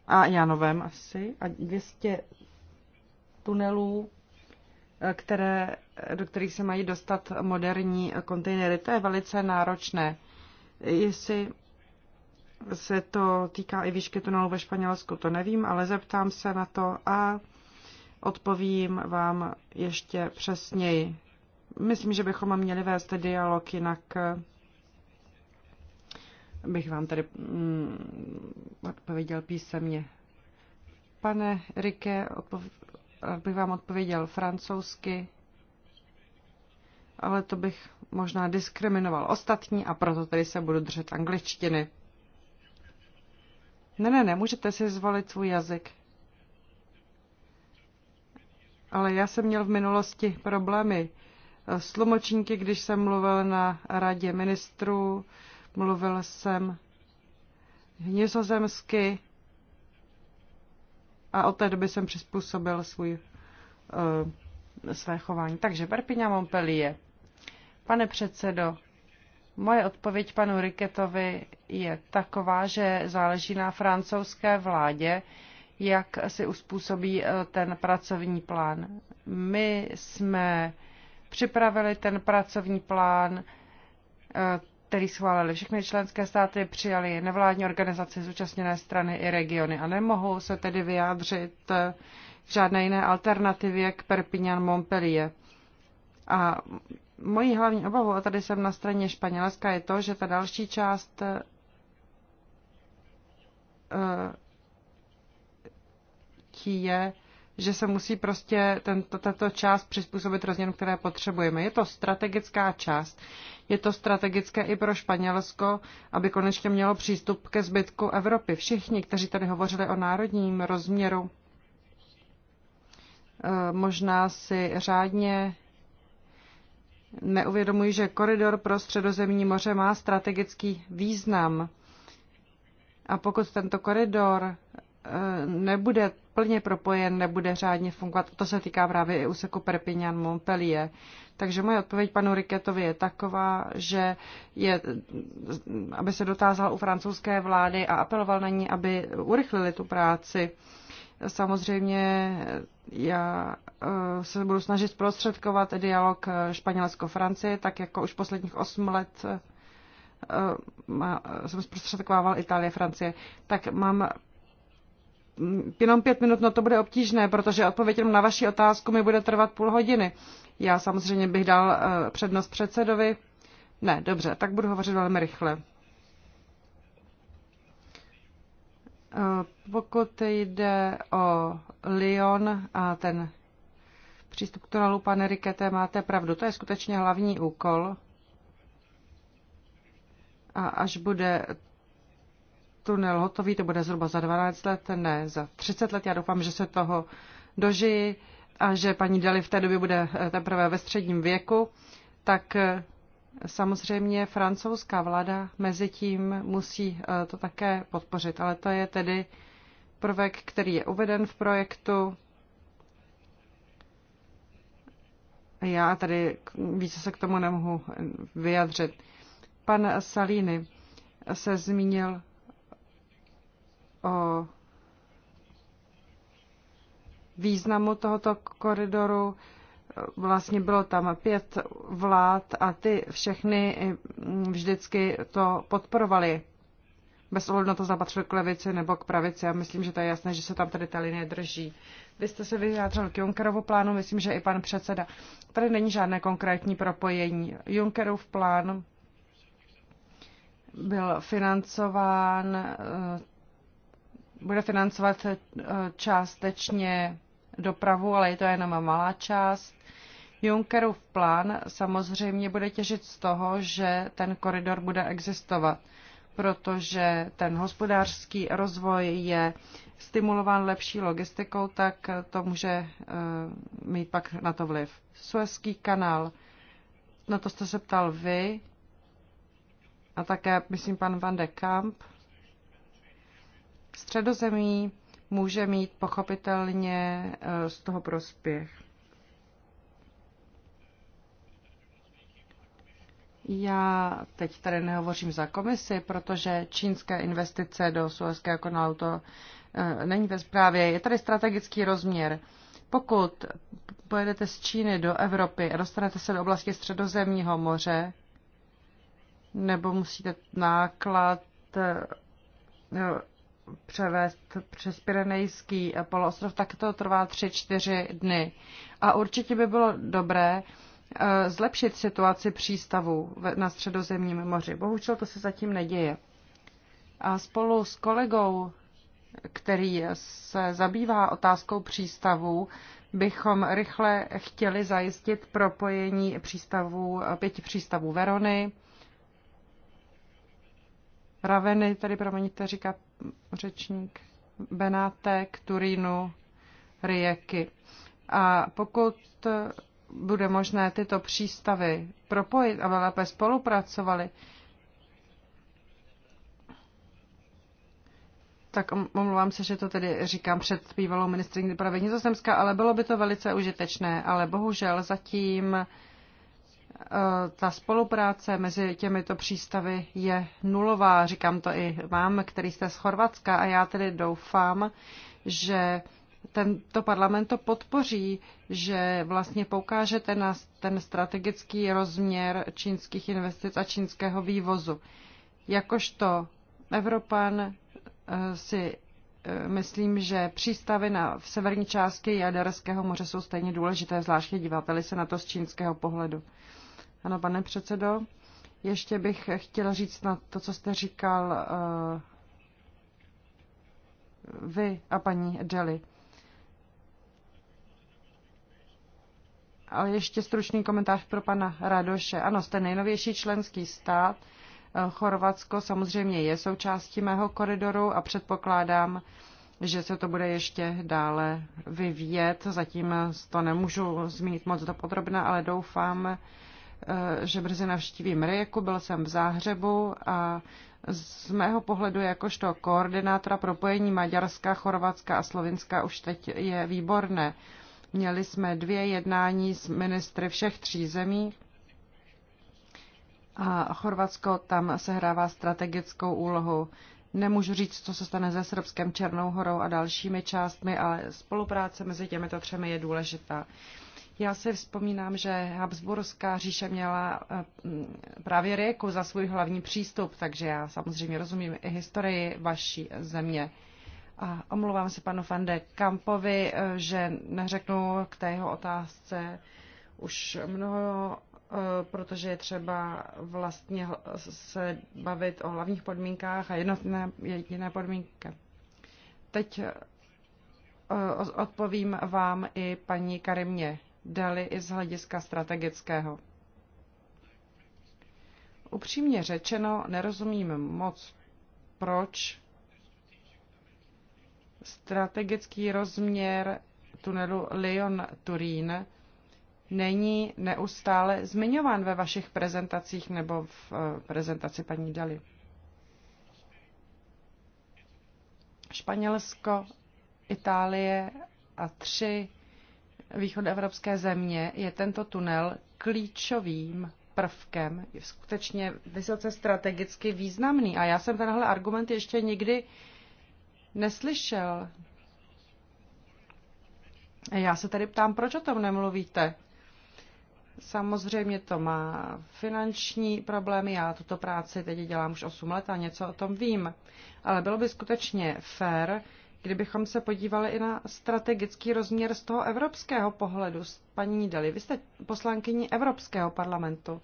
a Janovem asi a 200 tunelů, eh, které, eh, do kterých se mají dostat moderní kontejnery. To je velice náročné. Jestli se to týká i výšky tunelů ve Španělsku, to nevím, ale zeptám se na to a Odpovím vám ještě přesněji. Myslím, že bychom měli vést dialog, jinak eh, bych vám tady mm, odpověděl písemně. Pane Rike, odpov- bych vám odpověděl francouzsky, ale to bych možná diskriminoval ostatní a proto tady se budu držet angličtiny. Ne, ne, ne, můžete si zvolit svůj jazyk ale já jsem měl v minulosti problémy eh, s tlumočníky, když jsem mluvil na radě ministrů, mluvil jsem nizozemsky a od té doby jsem přizpůsobil svůj, uh, své chování. Takže Perpignan Montpellier. Pane předsedo, moje odpověď panu Riketovi je taková, že záleží na francouzské vládě, uh, jak si uspůsobí eh, ten pracovní plán. My jsme připravili ten pracovní plán, eh, který schválili všechny členské státy, přijali nevládní organizace, zúčastněné strany i regiony a nemohou se tedy vyjádřit k eh, žádné jiné alternativě k Perpignan Montpellier. A mojí hlavní obavu a tady jsem na straně Španělska, je to, že ta další část třetí je, že se musí prostě tento, tato část přizpůsobit rozměru, které potřebujeme. Je to strategická část. Je to strategické i pro Španělsko, aby konečně mělo přístup ke zbytku Evropy. Všichni, kteří tady hovořili o národním rozměru, eh, možná si řádně neuvědomují, že koridor pro středozemní moře má strategický význam. A pokud tento koridor nebude plně propojen, nebude řádně fungovat. To se týká právě i úseku Perpignan-Montpellier. Takže moje odpověď panu Riketovi je taková, že je, aby se dotázal u francouzské vlády a apeloval na ní, aby urychlili tu práci. Samozřejmě já eh, se budu snažit zprostředkovat dialog eh, Španělsko-Francie, tak jako už posledních osm let eh, jsem zprostředkovával Itálie, Francie, tak mám jenom pět minut, no to bude obtížné, protože odpověď na vaši otázku mi bude trvat půl hodiny. Já samozřejmě bych dal eh, přednost předsedovi. Ne, dobře, tak budu hovořit velmi rychle. Eh, pokud jde o Lyon a ten přístup k tunelu, pane Rikete, máte pravdu. To je skutečně hlavní úkol. A až bude tunel hotový, to bude zhruba za 12 let, ne, za 30 let. Já doufám, že se toho dožiji a že paní Dali v té době bude eh, teprve ve středním věku, tak eh, samozřejmě francouzská vláda mezi tím musí eh, to také podpořit. Ale to je tedy prvek, který je uveden v projektu. Já tady více se k tomu nemohu vyjadřit. Pan Salini se zmínil o významu tohoto koridoru. Vlastně bylo tam pět vlád a ty všechny mm, vždycky to podporovali. Bez ohledu na to, zapatřili k levici nebo k pravici. Já myslím, že to je jasné, že se tam tady ta linie drží. Vy jste se vyjádřil k Junckerovu plánu, myslím, že i pan předseda. Tady není žádné konkrétní propojení. Junckerův plán byl financován eh, bude financovat eh, částečně dopravu, ale je to jenom malá část. Junckerův plán samozřejmě bude těžit z toho, že ten koridor bude existovat, protože ten hospodářský rozvoj je stimulován lepší logistikou, tak to může eh, mít pak na to vliv. Suezký kanál, na to jste se ptal vy a také, myslím, pan Van de Kamp. Středozemí může mít pochopitelně eh, z toho prospěch. Já teď tady nehovořím za komisi, protože čínské investice do Suezského kanálu to eh, není ve zprávě. Je tady strategický rozměr. Pokud pojedete z Číny do Evropy a dostanete se do oblasti Středozemního moře, nebo musíte náklad eh, převést přes Pirenejský poloostrov, tak to trvá 3-4 dny. A určitě by bylo dobré eh, zlepšit situaci přístavů na středozemním moři. Bohužel to se zatím neděje. A spolu s kolegou, který se zabývá otázkou přístavů, bychom rychle chtěli zajistit propojení přístavů, pěti přístavů Verony, Raveny, tady promiňte, říká řečník Benátek, Turínu, Rijeky. A pokud bude možné tyto přístavy propojit, aby lépe spolupracovali, tak omlouvám se, že to tedy říkám před bývalou ministriní dopravy Nizozemska, ale bylo by to velice užitečné, ale bohužel zatím Eh, ta spolupráce mezi těmito přístavy je nulová. Říkám to i vám, který jste z Chorvatska a já tedy doufám, že tento parlament to podpoří, že vlastně poukážete na ten strategický rozměr čínských investic a čínského vývozu. Jakožto Evropan eh, si eh, myslím, že přístavy na, v severní části Jaderského moře jsou stejně důležité, zvláště dívateli se na to z čínského pohledu. Ano, pane předsedo, ještě bych chtěla říct na to, co jste říkal eh, vy a paní Jelly. Ale ještě stručný komentář pro pana Radoše. Ano, jste nejnovější členský stát. Eh, Chorvatsko samozřejmě je součástí mého koridoru a předpokládám, že se to bude ještě dále vyvíjet. Zatím to nemůžu zmínit moc dopodrobně, ale doufám, Eh, že brzy navštívím Rijeku, byl jsem v Záhřebu a z mého pohledu jakožto koordinátora propojení Maďarska, Chorvatska a Slovinska už teď je výborné. Měli jsme dvě jednání s ministry všech tří zemí a Chorvatsko tam sehrává strategickou úlohu. Nemůžu říct, co se stane se Srbskem, Černou horou a dalšími částmi, ale spolupráce mezi těmito třemi je důležitá. Já se vzpomínám, že Habsburská říše měla eh, právě Rieku za svůj hlavní přístup, takže já samozřejmě rozumím i historii vaší země. A omlouvám se panu Fande Kampovi, eh, že neřeknu k té jeho otázce už mnoho, eh, protože je třeba vlastně se bavit o hlavních podmínkách a jednotné jediné podmínky. Teď odpovím vám i paní Karimě dali i z hlediska strategického. Upřímně řečeno, nerozumím moc, proč strategický rozměr tunelu Lyon-Turín není neustále zmiňován ve vašich prezentacích nebo v eh, prezentaci paní Dali. Španělsko, Itálie a tři východoevropské země je tento tunel klíčovým prvkem, je skutečně vysoce strategicky významný. A já jsem tenhle argument ještě nikdy neslyšel. Já se tedy ptám, proč o tom nemluvíte? Samozřejmě to má finanční problémy, já tuto práci teď dělám už 8 let a něco o tom vím. Ale bylo by skutečně fér, Kdybychom se podívali i na strategický rozměr z toho evropského pohledu, paní Deli, vy jste poslankyní Evropského parlamentu.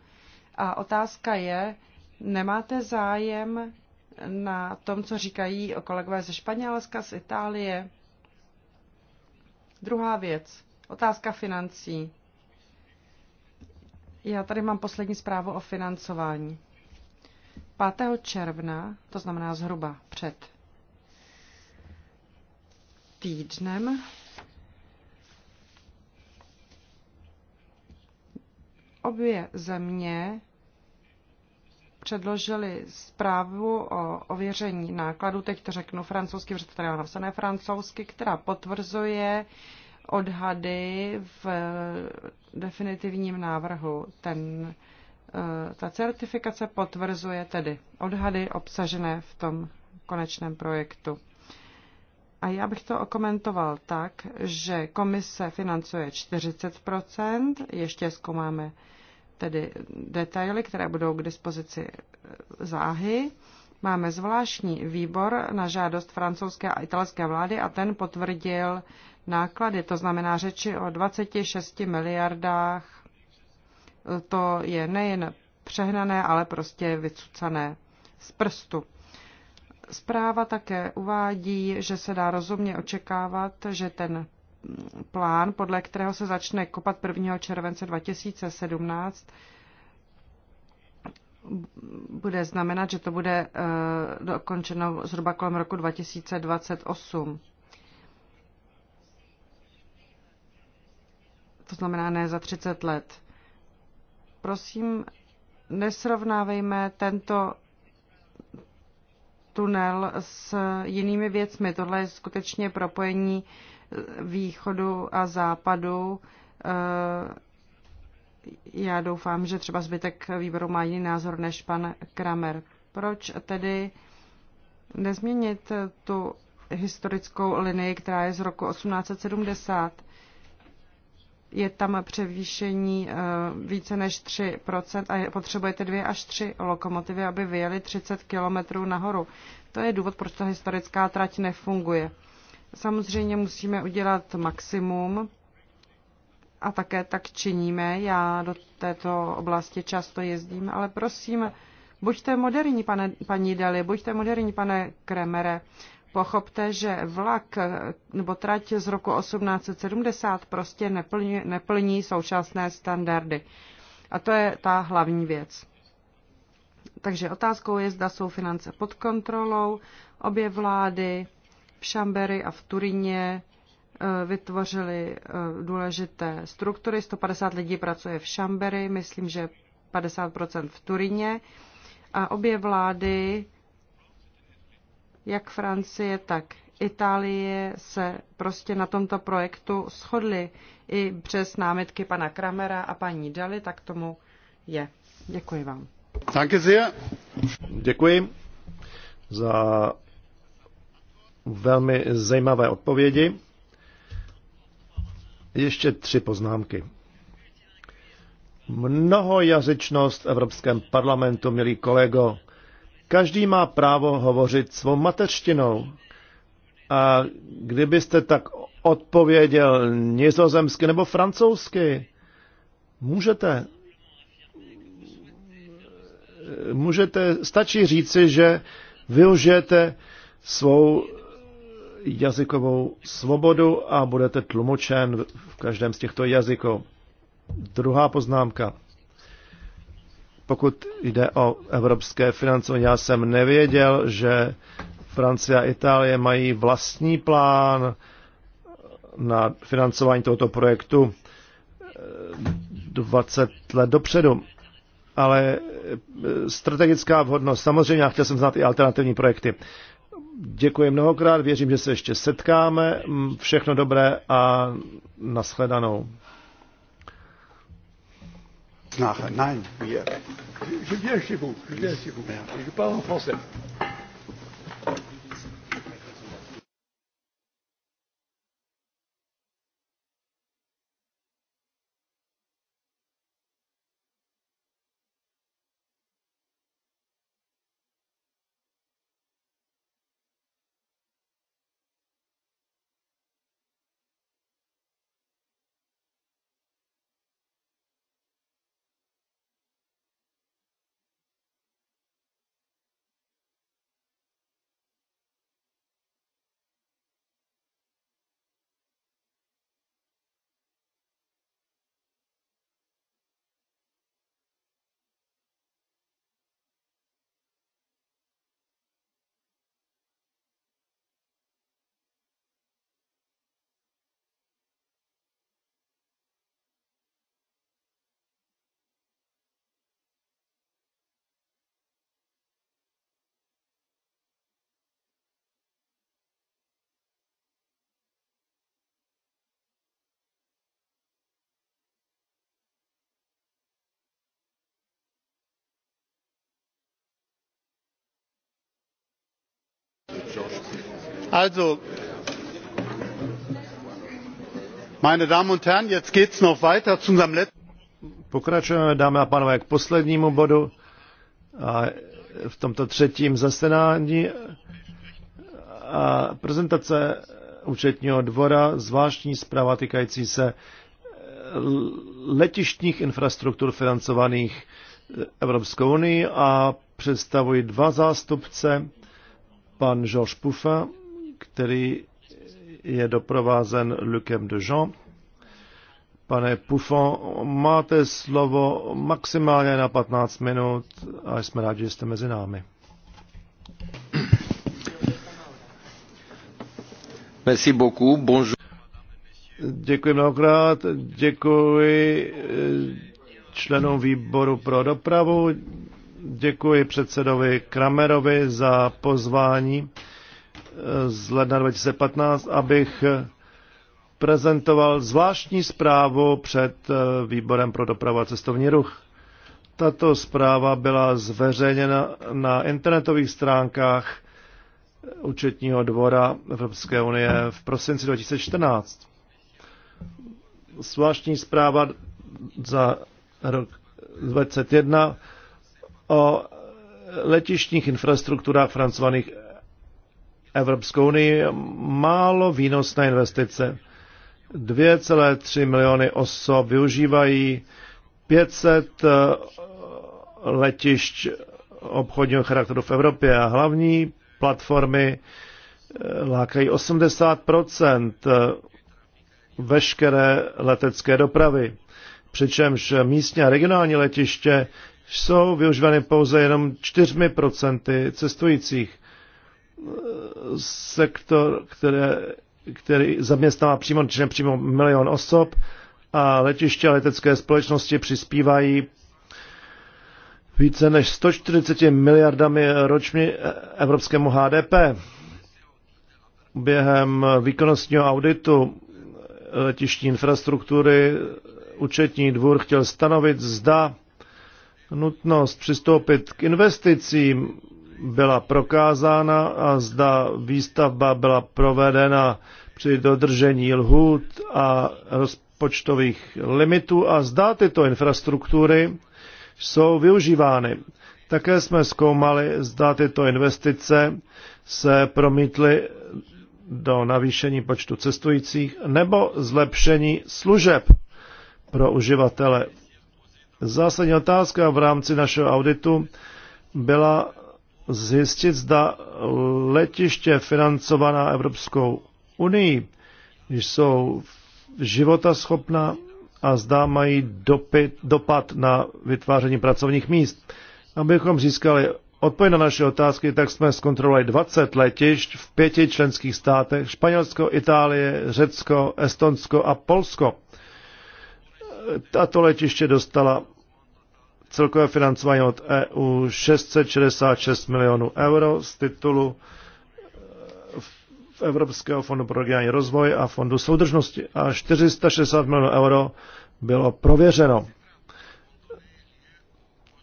A otázka je, nemáte zájem na tom, co říkají o kolegové ze Španělska, z Itálie? Druhá věc, otázka financí. Já tady mám poslední zprávu o financování. 5. června, to znamená zhruba před týdnem. Obě země předložili zprávu o ověření nákladu. teď to řeknu francouzsky, protože tady je napsané francouzsky, která potvrzuje odhady v definitivním návrhu. Ten, eh, ta certifikace potvrzuje tedy odhady obsažené v tom konečném projektu. A já bych to okomentoval tak, že komise financuje 40 ještě zkoumáme tedy detaily, které budou k dispozici eh, záhy. Máme zvláštní výbor na žádost francouzské a italské vlády a ten potvrdil náklady, to znamená řeči o 26 miliardách. Eh, to je nejen přehnané, ale prostě vycucané z prstu. Zpráva také uvádí, že se dá rozumně očekávat, že ten plán, podle kterého se začne kopat 1. července 2017, bude znamenat, že to bude eh, dokončeno zhruba kolem roku 2028. To znamená ne za 30 let. Prosím, nesrovnávejme tento tunel s jinými věcmi. Tohle je skutečně propojení eh, východu a západu. Eh, já doufám, že třeba zbytek výboru má jiný názor než pan Kramer. Proč tedy nezměnit tu historickou linii, která je z roku 1870? je tam převýšení eh, více než 3% a potřebujete dvě až tři lokomotivy, aby vyjeli 30 kilometrů nahoru. To je důvod, proč ta historická trať nefunguje. Samozřejmě musíme udělat maximum a také tak činíme. Já do této oblasti často jezdím, ale prosím, buďte moderní, pane, paní Deli, buďte moderní, pane Kremere. Pochopte, že vlak nebo trať z roku 1870 prostě neplní, neplní současné standardy. A to je ta hlavní věc. Takže otázkou je, zda jsou finance pod kontrolou. Obě vlády v Šambery a v Turíně eh, vytvořili eh, důležité struktury. 150 lidí pracuje v Šambery, myslím, že 50 v Turíně. A obě vlády jak Francie, tak Itálie se prostě na tomto projektu shodly i přes námitky pana Kramera a paní Dali, tak tomu je. Děkuji vám. Danke sehr. Děkuji za velmi zajímavé odpovědi. Ještě tři poznámky. Mnohojazyčnost v Evropském parlamentu, milí kolego, Každý má právo hovořit svou mateřštinou. A kdybyste tak odpověděl nizozemsky nebo francouzsky, můžete. Můžete, stačí říci, že využijete svou jazykovou svobodu a budete tlumočen v každém z těchto jazyků. Druhá poznámka. Pokud jde o evropské financování, já jsem nevěděl, že Francie a Itálie mají vlastní plán na financování tohoto projektu 20 eh, let dopředu. Ale eh, strategická vhodnost, samozřejmě, já chtěl jsem znát i alternativní projekty. Děkuji mnohokrát, věřím, že se ještě setkáme. Všechno dobré a nashledanou nachher. Nein, wir. Je viens chez vous, je viens chez vous. Je parle en français. also meine damen und herren jetzt geht es noch weiter zu unserem letzten Pokračujeme, dámy a pánové, k poslednímu bodu a v tomto třetím zasedání a prezentace účetního dvora, zvláštní zpráva týkající se letištních infrastruktur financovaných Evropskou unii a představuji dva zástupce, pan Georges Puffin který je doprovázen Lukem Jean. Pane Puffon, máte slovo maximálně na 15 minut a jsme rádi, že jste mezi námi. Merci beaucoup, bonjour. Děkuji mnohokrát, děkuji eh, členům výboru pro dopravu, děkuji předsedovi Kramerovi za pozvání z ledna 2015, abych prezentoval zvláštní zprávu před eh, výborem pro dopravu a cestovní ruch. Tato zpráva byla zveřejněna na internetových stránkách účetního dvora Evropské unie v prosinci 2014. Zvláštní zpráva za rok 2021 o letištních infrastrukturách francovaných Evropskou unii málo výnosné investice. 2,3 miliony osob využívají 500 eh, letišť obchodního charakteru v Evropě a hlavní platformy eh, lákají 80 eh, veškeré letecké dopravy. Přičemž místní a regionální letiště jsou využívány pouze jenom 4 cestujících sektor, které, který zaměstnává přímo či nepřímo milion osob a letiště a letecké společnosti přispívají více než 140 miliardami ročně evropskému HDP. Během výkonnostního auditu letištní infrastruktury účetní dvůr chtěl stanovit, zda nutnost přistoupit k investicím byla prokázána a zda výstavba byla provedena při dodržení lhůt a rozpočtových limitů a zda tyto infrastruktury jsou využívány. Také jsme zkoumali, zda tyto investice se promítly do navýšení počtu cestujících nebo zlepšení služeb pro uživatele. Zásadní otázka v rámci našeho auditu byla zjistit, zda letiště financovaná Evropskou unii jsou životaschopná a zda mají dopyt, dopad na vytváření pracovních míst. Abychom získali odpověď na naše otázky, tak jsme zkontrolovali 20 letišť v pěti členských státech Španělsko, Itálie, Řecko, Estonsko a Polsko. Tato letiště dostala celkové financování od EU 666 milionů euro z titulu eh, v Evropského fondu pro regionální rozvoj a fondu soudržnosti a 460 milionů euro bylo prověřeno.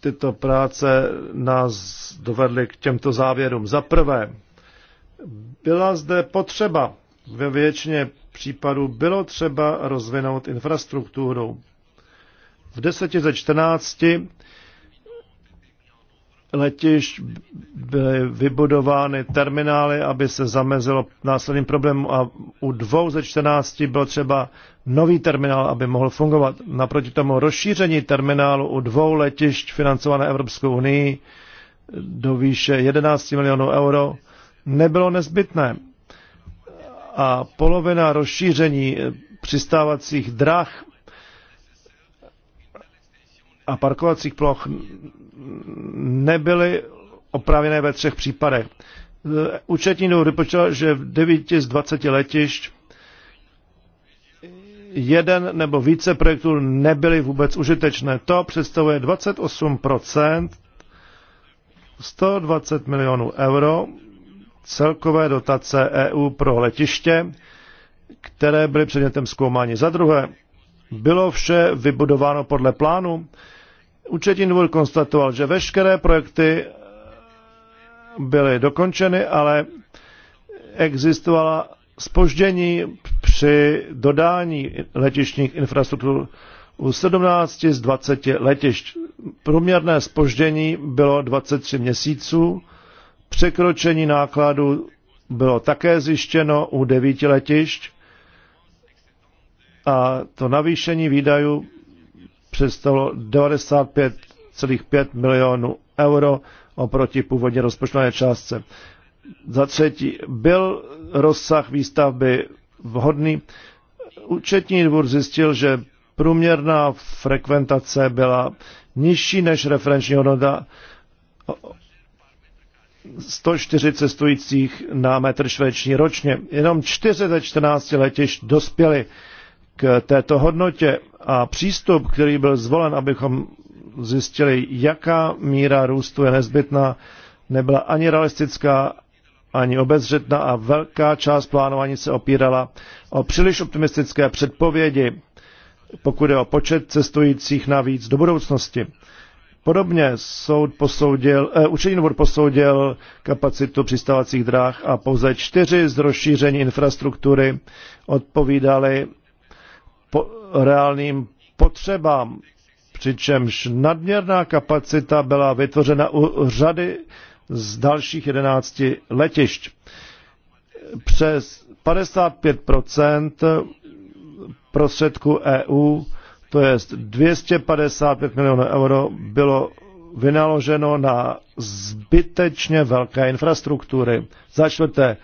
Tyto práce nás dovedly k těmto závěrům. Za prvé, byla zde potřeba, ve většině případů bylo třeba rozvinout infrastrukturu v deseti ze čtrnácti letišť byly vybudovány terminály, aby se zamezilo následným problémům a u dvou ze čtrnácti byl třeba nový terminál, aby mohl fungovat. Naproti tomu rozšíření terminálu u dvou letišť financované Evropskou unii do výše 11 milionů euro nebylo nezbytné. A polovina rozšíření přistávacích drah a parkovacích ploch nebyly opravené ve třech případech. Účetní dům vypočítal, že v 9 z 20 letišť jeden nebo více projektů nebyly vůbec užitečné. To představuje 28%, 120 milionů euro celkové dotace EU pro letiště, které byly předmětem zkoumání. Za druhé, bylo vše vybudováno podle plánu, Účetní dvůr konstatoval, že veškeré projekty byly dokončeny, ale existovala spoždění při dodání letišních infrastruktur u 17 z 20 letišť. Průměrné spoždění bylo 23 měsíců, překročení nákladů bylo také zjištěno u 9 letišť a to navýšení výdajů představilo 95,5 milionů euro oproti původně rozpočtové částce. Za třetí, byl rozsah výstavby vhodný? Účetní dvůr zjistil, že průměrná frekventace byla nižší než referenční hodnota 104 cestujících na metr čtvereční ročně. Jenom 4 ze 14 letišť dospěly k této hodnotě a přístup, který byl zvolen, abychom zjistili, jaká míra růstu je nezbytná, nebyla ani realistická, ani obezřetná a velká část plánování se opírala o příliš optimistické předpovědi, pokud je o počet cestujících navíc do budoucnosti. Podobně soud posoudil, eh, učení posoudil kapacitu přistávacích dráh a pouze čtyři z rozšíření infrastruktury odpovídaly po, reálným potřebám, přičemž nadměrná kapacita byla vytvořena u řady z dalších 11 letišť. Přes 55 prostředků EU, to je 255 milionů euro, bylo vynaloženo na zbytečně velké infrastruktury. Za čtvrté,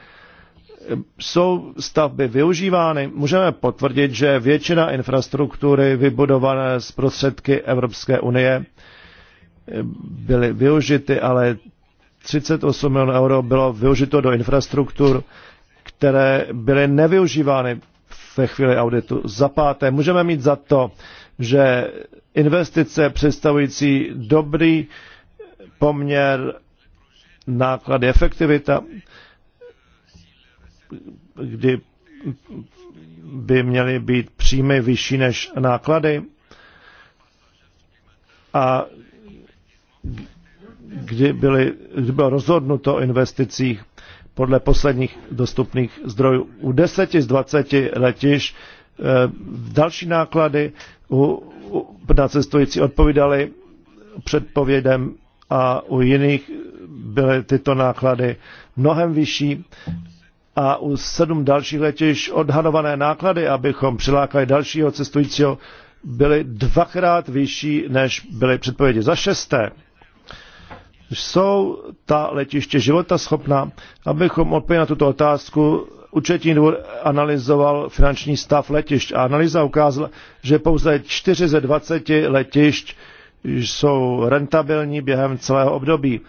jsou stavby využívány, můžeme potvrdit, že většina infrastruktury vybudované z prostředky Evropské unie eh, byly využity, ale 38 milionů euro bylo využito do infrastruktur, které byly nevyužívány ve chvíli auditu. Za páté, můžeme mít za to, že investice představující dobrý poměr náklady efektivita kdy by měly být příjmy vyšší než náklady a kdy, byly, kdy bylo rozhodnuto o investicích podle posledních dostupných zdrojů. U 10 z 20 letiš eh, další náklady u, u, na cestující odpovídaly předpovědem a u jiných byly tyto náklady mnohem vyšší a u sedm dalších letiš odhadované náklady, abychom přilákali dalšího cestujícího, byly dvakrát vyšší, než byly předpovědi. Za šesté, jsou ta letiště života schopná, abychom odpověděli na tuto otázku, Účetní dvůr analyzoval finanční stav letišť a analýza ukázala, že pouze 4 ze 20 letišť jsou rentabilní během celého období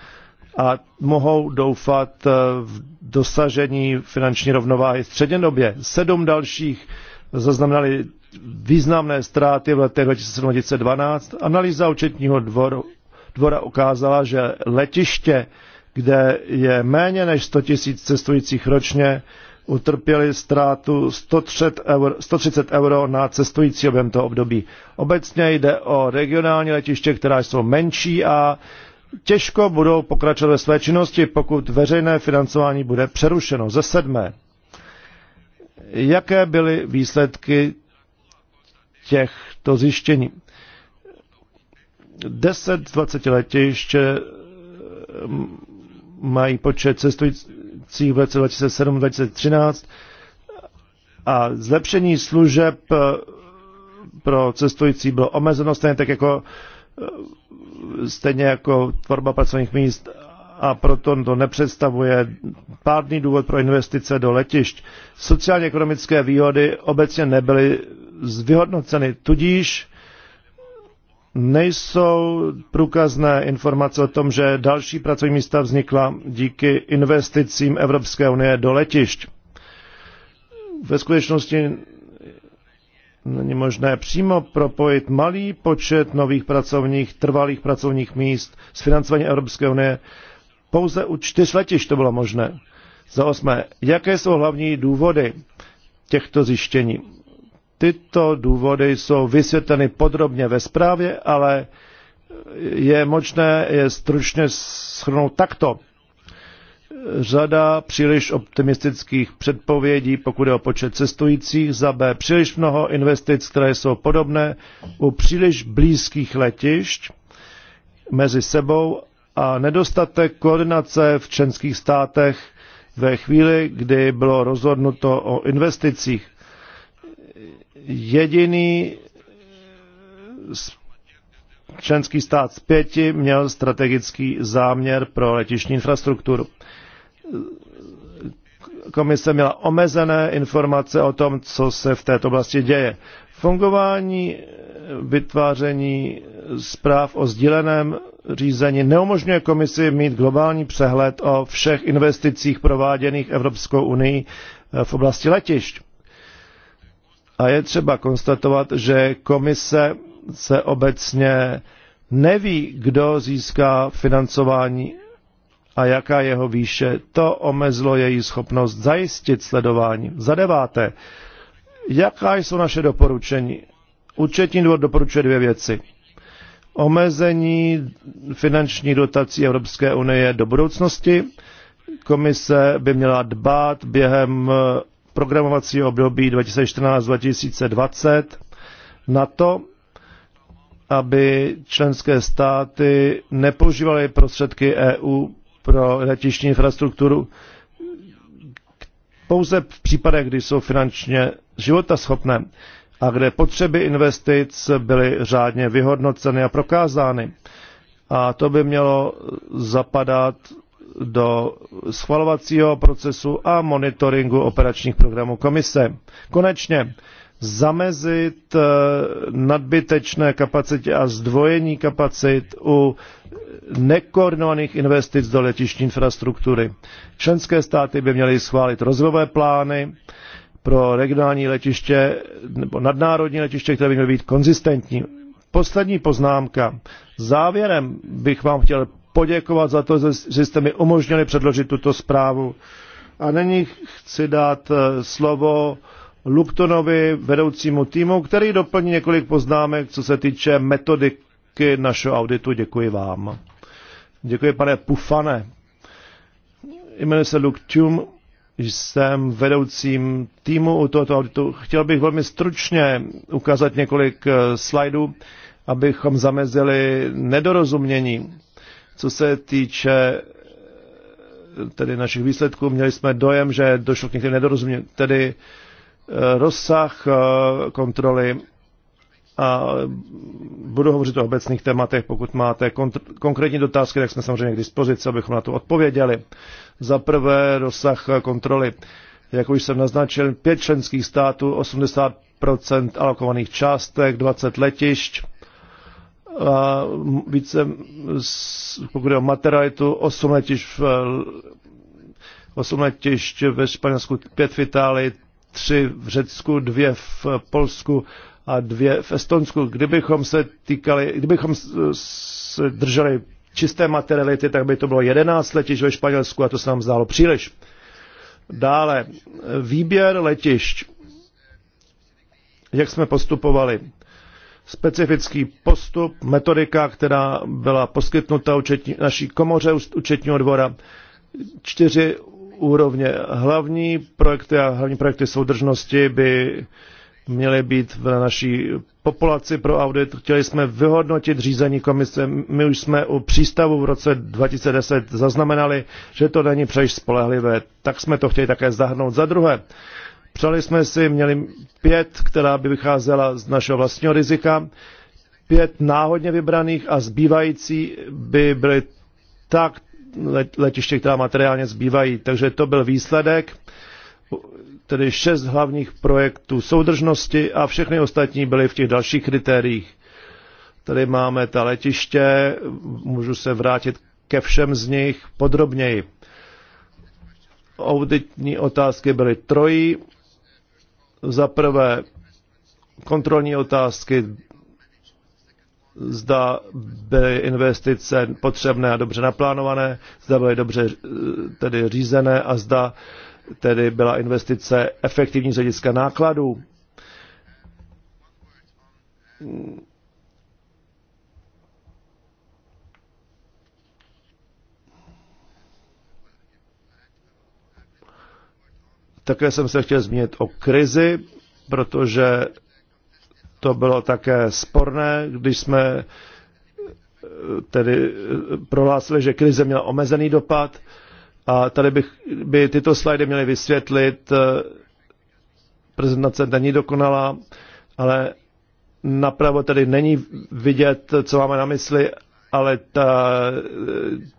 a mohou doufat eh, v dosažení finanční rovnováhy střednědobě. Sedm dalších zaznamenali významné ztráty v letech 2012 Analýza účetního dvoru, dvora ukázala, že letiště, kde je méně než 100 000 cestujících ročně, utrpěli ztrátu 130 euro, 130 euro na cestující objem toho období. Obecně jde o regionální letiště, která jsou menší a těžko budou pokračovat ve své činnosti, pokud veřejné financování bude přerušeno. Ze sedmé, jaké byly výsledky těchto zjištění? 10-20 letiště mm, mají počet cestujících v roce 2007-2013 a zlepšení služeb eh, pro cestující bylo omezeno, stejně tak jako stejně jako tvorba pracovních míst a proto to nepředstavuje pádný důvod pro investice do letišť. Sociálně ekonomické výhody obecně nebyly zvyhodnoceny, tudíž nejsou průkazné informace o tom, že další pracovní místa vznikla díky investicím Evropské unie do letišť. Ve skutečnosti Není možné přímo propojit malý počet nových pracovních, trvalých pracovních míst s financováním Evropské unie. Pouze u čtyř letišť to bylo možné. Za osmé, jaké jsou hlavní důvody těchto zjištění? Tyto důvody jsou vysvětleny podrobně ve zprávě, ale je možné je stručně shrnout takto řada příliš optimistických předpovědí, pokud je o počet cestujících, za B příliš mnoho investic, které jsou podobné u příliš blízkých letišť mezi sebou a nedostatek koordinace v členských státech ve chvíli, kdy bylo rozhodnuto o investicích. Jediný členský stát z pěti měl strategický záměr pro letišní infrastrukturu komise měla omezené informace o tom, co se v této oblasti děje. Fungování vytváření zpráv o sdíleném řízení neumožňuje komisi mít globální přehled o všech investicích prováděných Evropskou unii v oblasti letišť. A je třeba konstatovat, že komise se obecně neví, kdo získá financování a jaká jeho výše, to omezilo její schopnost zajistit sledování. Za deváté, jaká jsou naše doporučení? Účetní dvor doporučuje dvě věci. Omezení finanční dotací Evropské unie do budoucnosti. Komise by měla dbát během eh, programovacího období 2014-2020 na to, aby členské státy nepoužívaly prostředky EU pro letiční infrastrukturu pouze v případech, kdy jsou finančně životaschopné a kde potřeby investic byly řádně vyhodnoceny a prokázány. A to by mělo zapadat do schvalovacího procesu a monitoringu operačních programů komise. Konečně zamezit eh, nadbytečné kapacitě a zdvojení kapacit u nekoordinovaných investic do letištní infrastruktury. Členské státy by měly schválit rozvojové plány pro regionální letiště nebo nadnárodní letiště, které by měly být konzistentní. Poslední poznámka. Závěrem bych vám chtěl poděkovat za to, že jste mi umožnili předložit tuto zprávu. A nyní chci dát eh, slovo Luptonovi, vedoucímu týmu, který doplní několik poznámek, co se týče metodiky našeho auditu. Děkuji vám. Děkuji, pane Pufane. Jmenuji se Luke jsem vedoucím týmu u tohoto auditu. Chtěl bych velmi stručně ukázat několik eh, slajdů, abychom zamezili nedorozumění. Co se týče eh, tedy našich výsledků, měli jsme dojem, že došlo k některým nedorozuměním. Tedy Eh, rozsah eh, kontroly a budu hovořit o obecných tématech. Pokud máte konkrétní dotázky, tak jsme samozřejmě k dispozici, abychom na to odpověděli. Za prvé rozsah eh, kontroly. Jak už jsem naznačil, pět členských států, 80 alokovaných částek, 20 letišť, a více, pokud je o materialitu, 8 letišť v 8 letišť ve Španělsku, 5 v Itálii, tři v Řecku, dvě v Polsku a dvě v Estonsku. Kdybychom se týkali, kdybychom se drželi čisté materiality, tak by to bylo 11 letišť ve Španělsku a to se nám zdálo příliš. Dále, výběr letišť. Jak jsme postupovali? Specifický postup, metodika, která byla poskytnuta učetní, naší komoře účetního dvora. Čtyři úrovně. Hlavní projekty a hlavní projekty soudržnosti by měly být v naší populaci pro audit. Chtěli jsme vyhodnotit řízení komise. My už jsme u přístavu v roce 2010 zaznamenali, že to není příliš spolehlivé. Tak jsme to chtěli také zahrnout. Za druhé, přali jsme si, měli pět, která by vycházela z našeho vlastního rizika, pět náhodně vybraných a zbývající by byly tak letiště, která materiálně zbývají. Takže to byl výsledek, tedy šest hlavních projektů soudržnosti a všechny ostatní byly v těch dalších kritériích. Tady máme ta letiště, můžu se vrátit ke všem z nich podrobněji. Auditní otázky byly trojí. Za prvé kontrolní otázky, zda byly investice potřebné a dobře naplánované, zda byly dobře eh, tedy řízené a zda tedy byla investice efektivní z hlediska nákladů. Také jsem se chtěl zmínit o krizi, protože to bylo také sporné, když jsme eh, tedy eh, prohlásili, že krize měla omezený dopad. A tady bych, by tyto slajdy měly vysvětlit. Eh, prezentace není dokonalá, ale napravo tady není vidět, co máme na mysli, ale ta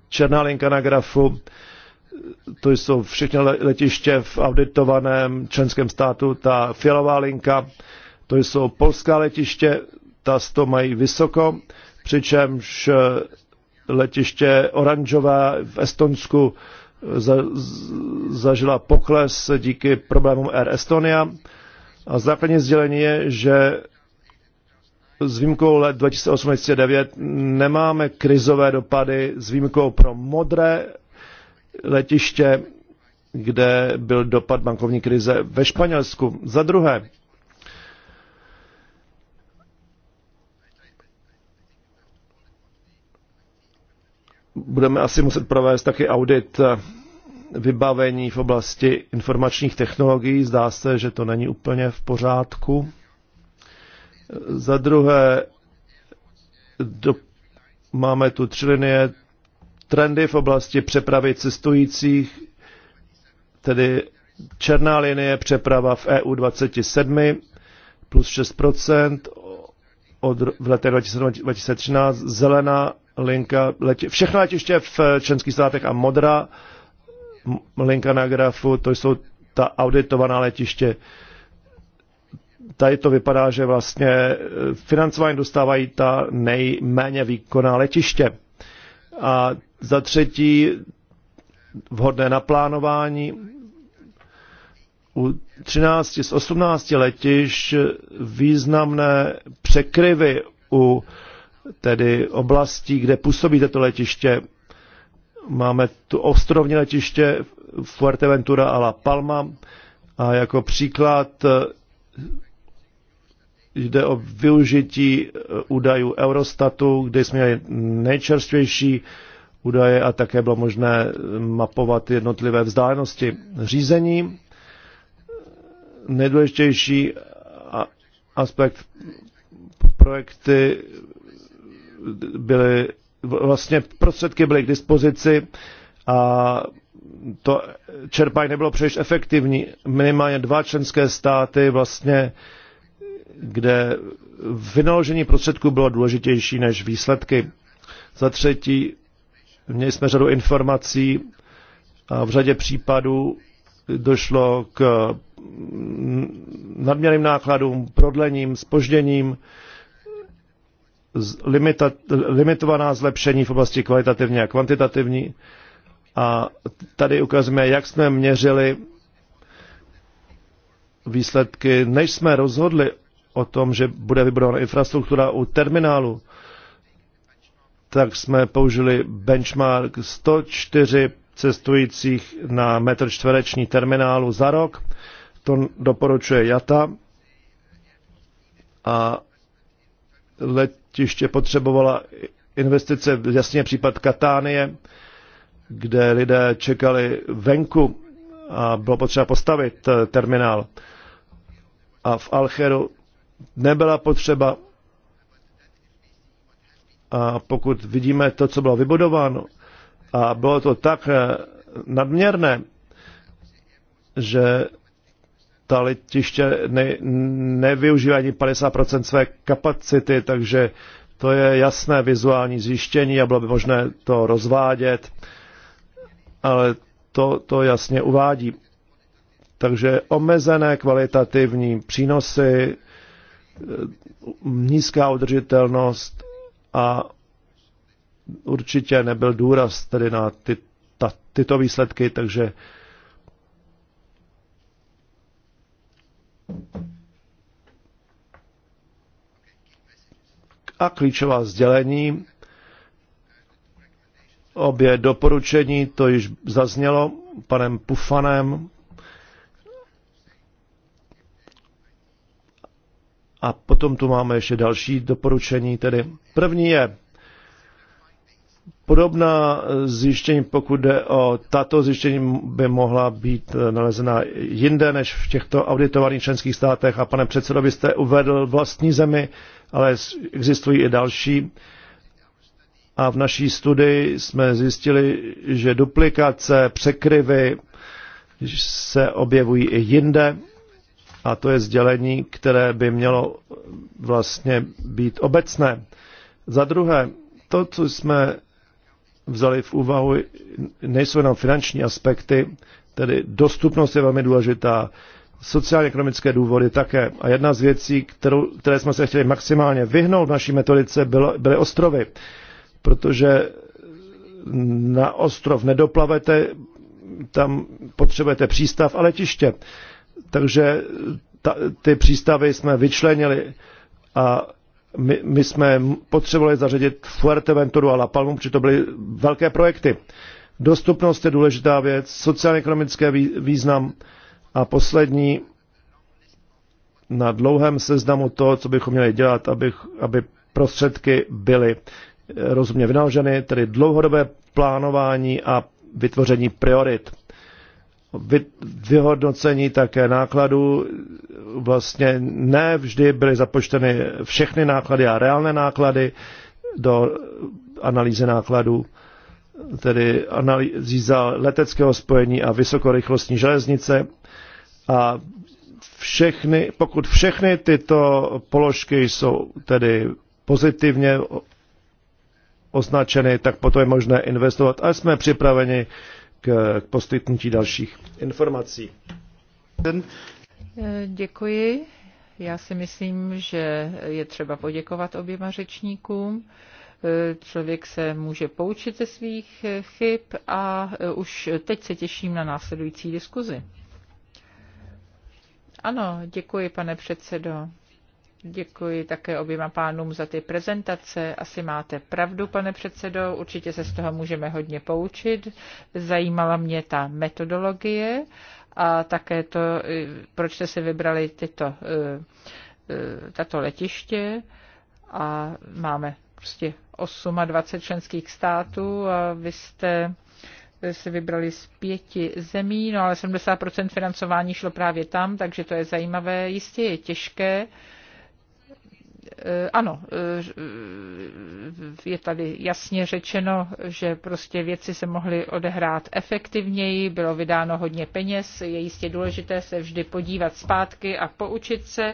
černá linka na grafu, to jsou všechny letiště v auditovaném členském státu, ta fialová linka to jsou polská letiště, ta to mají vysoko, přičemž eh, letiště Oranžová v Estonsku eh, za, zažila pokles díky problémům Air Estonia. A základní sdělení je, že s výjimkou let 2089 nemáme krizové dopady s výjimkou pro modré letiště, kde byl dopad bankovní krize ve Španělsku. Za druhé, budeme asi muset provést taky audit eh, vybavení v oblasti informačních technologií. Zdá se, že to není úplně v pořádku. Eh, za druhé, do, máme tu tři linie trendy v oblasti přepravy cestujících, tedy černá linie přeprava v EU 27 plus 6 od, v letech 2013, zelená linka, letě, všechna letiště v eh, členských státech a modrá linka na grafu, to jsou ta auditovaná letiště. Tady to vypadá, že vlastně eh, financování dostávají ta nejméně výkonná letiště. A za třetí vhodné naplánování. U 13 z 18 letišť významné překryvy u tedy oblastí, kde působí toto letiště. Máme tu ostrovní letiště Fuerteventura a La Palma a jako příklad eh, jde o využití eh, údajů Eurostatu, kde jsme měli nejčerstvější údaje a také bylo možné eh, mapovat jednotlivé vzdálenosti řízení. Nejdůležitější aspekt projekty byly, vlastně prostředky byly k dispozici a to čerpání nebylo příliš efektivní. Minimálně dva členské státy vlastně, kde vynaložení prostředků bylo důležitější než výsledky. Za třetí, měli jsme řadu informací a v řadě případů došlo k nadměrným nákladům, prodlením, spožděním limita, limitovaná zlepšení v oblasti kvalitativní a kvantitativní. A tady ukazujeme, jak jsme měřili výsledky, než jsme rozhodli o tom, že bude vybudována infrastruktura u terminálu, tak jsme použili benchmark 104 cestujících na metr čtvereční terminálu za rok. To doporučuje JATA. A let, letiště potřebovala investice, jasně případ Katánie, kde lidé čekali venku a bylo potřeba postavit eh, terminál. A v Alcheru nebyla potřeba. A pokud vidíme to, co bylo vybudováno, a bylo to tak eh, nadměrné, že ta letiště ne, nevyužívají ani 50% své kapacity, takže to je jasné vizuální zjištění a bylo by možné to rozvádět, ale to, to jasně uvádí. Takže omezené kvalitativní přínosy, eh, nízká udržitelnost a určitě nebyl důraz tedy na ty, ta, tyto výsledky, takže A klíčová sdělení, obě doporučení, to již zaznělo panem Pufanem, A potom tu máme ještě další doporučení, tedy první je Podobná zjištění, pokud jde o tato zjištění, by mohla být eh, nalezena jinde než v těchto auditovaných členských státech. A pane předsedo, vy jste uvedl vlastní zemi, ale existují i další. A v naší studii jsme zjistili, že duplikace, překryvy se objevují i jinde. A to je sdělení, které by mělo vlastně být obecné. Za druhé, to, co jsme vzali v úvahu, nejsou jenom finanční aspekty, tedy dostupnost je velmi důležitá, sociálně-ekonomické důvody také. A jedna z věcí, kterou, které jsme se chtěli maximálně vyhnout v naší metodice, bylo, byly ostrovy. Protože na ostrov nedoplavete, tam potřebujete přístav a letiště. Takže ta, ty přístavy jsme vyčlenili a my, my jsme potřebovali zařadit Fuerteventuru a La Palmu, protože to byly velké projekty. Dostupnost je důležitá věc, sociálně-ekonomické význam a poslední na dlouhém seznamu to, co bychom měli dělat, aby, aby prostředky byly eh, rozumně vynaloženy, tedy dlouhodobé plánování a vytvoření priorit vyhodnocení také nákladů. Vlastně ne vždy byly započteny všechny náklady a reálné náklady do analýzy nákladů, tedy analýza leteckého spojení a vysokorychlostní železnice. A všechny, pokud všechny tyto položky jsou tedy pozitivně označeny, tak potom je možné investovat a jsme připraveni k poskytnutí dalších informací. Děkuji. Já si myslím, že je třeba poděkovat oběma řečníkům. Člověk se může poučit ze svých chyb a už teď se těším na následující diskuzi. Ano, děkuji, pane předsedo. Děkuji také oběma pánům za ty prezentace. Asi máte pravdu, pane předsedo, určitě se z toho můžeme hodně poučit. Zajímala mě ta metodologie a také to, eh, proč jste si vybrali tyto, eh, eh, tato letiště a máme prostě 20 členských států a vy jste se vybrali z pěti zemí, no ale 70% financování šlo právě tam, takže to je zajímavé. Jistě je těžké Eh, ano, eh, je tady jasně řečeno, že prostě věci se mohly odehrát efektivněji, bylo vydáno hodně peněz, je jistě důležité se vždy podívat zpátky a poučit se.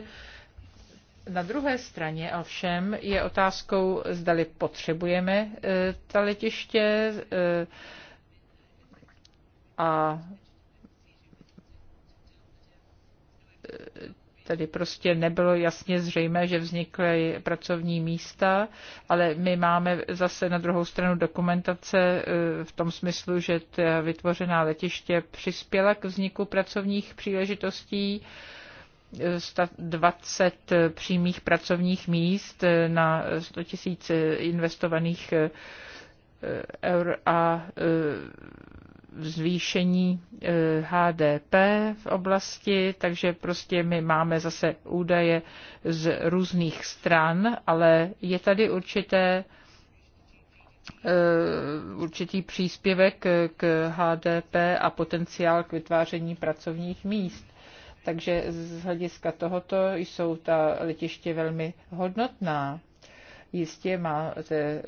Na druhé straně ovšem je otázkou, zdali potřebujeme eh, ta letiště a Tady prostě nebylo jasně zřejmé, že vznikly pracovní místa, ale my máme zase na druhou stranu dokumentace e, v tom smyslu, že ta vytvořená letiště přispěla k vzniku pracovních příležitostí. 120 e, e, přímých pracovních míst na 100 000 investovaných eur a zvýšení HDP eh, v oblasti, takže prostě my máme zase údaje z různých stran, ale je tady určité eh, určitý příspěvek k HDP a potenciál k vytváření pracovních míst. Takže z hlediska tohoto jsou ta letiště velmi hodnotná. Jistě máte eh,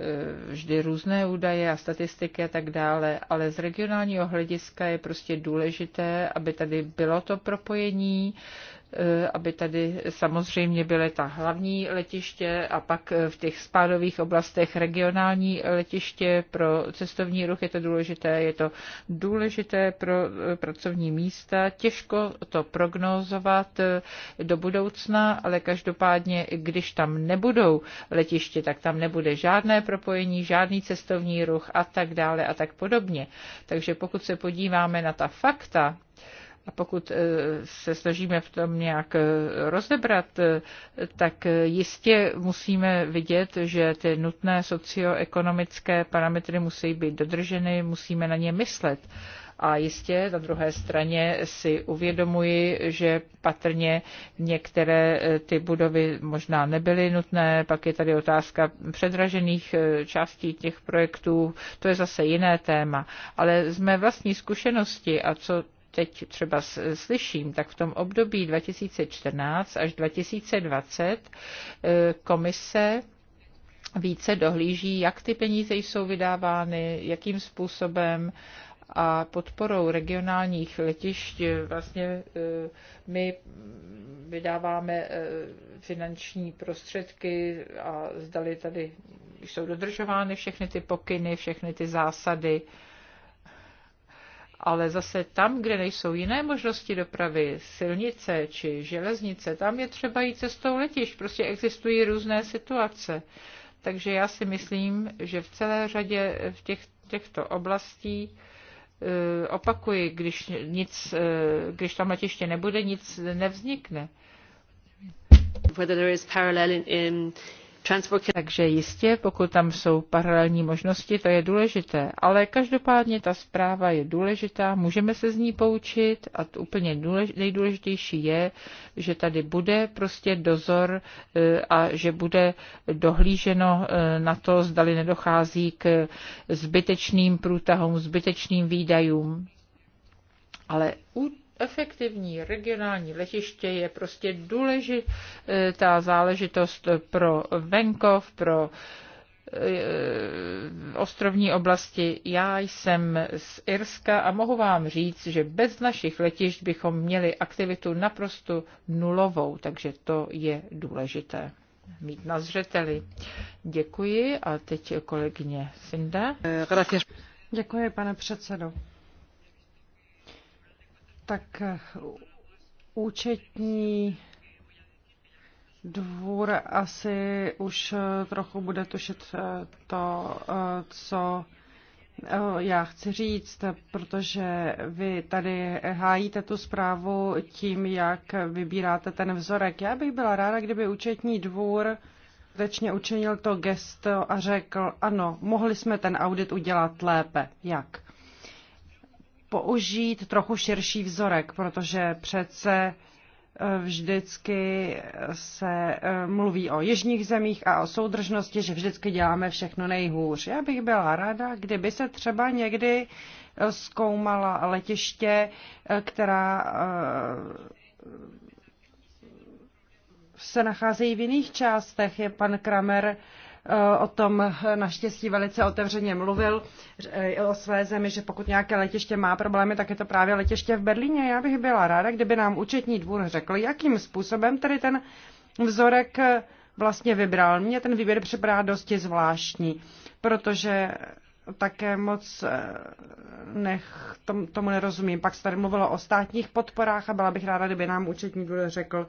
vždy různé údaje a statistiky a tak dále, ale z regionálního hlediska je prostě důležité, aby tady bylo to propojení Eh, aby tady samozřejmě byly ta hlavní letiště a pak eh, v těch spádových oblastech regionální letiště pro cestovní ruch je to důležité, je to důležité pro eh, pracovní místa. Těžko to prognozovat do budoucna, ale každopádně, když tam nebudou letiště, tak tam nebude žádné propojení, žádný cestovní ruch a tak dále a tak podobně. Takže pokud se podíváme na ta fakta, a pokud eh, se snažíme v tom nějak eh, rozebrat, eh, tak jistě musíme vidět, že ty nutné socioekonomické parametry musí být dodrženy, musíme na ně myslet. A jistě na druhé straně si uvědomuji, že patrně některé ty budovy možná nebyly nutné, pak je tady otázka předražených částí těch projektů, to je zase jiné téma. Ale z mé vlastní zkušenosti a co teď třeba slyším, tak v tom období 2014 až 2020 eh, komise více dohlíží, jak ty peníze jsou vydávány, jakým způsobem a podporou regionálních letišť eh, vlastně eh, my vydáváme finanční prostředky a zdali tady jsou dodržovány všechny ty pokyny, všechny ty zásady ale zase tam, kde nejsou jiné možnosti dopravy, silnice či železnice, tam je třeba jít cestou letišť. Prostě existují různé situace. Takže já si myslím, že v celé řadě eh, v těch, těchto oblastí eh, opakuji, když, nic, eh, když tam letiště nebude, nic nevznikne. Whether there is parallel in, in takže jistě, pokud tam jsou paralelní možnosti, to je důležité. Ale každopádně ta zpráva je důležitá, můžeme se z ní poučit a to úplně důlež, nejdůležitější je, že tady bude prostě dozor eh, a že bude dohlíženo eh, na to, zdali nedochází k zbytečným průtahům, zbytečným výdajům. Ale u efektivní regionální letiště je prostě důležitá záležitost pro venkov, pro eh, ostrovní oblasti. Já jsem z Irska a mohu vám říct, že bez našich letišť bychom měli aktivitu naprosto nulovou, takže to je důležité mít na zřeteli. Děkuji a teď kolegyně Sinda. Eh, Děkuji, pane předsedo tak eh, účetní dvůr asi už eh, trochu bude tušit eh, to, co já chci říct, protože vy tady hájíte tu zprávu tím, jak vybíráte ten vzorek. Já bych byla ráda, kdyby účetní dvůr skutečně učinil to gesto a řekl, ano, mohli jsme ten audit udělat lépe. Jak? použít trochu širší vzorek, protože přece eh, vždycky se eh, mluví o jižních zemích a o soudržnosti, že vždycky děláme všechno nejhůř. Já bych byla ráda, kdyby se třeba někdy eh, zkoumala letiště, která se nacházejí v jiných částech. Je pan Kramer o tom naštěstí velice otevřeně mluvil e, o své zemi, že pokud nějaké letiště má problémy, tak je to právě letiště v Berlíně. Já bych byla ráda, kdyby nám účetní dvůr řekl, jakým způsobem tedy ten vzorek e, vlastně vybral. Mně ten výběr připadá dosti zvláštní, protože také moc eh, nech, tom, tomu nerozumím. Pak se tady mluvilo o státních podporách a byla bych ráda, kdyby nám účetní bude řekl,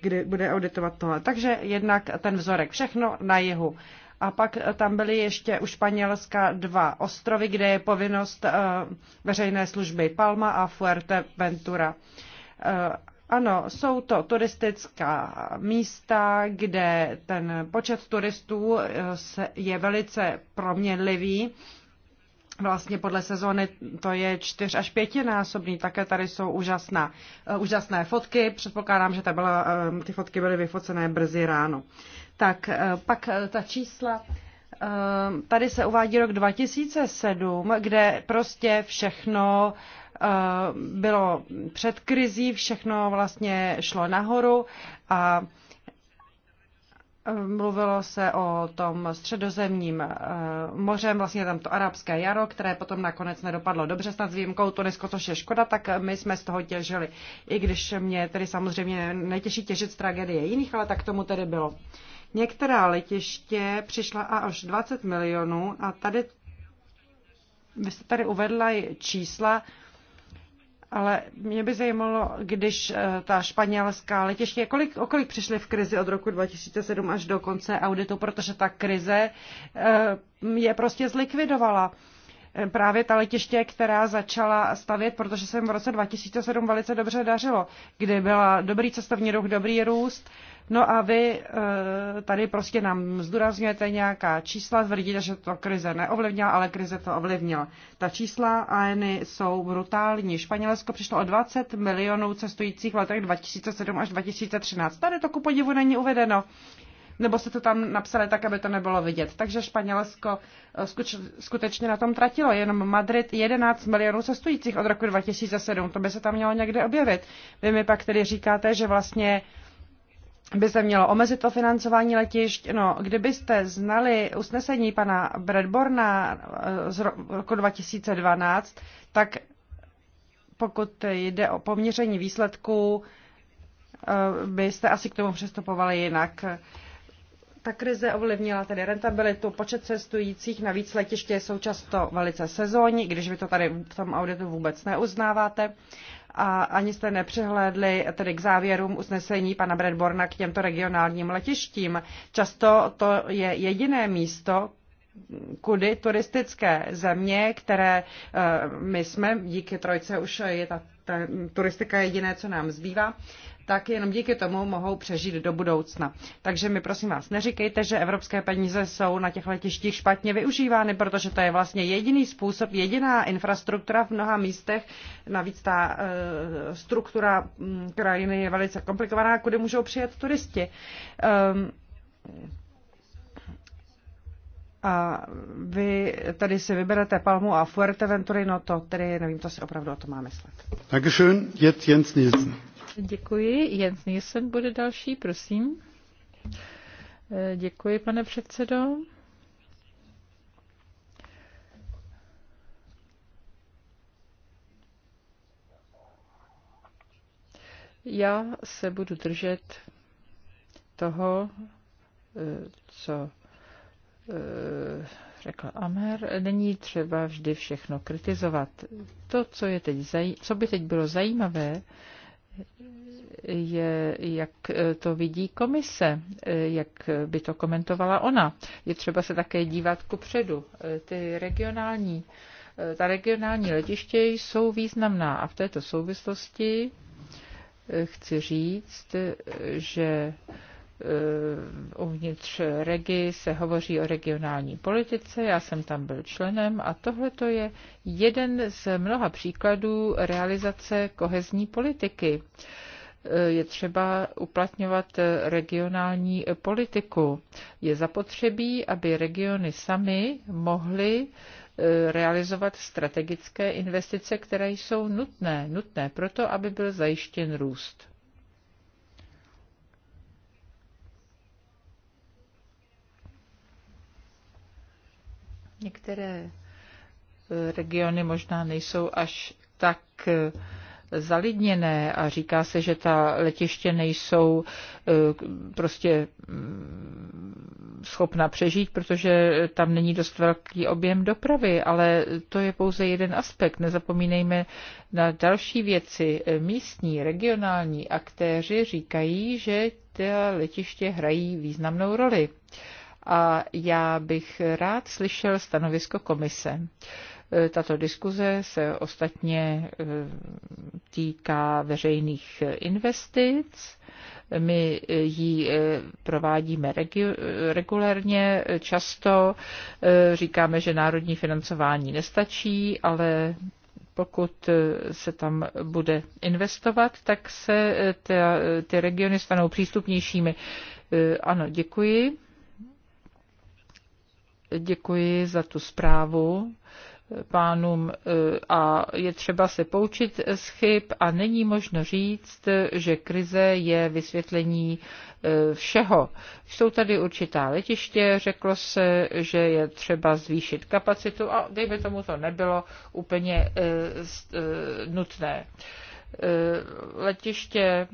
kdy bude auditovat tohle. Takže jednak ten vzorek, všechno na jihu. A pak tam byly ještě u Španělska dva ostrovy, kde je povinnost eh, veřejné služby Palma a Fuerteventura. Eh, ano, jsou to turistická místa, kde ten počet turistů je velice proměnlivý vlastně podle sezóny to je čtyř až pětinásobný, také tady jsou úžasná, eh, úžasné fotky, předpokládám, že ta byla, eh, ty fotky byly vyfocené brzy ráno. Tak eh, pak ta čísla, tady se uvádí rok 2007, kde prostě všechno bylo před krizí, všechno vlastně šlo nahoru a Mluvilo se o tom středozemním eh, mořem, vlastně tam to arabské jaro, které potom nakonec nedopadlo dobře, snad s výjimkou Tunisko, což je škoda, tak my jsme z toho těžili. I když mě tedy samozřejmě netěší těžit z tragédie jiných, ale tak tomu tedy bylo. Některá letiště přišla a až 20 milionů a tady, vy jste tady uvedla čísla, ale mě by zajímalo, když eh, ta španělská letiště, kolik, o kolik přišly v krizi od roku 2007 až do konce auditu, protože ta krize eh, je prostě zlikvidovala právě ta letiště, která začala stavět, protože se v roce 2007 velice dobře dařilo, kdy byla dobrý cestovní ruch, dobrý růst. No a vy eh, tady prostě nám zdůrazňujete nějaká čísla, tvrdíte, že to krize neovlivnila, ale krize to ovlivnila. Ta čísla jeny jsou brutální. Španělsko přišlo o 20 milionů cestujících v letech 2007 až 2013. Tady to ku podivu není uvedeno nebo se to tam napsali tak, aby to nebylo vidět. Takže Španělsko eh, skutečně na tom tratilo. Jenom Madrid 11 milionů cestujících od roku 2007, to by se tam mělo někde objevit. Vy mi pak tedy říkáte, že vlastně by se mělo omezit to financování letišť. No, kdybyste znali usnesení pana Bradborna eh, z roku 2012, tak pokud jde o poměření výsledků, eh, byste asi k tomu přistupovali jinak. Ta krize ovlivnila tedy rentabilitu, počet cestujících, navíc letiště jsou často velice sezónní, když vy to tady v tom auditu vůbec neuznáváte. A ani jste nepřihlédli tedy k závěrům usnesení pana Bradborna k těmto regionálním letištím. Často to je jediné místo, kudy turistické země, které eh, my jsme, díky trojce už je ta, ta turistika jediné, co nám zbývá, tak jenom díky tomu mohou přežít do budoucna. Takže mi prosím vás, neříkejte, že evropské peníze jsou na těch letištích špatně využívány, protože to je vlastně jediný způsob, jediná infrastruktura v mnoha místech. Navíc ta eh, struktura mm, krajiny je velice komplikovaná, kudy můžou přijet turisti. Ehm, a vy tady si vyberete Palmu a Fuerteventury, no to tedy nevím, to si opravdu o to má myslet. Děkuji. jetzt Jens Nielsen. Děkuji. Jens Nielsen bude další, prosím. Eh, děkuji, pane předsedo. Já se budu držet toho, eh, co eh, řekl Amer, není třeba vždy všechno kritizovat. To, co, je teď, co by teď bylo zajímavé, je, jak to vidí komise, jak by to komentovala ona. Je třeba se také dívat ku předu. Ty regionální, ta regionální letiště jsou významná a v této souvislosti chci říct, že Eh, uvnitř regi se hovoří o regionální politice, já jsem tam byl členem a tohle to je jeden z mnoha příkladů realizace kohezní politiky. Eh, je třeba uplatňovat regionální politiku. Je zapotřebí, aby regiony sami mohly eh, realizovat strategické investice, které jsou nutné, nutné proto, aby byl zajištěn růst. Některé eh, regiony možná nejsou až tak eh, zalidněné a říká se, že ta letiště nejsou eh, prostě mm, schopna přežít, protože tam není dost velký objem dopravy, ale to je pouze jeden aspekt. Nezapomínejme na další věci. Místní, regionální aktéři říkají, že ta letiště hrají významnou roli a já bych rád slyšel stanovisko komise. E, tato diskuze se ostatně e, týká veřejných investic. My e, ji provádíme regu- regulérně, často říkáme, že národní financování nestačí, ale pokud se tam bude investovat, tak se ty, ty regiony stanou přístupnějšími. Ano, děkuji děkuji za tu zprávu pánům eh, a je třeba se poučit z chyb a není možno říct, že krize je vysvětlení eh, všeho. Jsou tady určitá letiště, řeklo se, že je třeba zvýšit kapacitu a dejme tomu to nebylo úplně eh, nutné. Letiště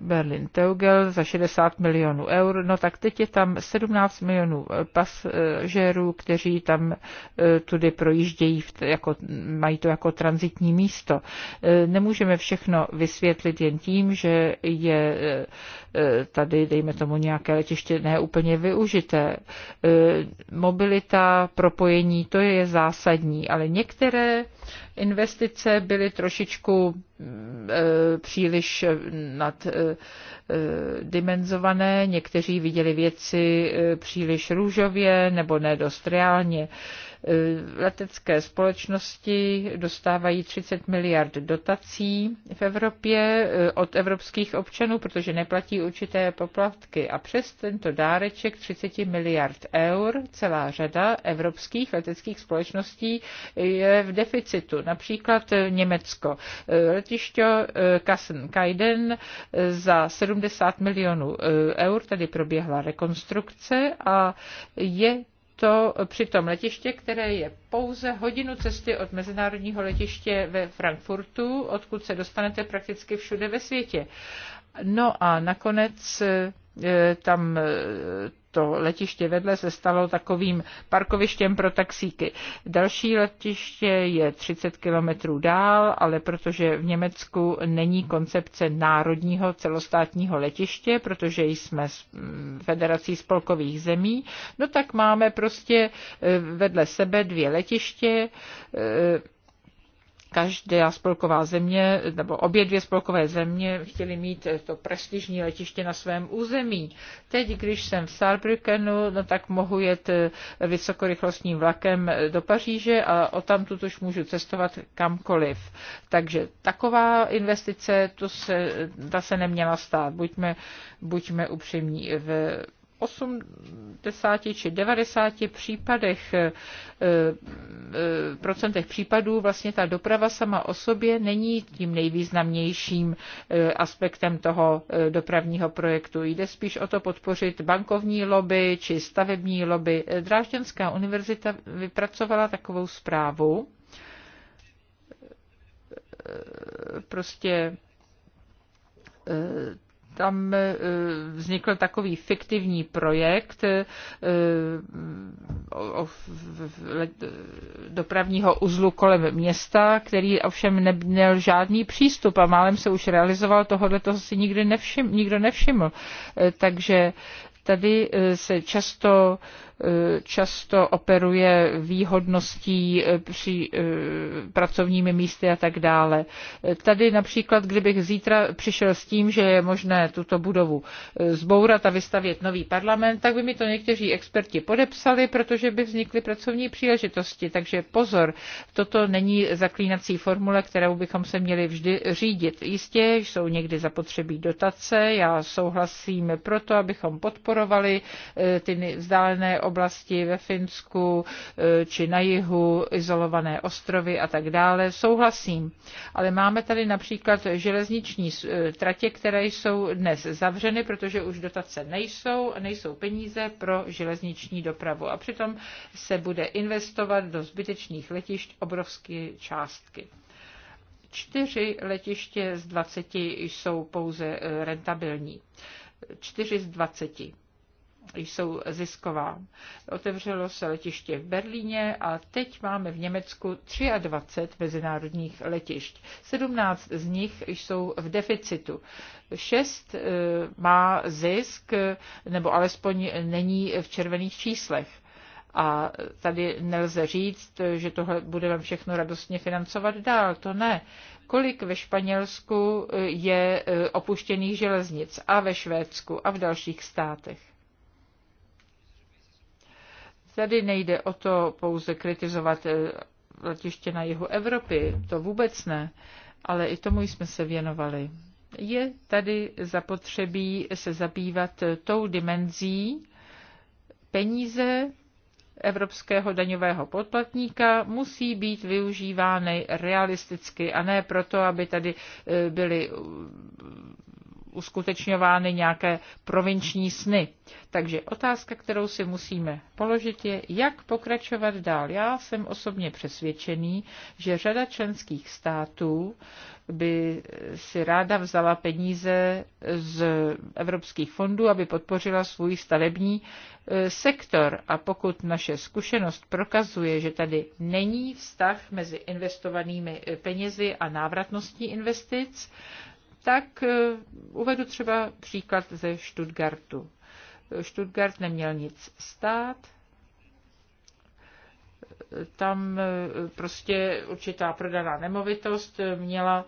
Berlin Teugel za 60 milionů eur, no tak teď je tam 17 milionů eh, pasažérů, kteří tam eh, tudy projíždějí, jako, mají to jako transitní místo. Eh, nemůžeme všechno vysvětlit jen tím, že je tady, dejme tomu, nějaké letiště neúplně využité. Mobilita, propojení, to je zásadní, ale některé investice byly trošičku mm, e, příliš naddimenzované, e, e, někteří viděli věci příliš růžově nebo nedost reálně. Eh, letecké společnosti dostávají 30 miliard dotací v Evropě eh, od evropských občanů, protože neplatí určité poplatky. A přes tento dáreček 30 miliard eur celá řada evropských leteckých společností eh, je v deficitu. Například Německo. Letiště Kassen Kaiden za 70 milionů eur tady proběhla rekonstrukce a je to přitom letiště, které je pouze hodinu cesty od mezinárodního letiště ve Frankfurtu, odkud se dostanete prakticky všude ve světě. No a nakonec eh, tam eh, to letiště vedle se stalo takovým parkovištěm pro taxíky. Další letiště je 30 kilometrů dál, ale protože v Německu není koncepce národního celostátního letiště, protože jsme s mm, federací spolkových zemí, no tak máme prostě eh, vedle sebe dvě letiště, eh, Každá spolková země, nebo obě dvě spolkové země chtěly mít to prestižní letiště na svém území. Teď, když jsem v Saarbrückenu, no tak mohu jet eh, vysokorychlostním vlakem eh, do Paříže a o tam tutož můžu cestovat kamkoliv. Takže taková investice, to se, ta se neměla stát. Buďme, buďme upřímní. V 80 či 90 případech, eh, eh, procentech případů vlastně ta doprava sama o sobě není tím nejvýznamnějším eh, aspektem toho dopravního projektu. Jde spíš o to podpořit bankovní lobby či stavební lobby. Drážďanská univerzita vypracovala takovou zprávu, prostě tam e, vznikl takový fiktivní projekt e, e, dopravního uzlu kolem města, který ovšem neměl žádný přístup a málem se už realizoval, tohle toho si nikdy nevšiml, nikdo nevšiml. Takže tady se často často operuje výhodností eh, při eh, pracovními místy a tak dále. Tady například, kdybych zítra přišel s tím, že je možné tuto budovu eh, zbourat a vystavět nový parlament, tak by mi to někteří experti podepsali, protože by vznikly pracovní příležitosti. Takže pozor, toto není zaklínací formule, kterou bychom se měli vždy řídit. Jistě jsou někdy zapotřebí dotace, já souhlasím proto, abychom podporovali ty vzdálené oblasti ve Finsku eh, či na jihu, izolované ostrovy a tak dále. Souhlasím, ale máme tady například železniční eh, tratě, které jsou dnes zavřeny, protože už dotace nejsou, nejsou peníze pro železniční dopravu a přitom se bude investovat do zbytečných letišť obrovské částky. Čtyři letiště z 20 jsou pouze eh, rentabilní. Čtyři z 20 jsou zisková. Otevřelo se letiště v Berlíně a teď máme v Německu 23 mezinárodních letišť. 17 z nich jsou v deficitu. Šest eh, má zisk, nebo alespoň není v červených číslech. A tady nelze říct, že tohle budeme všechno radostně financovat dál, to ne. Kolik ve Španělsku je eh, opuštěných železnic a ve Švédsku a v dalších státech? Tady nejde o to pouze kritizovat eh, letiště na jihu Evropy, to vůbec ne, ale i tomu jsme se věnovali. Je tady zapotřebí se zabývat eh, tou dimenzí peníze evropského daňového podplatníka musí být využívány realisticky a ne proto, aby tady eh, byly uskutečňovány nějaké provinční sny. Takže otázka, kterou si musíme položit, je, jak pokračovat dál. Já jsem osobně přesvědčený, že řada členských států by si ráda vzala peníze z evropských fondů, aby podpořila svůj stavební eh, sektor. A pokud naše zkušenost prokazuje, že tady není vztah mezi investovanými eh, penězi a návratností investic, tak eh, uvedu třeba příklad ze Stuttgartu. Stuttgart neměl nic stát, tam eh, prostě určitá prodaná nemovitost eh, měla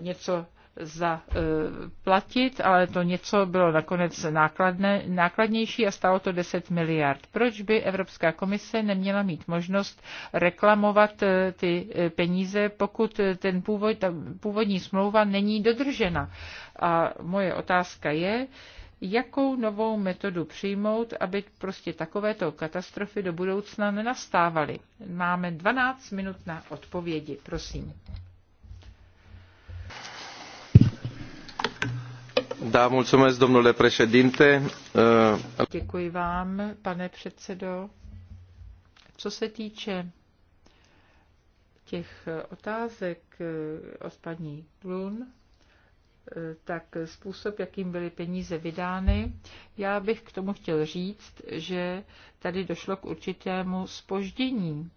něco zaplatit, e, ale to něco bylo nakonec nákladné, nákladnější a stálo to 10 miliard. Proč by Evropská komise neměla mít možnost reklamovat e, ty e, peníze, pokud ten původ, ta původní smlouva není dodržena? A moje otázka je, jakou novou metodu přijmout, aby prostě takovéto katastrofy do budoucna nenastávaly. Máme 12 minut na odpovědi, prosím. Uh, Děkuji vám, pane předsedo. Co se týče těch otázek eh, od paní Blun, eh, tak způsob, jakým byly peníze vydány. Já bych k tomu chtěl říct, že tady došlo k určitému zpoždění,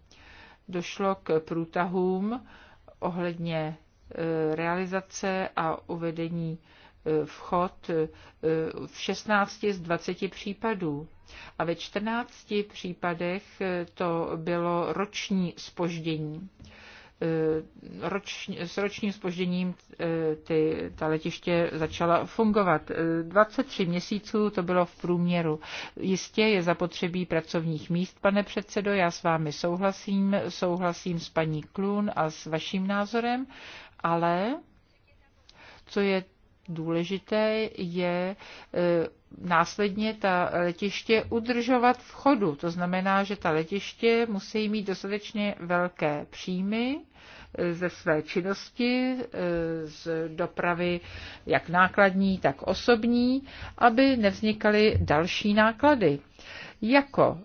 Došlo k průtahům ohledně eh, realizace a uvedení vchod eh, v 16 z 20 případů. A ve 14 případech eh, to bylo roční spoždění. Eh, Roč, s ročním spožděním ty, ta letiště začala fungovat. 23 měsíců to bylo v průměru. Jistě je zapotřebí pracovních míst, pane předsedo, já s vámi souhlasím, souhlasím s paní Klun a s vaším názorem, ale co je důležité je e, následně ta letiště udržovat v chodu. To znamená, že ta letiště musí mít dostatečně velké příjmy e, ze své činnosti, e, z dopravy jak nákladní, tak osobní, aby nevznikaly další náklady. Jako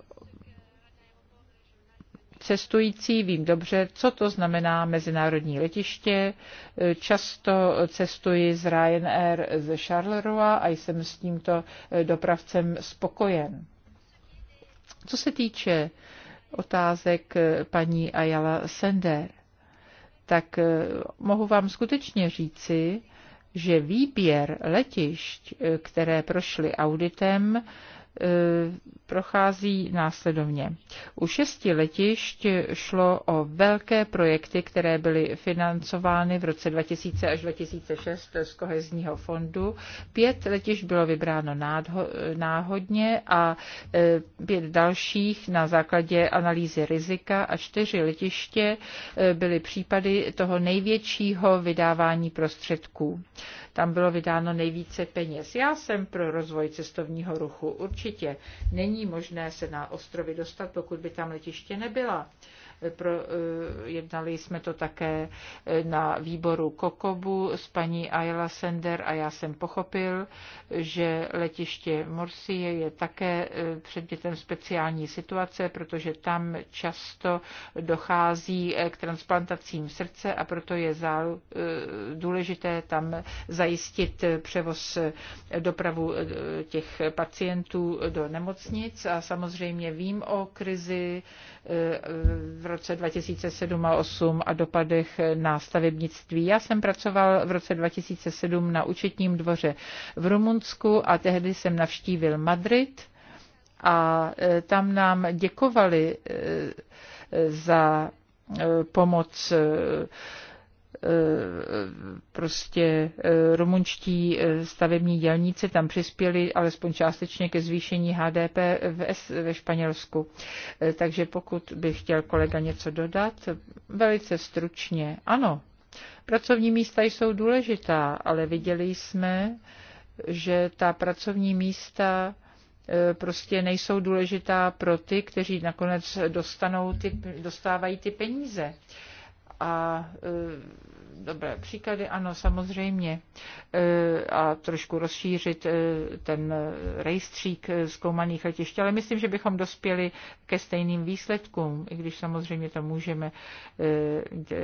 cestující, vím dobře, co to znamená mezinárodní letiště. E, často cestuji z Ryanair ze Charleroi a jsem s tímto e, dopravcem spokojen. Co se týče otázek e, paní Ayala Sender, tak mohu vám skutečně říci, že výběr letišť, které prošly auditem, E, prochází následovně. U šesti letišť šlo o velké projekty, které byly financovány v roce 2000 až 2006 z kohezního fondu. Pět letišť bylo vybráno náhodně a e, pět dalších na základě analýzy rizika a čtyři letiště e, byly případy toho největšího vydávání prostředků. Tam bylo vydáno nejvíce peněz. Já jsem pro rozvoj cestovního ruchu určitě určitě není možné se na ostrovy dostat, pokud by tam letiště nebyla. Eh, jednali jsme to také eh, na výboru Kokobu s paní Ayla Sender a já jsem pochopil, že letiště Morsie je také eh, předmětem speciální situace, protože tam často dochází k transplantacím srdce a proto je důležité tam zajistit převoz dopravu těch pacientů do nemocnic a samozřejmě vím o krizi v roce 2007 a 2008 a dopadech na stavebnictví. Já jsem pracoval v roce 2007 na účetním dvoře v Rumunsku a tehdy jsem navštívil Madrid a e, tam nám děkovali e, e, za pomoc prostě eh, rumunští eh, stavební dělníci tam přispěli alespoň částečně ke zvýšení HDP ve Španělsku. Eh, takže pokud by chtěl kolega něco dodat, velice stručně. Ano, pracovní místa jsou důležitá, ale viděli jsme, že ta pracovní místa prostě nejsou důležitá pro ty, kteří nakonec dostanou ty, dostávají ty peníze a e, dobré příklady, ano, samozřejmě, e, a trošku rozšířit e, ten rejstřík zkoumaných letiště, ale myslím, že bychom dospěli ke stejným výsledkům, i když samozřejmě to můžeme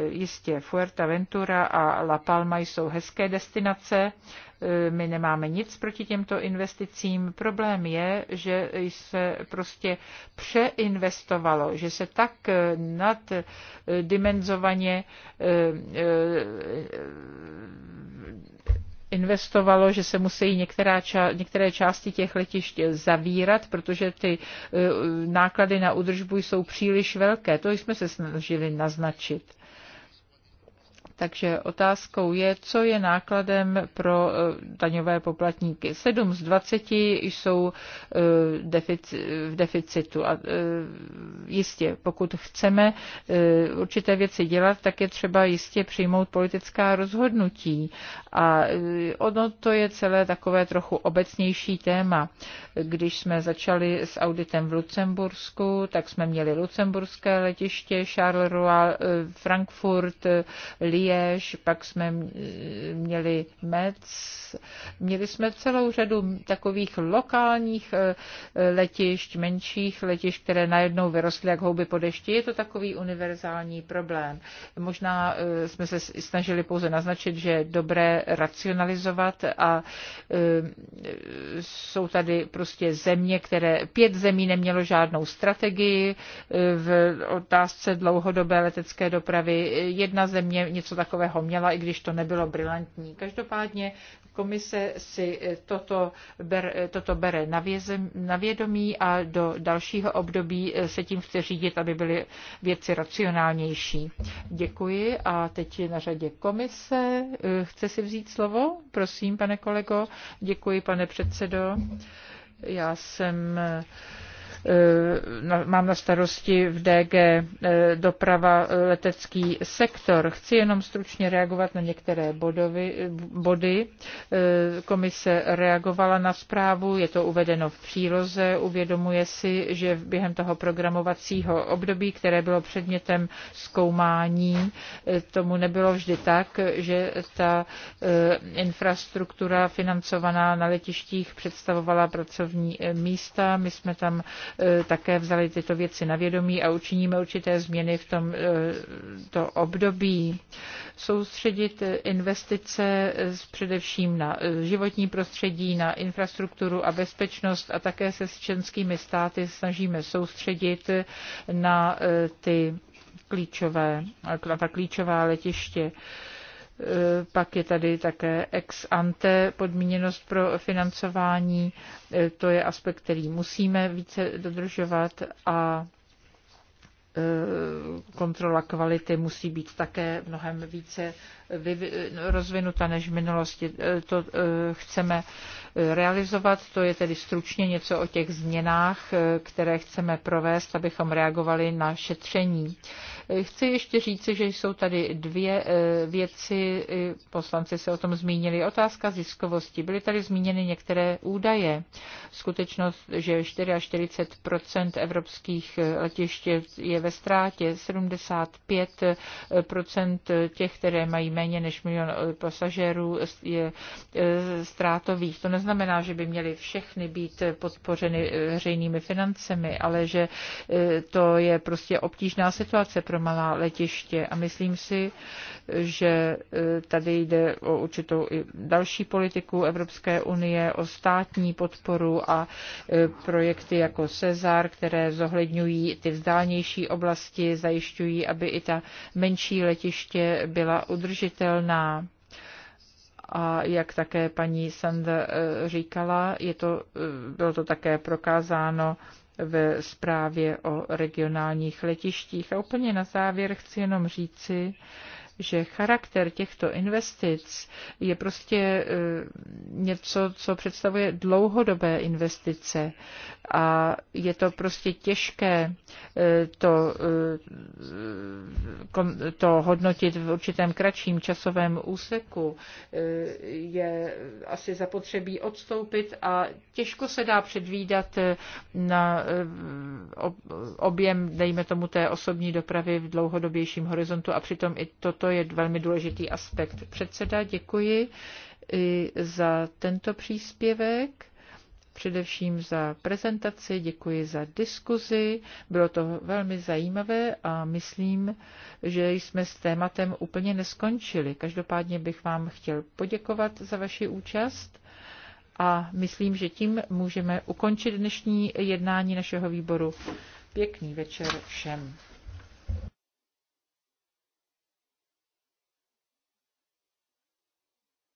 jistě. Fuerteventura a La Palma jsou hezké destinace, my nemáme nic proti těmto investicím. Problém je, že se prostě přeinvestovalo, že se tak naddimenzovaně eh, eh, investovalo, že se musí některá ča- některé části těch letišť zavírat, protože ty eh, náklady na údržbu jsou příliš velké. To jsme se snažili naznačit. Takže otázkou je, co je nákladem pro eh, daňové poplatníky. 7 z 20 jsou eh, v deficitu. A eh, jistě, pokud chceme určité věci dělat, tak je třeba jistě přijmout politická rozhodnutí. A ono to je celé takové trochu obecnější téma. Když jsme začali s auditem v Lucembursku, tak jsme měli lucemburské letiště, Charleroi, Frankfurt, Lille, věž, pak jsme měli mec, měli jsme celou řadu takových lokálních e, e, letišť, menších letišť, které najednou vyrostly jak houby po dešti. Je to takový univerzální problém. Možná e, jsme se snažili pouze naznačit, že je dobré racionalizovat a jsou tady prostě země, které pět zemí nemělo žádnou strategii v otázce dlouhodobé letecké dopravy. Jedna země něco takového měla, i když to nebylo brilantní. Každopádně komise si eh, toto, ber, eh, toto bere na, vězem, na vědomí a do dalšího období eh, se tím chce řídit, aby byly věci racionálnější. Děkuji a teď je na řadě komise. Chce si vzít slovo? Prosím, pane kolego. Děkuji, pane předsedo. Já jsem mám na starosti v DG eh, doprava eh, letecký sektor. Chci jenom stručně reagovat na některé bodovy, body. Eh, komise reagovala na zprávu, je to uvedeno v příloze, uvědomuje si, že během toho programovacího období, které bylo předmětem zkoumání, tomu nebylo vždy tak, že ta infrastruktura financovaná na letištích představovala pracovní místa. My jsme tam E, také vzali tyto věci na vědomí a učiníme určité změny v tomto e, období. Soustředit investice e, především na životní prostředí, na infrastrukturu a bezpečnost a také se s členskými státy snažíme soustředit na ty klíčové, na ta klíčová letiště. Eh, pak je tady také ex ante podmíněnost pro financování. Eh, to je aspekt, který musíme více dodržovat a eh, kontrola kvality musí být také mnohem více rozvinuta než v minulosti. To chceme realizovat, to je tedy stručně něco o těch změnách, které chceme provést, abychom reagovali na šetření. Chci ještě říci, že jsou tady dvě e, věci, poslanci se o tom zmínili. Otázka ziskovosti. Byly tady zmíněny některé údaje. Skutečnost, že 44 evropských e, letišť je ve ztrátě, 75 e, těch, které mají méně než milion pasažérů, je ztrátových. To neznamená, že by měly všechny být podpořeny veřejnými financemi, ale že to je prostě obtížná situace pro pro malá letiště. A myslím si, že e, tady jde o určitou i další politiku Evropské unie, o státní podporu a e, projekty jako Cezar, které zohledňují ty vzdálenější oblasti, zajišťují, aby i ta menší letiště byla udržitelná. A jak také paní Sand e, říkala, je to, bylo to také prokázáno ve zprávě o regionálních letištích. A úplně na závěr chci jenom říci, že charakter těchto investic je prostě eh, něco, co představuje dlouhodobé investice a je to prostě těžké eh, to, eh, to hodnotit v určitém kratším časovém úseku. Je asi zapotřebí odstoupit a těžko se dá předvídat na objem, dejme tomu, té osobní dopravy v dlouhodobějším horizontu a přitom i toto to je velmi důležitý aspekt. Předseda, děkuji i za tento příspěvek především za prezentaci, děkuji za diskuzi, bylo to velmi zajímavé a myslím, že jsme s tématem úplně neskončili. Každopádně bych vám chtěl poděkovat za vaši účast a myslím, že tím můžeme ukončit dnešní jednání našeho výboru. Pěkný večer všem.